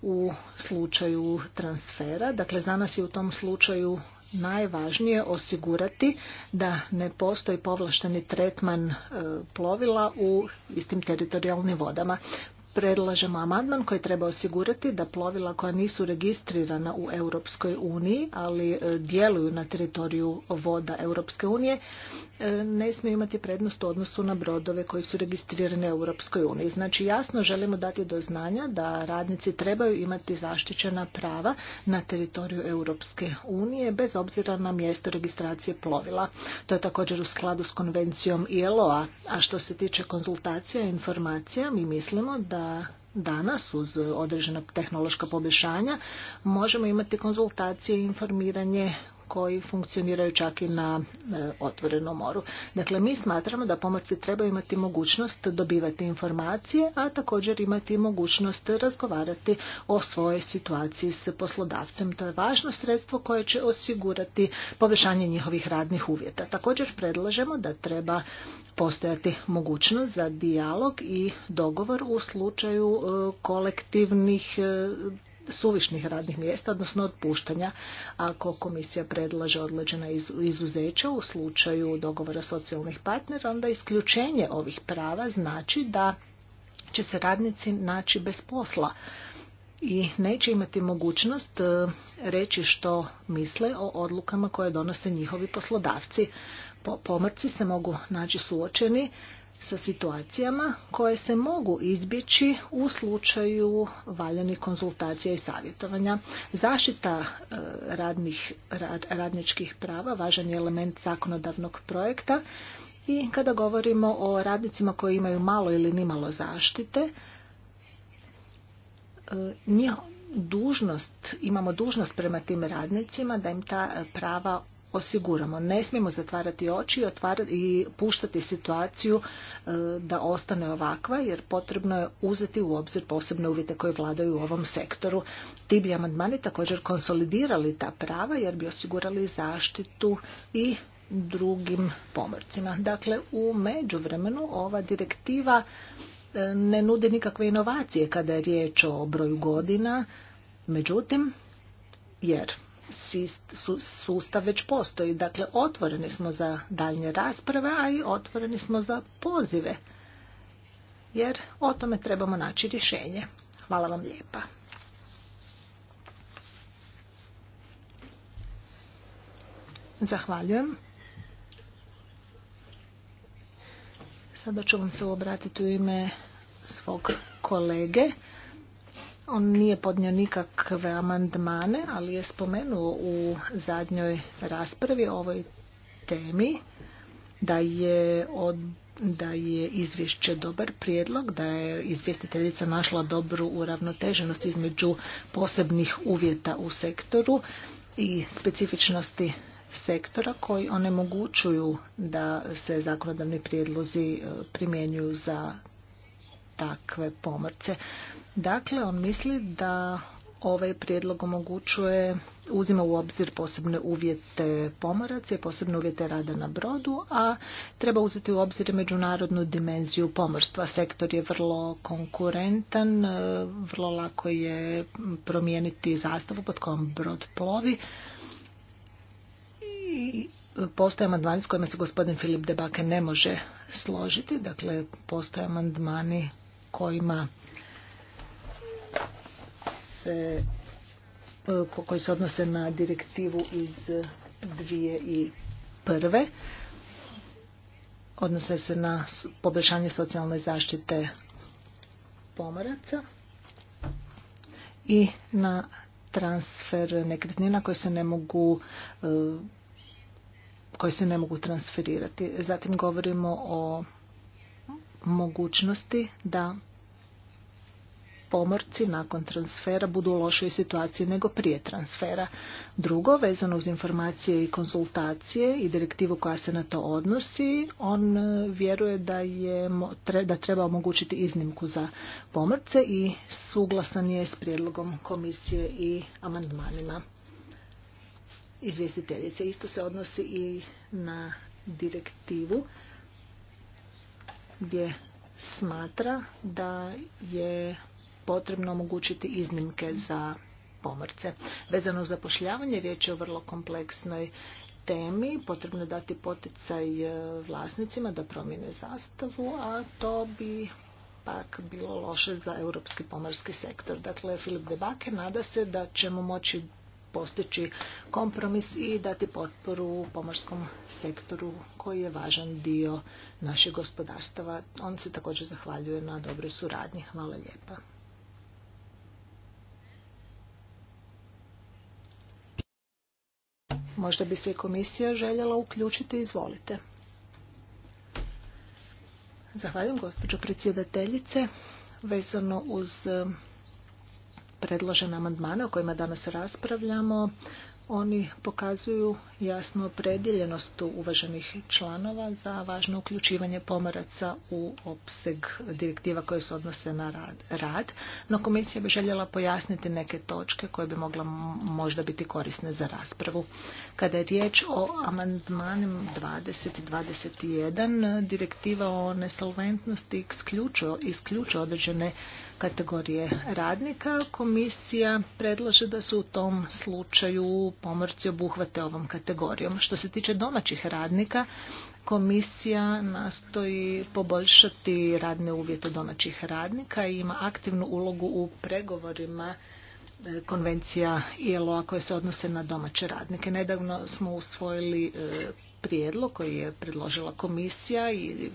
u slučaju transfera, dakle za nas je u tom slučaju najvažnije osigurati da ne postoji povlašteni tretman e, plovila u istim teritorijalnim vodama predlažemo amandman koji treba osigurati da plovila koja nisu registrirana u Europskoj uniji, ali e, djeluju na teritoriju voda Europske unije, E, ne smije imati prednost u odnosu na brodove koji su registrirani u Europskoj uniji. Znači jasno želimo dati do znanja da radnici trebaju imati zaštićena prava na teritoriju Europske unije bez obzira na mjesto registracije plovila. To je također u skladu s konvencijom ILO-a. A što se tiče konzultacija i informacija, mi mislimo da danas uz određena tehnološka poboljšanja možemo imati konzultacije i informiranje koji funkcioniraju čak i na e, otvorenom moru. Dakle, mi smatramo da pomorci trebaju imati mogućnost dobivati informacije, a također imati mogućnost razgovarati o svojoj situaciji s poslodavcem. To je važno sredstvo koje će osigurati poboljšanje njihovih radnih uvjeta. Također predlažemo da treba postojati mogućnost za dijalog i dogovor u slučaju e, kolektivnih e, suvišnih radnih mjesta, odnosno otpuštanja, ako komisija predlaže odleđena izuzeća u slučaju dogovora socijalnih partnera, onda isključenje ovih prava znači da će se radnici naći bez posla i neće imati mogućnost e, reći što misle o odlukama koje donose njihovi poslodavci. Pomrci se mogu naći suočeni sa situacijama koje se mogu izbjeći u slučaju valjanih konzultacija i savjetovanja. Zaštita e, radnih, radničkih prava važan je element zakonodavnog projekta i kada govorimo o radnicima koji imaju malo ili nimalo zaštite, e, njih dužnost, imamo dužnost prema tim radnicima da im ta prava osiguramo. Ne smijemo zatvarati oči i puštati situaciju e, da ostane ovakva jer potrebno je uzeti u obzir posebne uvjete koje vladaju u ovom sektoru. Ti bi amandmani također konsolidirali ta prava jer bi osigurali zaštitu i drugim pomorcima. Dakle, u međuvremenu ova direktiva e, ne nudi nikakve inovacije kada je riječ o broju godina, međutim, jer sustav već postoji. Dakle, otvoreni smo za daljnje rasprave, a i otvoreni smo za pozive. Jer o tome trebamo naći rješenje. Hvala vam lijepa. Zahvaljujem. Sada ću vam se obratiti u ime svog kolege. On nije podnio nikakve amandmane, ali je spomenuo u zadnjoj raspravi o ovoj temi da je od da je izvješće dobar prijedlog, da je izvjestiteljica našla dobru uravnoteženost između posebnih uvjeta u sektoru i specifičnosti sektora koji onemogućuju da se zakonodavni prijedlozi e, primjenjuju za takve pomorce. Dakle, on misli da ovaj prijedlog omogućuje, uzima u obzir posebne uvjete pomoraca i posebne uvjete rada na brodu, a treba uzeti u obzir međunarodnu dimenziju pomorstva. Sektor je vrlo konkurentan, vrlo lako je promijeniti zastavu pod kojom brod plovi. I postoje amandmani s kojima se gospodin Filip Debake ne može složiti, dakle postoje amandmani kojima se e, koji se odnose na direktivu iz dvije i prve, Odnose se na poboljšanje socijalne zaštite pomoraca i na transfer nekretnina koje se ne mogu e, koje se ne mogu transferirati. Zatim govorimo o mogućnosti da pomorci nakon transfera budu u lošoj situaciji nego prije transfera. Drugo, vezano uz informacije i konsultacije i direktivu koja se na to odnosi, on e, vjeruje da, je, da treba omogućiti iznimku za pomorce i suglasan je s prijedlogom komisije i amandmanima izvjestiteljice. Isto se odnosi i na direktivu gdje smatra da je potrebno omogućiti iznimke za pomorce. Vezano za pošljavanje riječ je o vrlo kompleksnoj temi, potrebno je dati poticaj e, vlasnicima da promijene zastavu, a to bi pak bilo loše za europski pomorski sektor. Dakle, Filip Debake nada se da ćemo moći postići kompromis i dati potporu pomorskom sektoru koji je važan dio našeg gospodarstva. On se također zahvaljuje na dobroj suradnji. Hvala lijepa. Možda bi se i komisija željela uključiti, izvolite. Zahvaljujem gospođo predsjedateljice. Vezano uz predložene amandmane o kojima danas raspravljamo, oni pokazuju jasnu predjeljenost uvaženih članova za važno uključivanje pomoraca u opseg direktiva koje se odnose na rad, no komisija bi željela pojasniti neke točke koje bi mogla možda biti korisne za raspravu. Kada je riječ o amandmanim 20 i 21, direktiva o nesolventnosti isključuje određene kategorije radnika, komisija predlaže da se u tom slučaju pomorci obuhvate ovom kategorijom. Što se tiče domaćih radnika, komisija nastoji poboljšati radne uvjete domaćih radnika i ima aktivnu ulogu u pregovorima e, konvencija ILO-a koje se odnose na domaće radnike. Nedavno smo usvojili e, prijedlog koji je predložila komisija i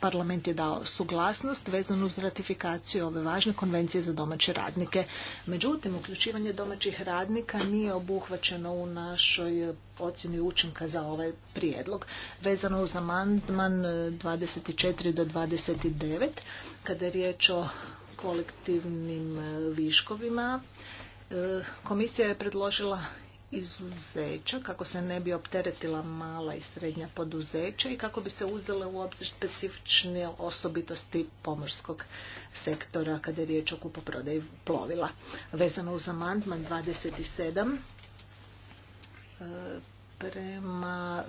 parlament je dao suglasnost vezanu uz ratifikaciju ove važne konvencije za domaće radnike. Međutim, uključivanje domaćih radnika nije obuhvaćeno u našoj ocjeni učinka za ovaj prijedlog. Vezano uz amandman 24 do 29, kada je riječ o kolektivnim viškovima, e, komisija je predložila izuzeća kako se ne bi opteretila mala i srednja poduzeća i kako bi se uzele u obzir specifične osobitosti pomorskog sektora kada je riječ o kupoprodaji plovila. Vezano uz amandman 27 e, prema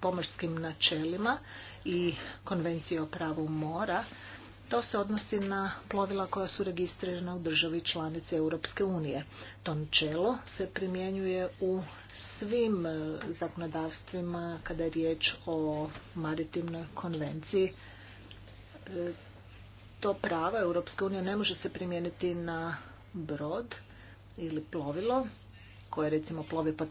pomorskim načelima i konvenciji o pravu mora to se odnosi na plovila koja su registrirana u državi članice Europske unije. To načelo se primjenjuje u svim e, zakonodavstvima kada je riječ o maritimnoj konvenciji. E, to pravo Europske unije ne može se primijeniti na brod ili plovilo koje recimo plovi pod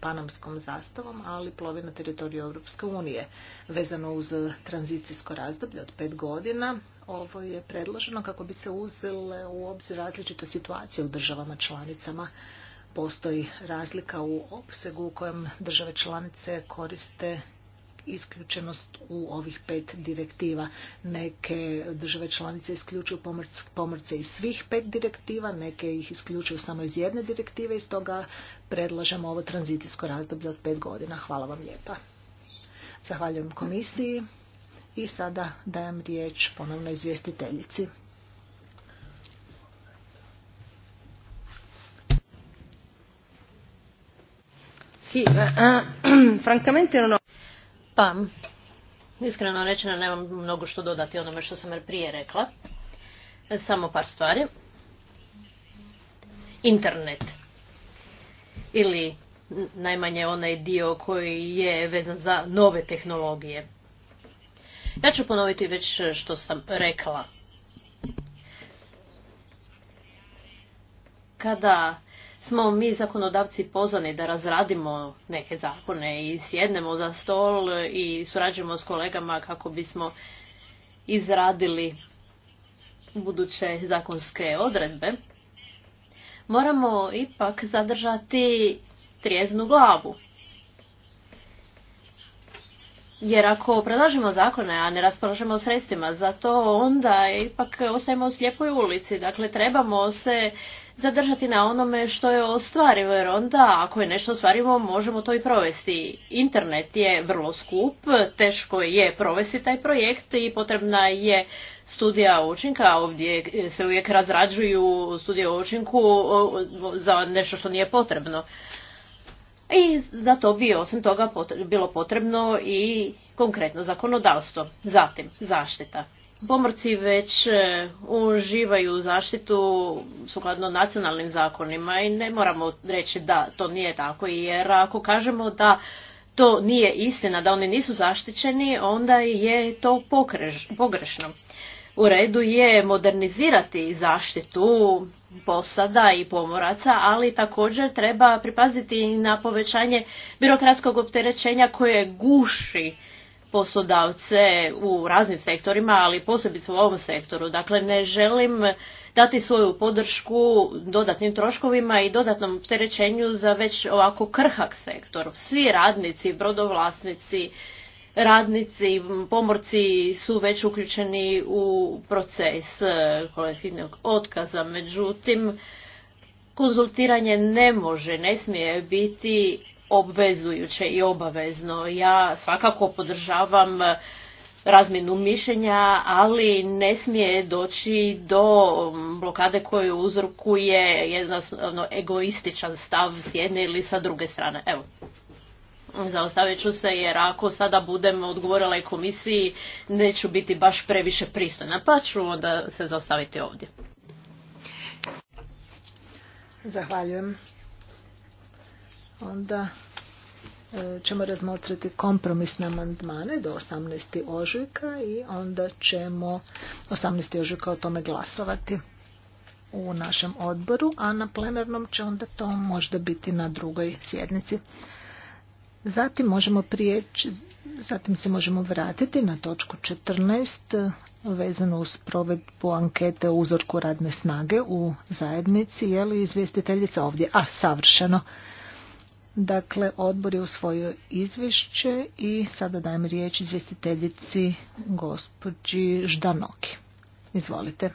panamskom zastavom, ali plovi na teritoriju Europske unije. Vezano uz tranzicijsko razdoblje od pet godina, ovo je predloženo kako bi se uzele u obzir različite situacije u državama članicama. Postoji razlika u opsegu u kojem države članice koriste isključenost u ovih pet direktiva. Neke države članice isključuju pomorce iz svih pet direktiva, neke ih isključuju samo iz jedne direktive i stoga predlažemo ovo tranzicijsko razdoblje od pet godina. Hvala vam lijepa. Zahvaljujem komisiji. I sada dajem riječ ponovno izvjestiteljici. Si, eh, eh, francamente Pa, iskreno rečeno nemam mnogo što dodati onome što sam prije rekla. Samo par stvari. Internet. Ili najmanje onaj dio koji je vezan za nove tehnologije. Ja ću ponoviti već e, što sam rekla. Kada smo mi zakonodavci pozvani da razradimo neke zakone i sjednemo za stol i surađujemo s kolegama kako bismo izradili buduće zakonske odredbe, moramo ipak zadržati trijeznu glavu. Jer ako predlažemo zakone, a ne raspolažemo sredstvima za to, onda ipak ostajemo u slijepoj ulici. Dakle, trebamo se zadržati na onome što je ostvarivo, jer onda ako je nešto ostvarivo, možemo to i provesti. Internet je vrlo skup, teško je provesti taj projekt i potrebna je studija učinka. Ovdje se uvijek razrađuju studije učinku za nešto što nije potrebno. I za to bi osim toga bilo potrebno i konkretno zakonodavstvo. Zatim, zaštita. Pomorci već e, uživaju zaštitu sukladno nacionalnim zakonima i ne moramo reći da to nije tako jer ako kažemo da to nije istina, da oni nisu zaštićeni, onda je to pogrešno. U redu je modernizirati zaštitu posada i pomoraca, ali također treba pripaziti na povećanje birokratskog opterećenja koje guši poslodavce u raznim sektorima, ali posebno u ovom sektoru. Dakle, ne želim dati svoju podršku dodatnim troškovima i dodatnom opterećenju za već ovako krhak sektor. Svi radnici, brodovlasnici, radnici, pomorci su već uključeni u proces kolektivnog otkaza. Međutim, konzultiranje ne može, ne smije biti obvezujuće i obavezno. Ja svakako podržavam razmjenu mišljenja, ali ne smije doći do blokade koju uzrokuje jednostavno egoističan stav s jedne ili sa druge strane. Evo, Zaostavit ću se jer ako sada budem odgovorila i komisiji, neću biti baš previše pristojna, pa ću onda se zaostaviti ovdje. Zahvaljujem. Onda e, ćemo razmotriti kompromisne amandmane do 18. ožujka i onda ćemo 18. ožujka o tome glasovati u našem odboru, a na plenarnom će onda to možda biti na drugoj sjednici. Zatim možemo prijeći, zatim se možemo vratiti na točku 14 vezano uz provedbu ankete o uzorku radne snage u zajednici. Je li izvjestiteljica ovdje? A, savršeno. Dakle, odbor je usvojio izvješće i sada dajem riječ izvjestiteljici gospođi Ždanoki. Izvolite.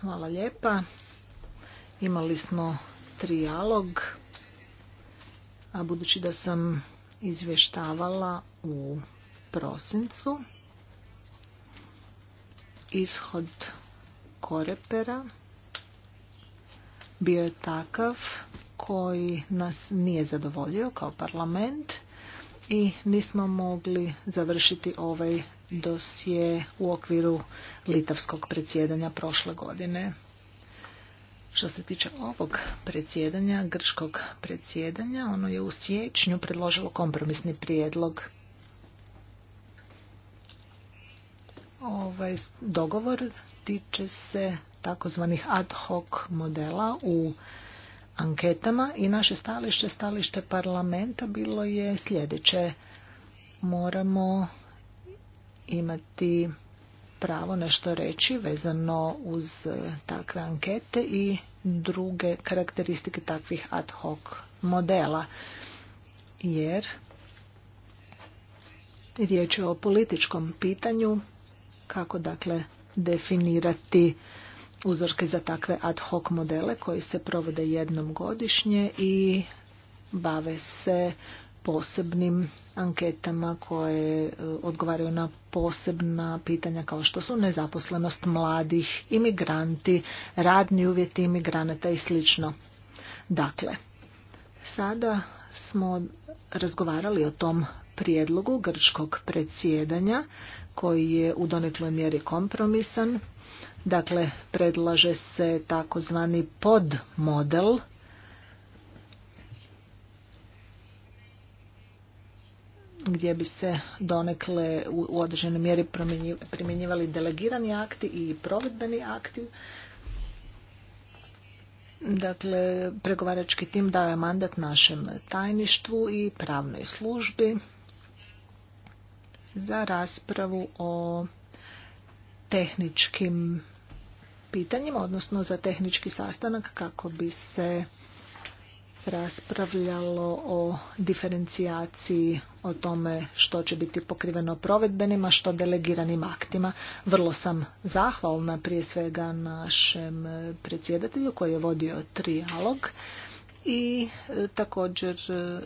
Hvala lijepa. Imali smo trijalog a budući da sam izvještavala u prosincu ishod korepera bio je takav koji nas nije zadovoljio kao parlament i nismo mogli završiti ovaj dosje u okviru litavskog predsjedanja prošle godine. Što se tiče ovog predsjedanja, grškog predsjedanja, ono je u siječnju predložilo kompromisni prijedlog. Ovaj dogovor tiče se takozvanih ad hoc modela u anketama i naše stalište, stalište parlamenta bilo je sljedeće. Moramo imati pravo nešto reći vezano uz e, takve ankete i druge karakteristike takvih ad hoc modela. Jer riječ je o političkom pitanju kako dakle definirati uzorke za takve ad hoc modele koji se provode jednom godišnje i bave se posebnim anketama koje e, odgovaraju na posebna pitanja kao što su nezaposlenost mladih, imigranti, radni uvjeti imigranata i sl. Dakle, sada smo razgovarali o tom prijedlogu grčkog predsjedanja koji je u donekloj mjeri kompromisan. Dakle, predlaže se takozvani podmodel gdje bi se donekle u određenoj mjeri primjenjivali delegirani akti i provedbeni akti. Dakle, pregovarački tim dao je mandat našem tajništvu i pravnoj službi za raspravu o tehničkim pitanjima, odnosno za tehnički sastanak kako bi se raspravljalo o diferencijaciji o tome što će biti pokriveno provedbenima, što delegiranim aktima. Vrlo sam zahvalna prije svega našem predsjedatelju koji je vodio trijalog i e, također e,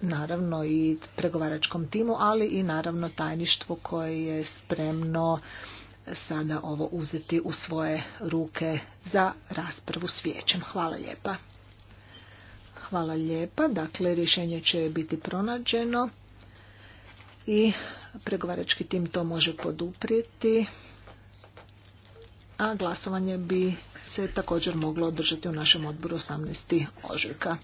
naravno i pregovaračkom timu, ali i naravno tajništvu koje je spremno sada ovo uzeti u svoje ruke za raspravu svijećem. Hvala lijepa. Hvala lijepa. Dakle, rješenje će biti pronađeno i pregovarački tim to može poduprijeti, a glasovanje bi se također moglo održati u našem odboru 18. ožujka.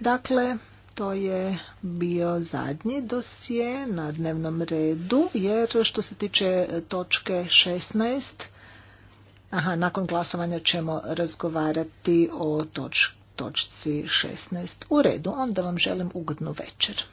Dakle, to je bio zadnji dosje na dnevnom redu, jer što se tiče točke 16, aha, nakon glasovanja ćemo razgovarati o točki točci 16. U redu, onda vam želim ugodnu večer.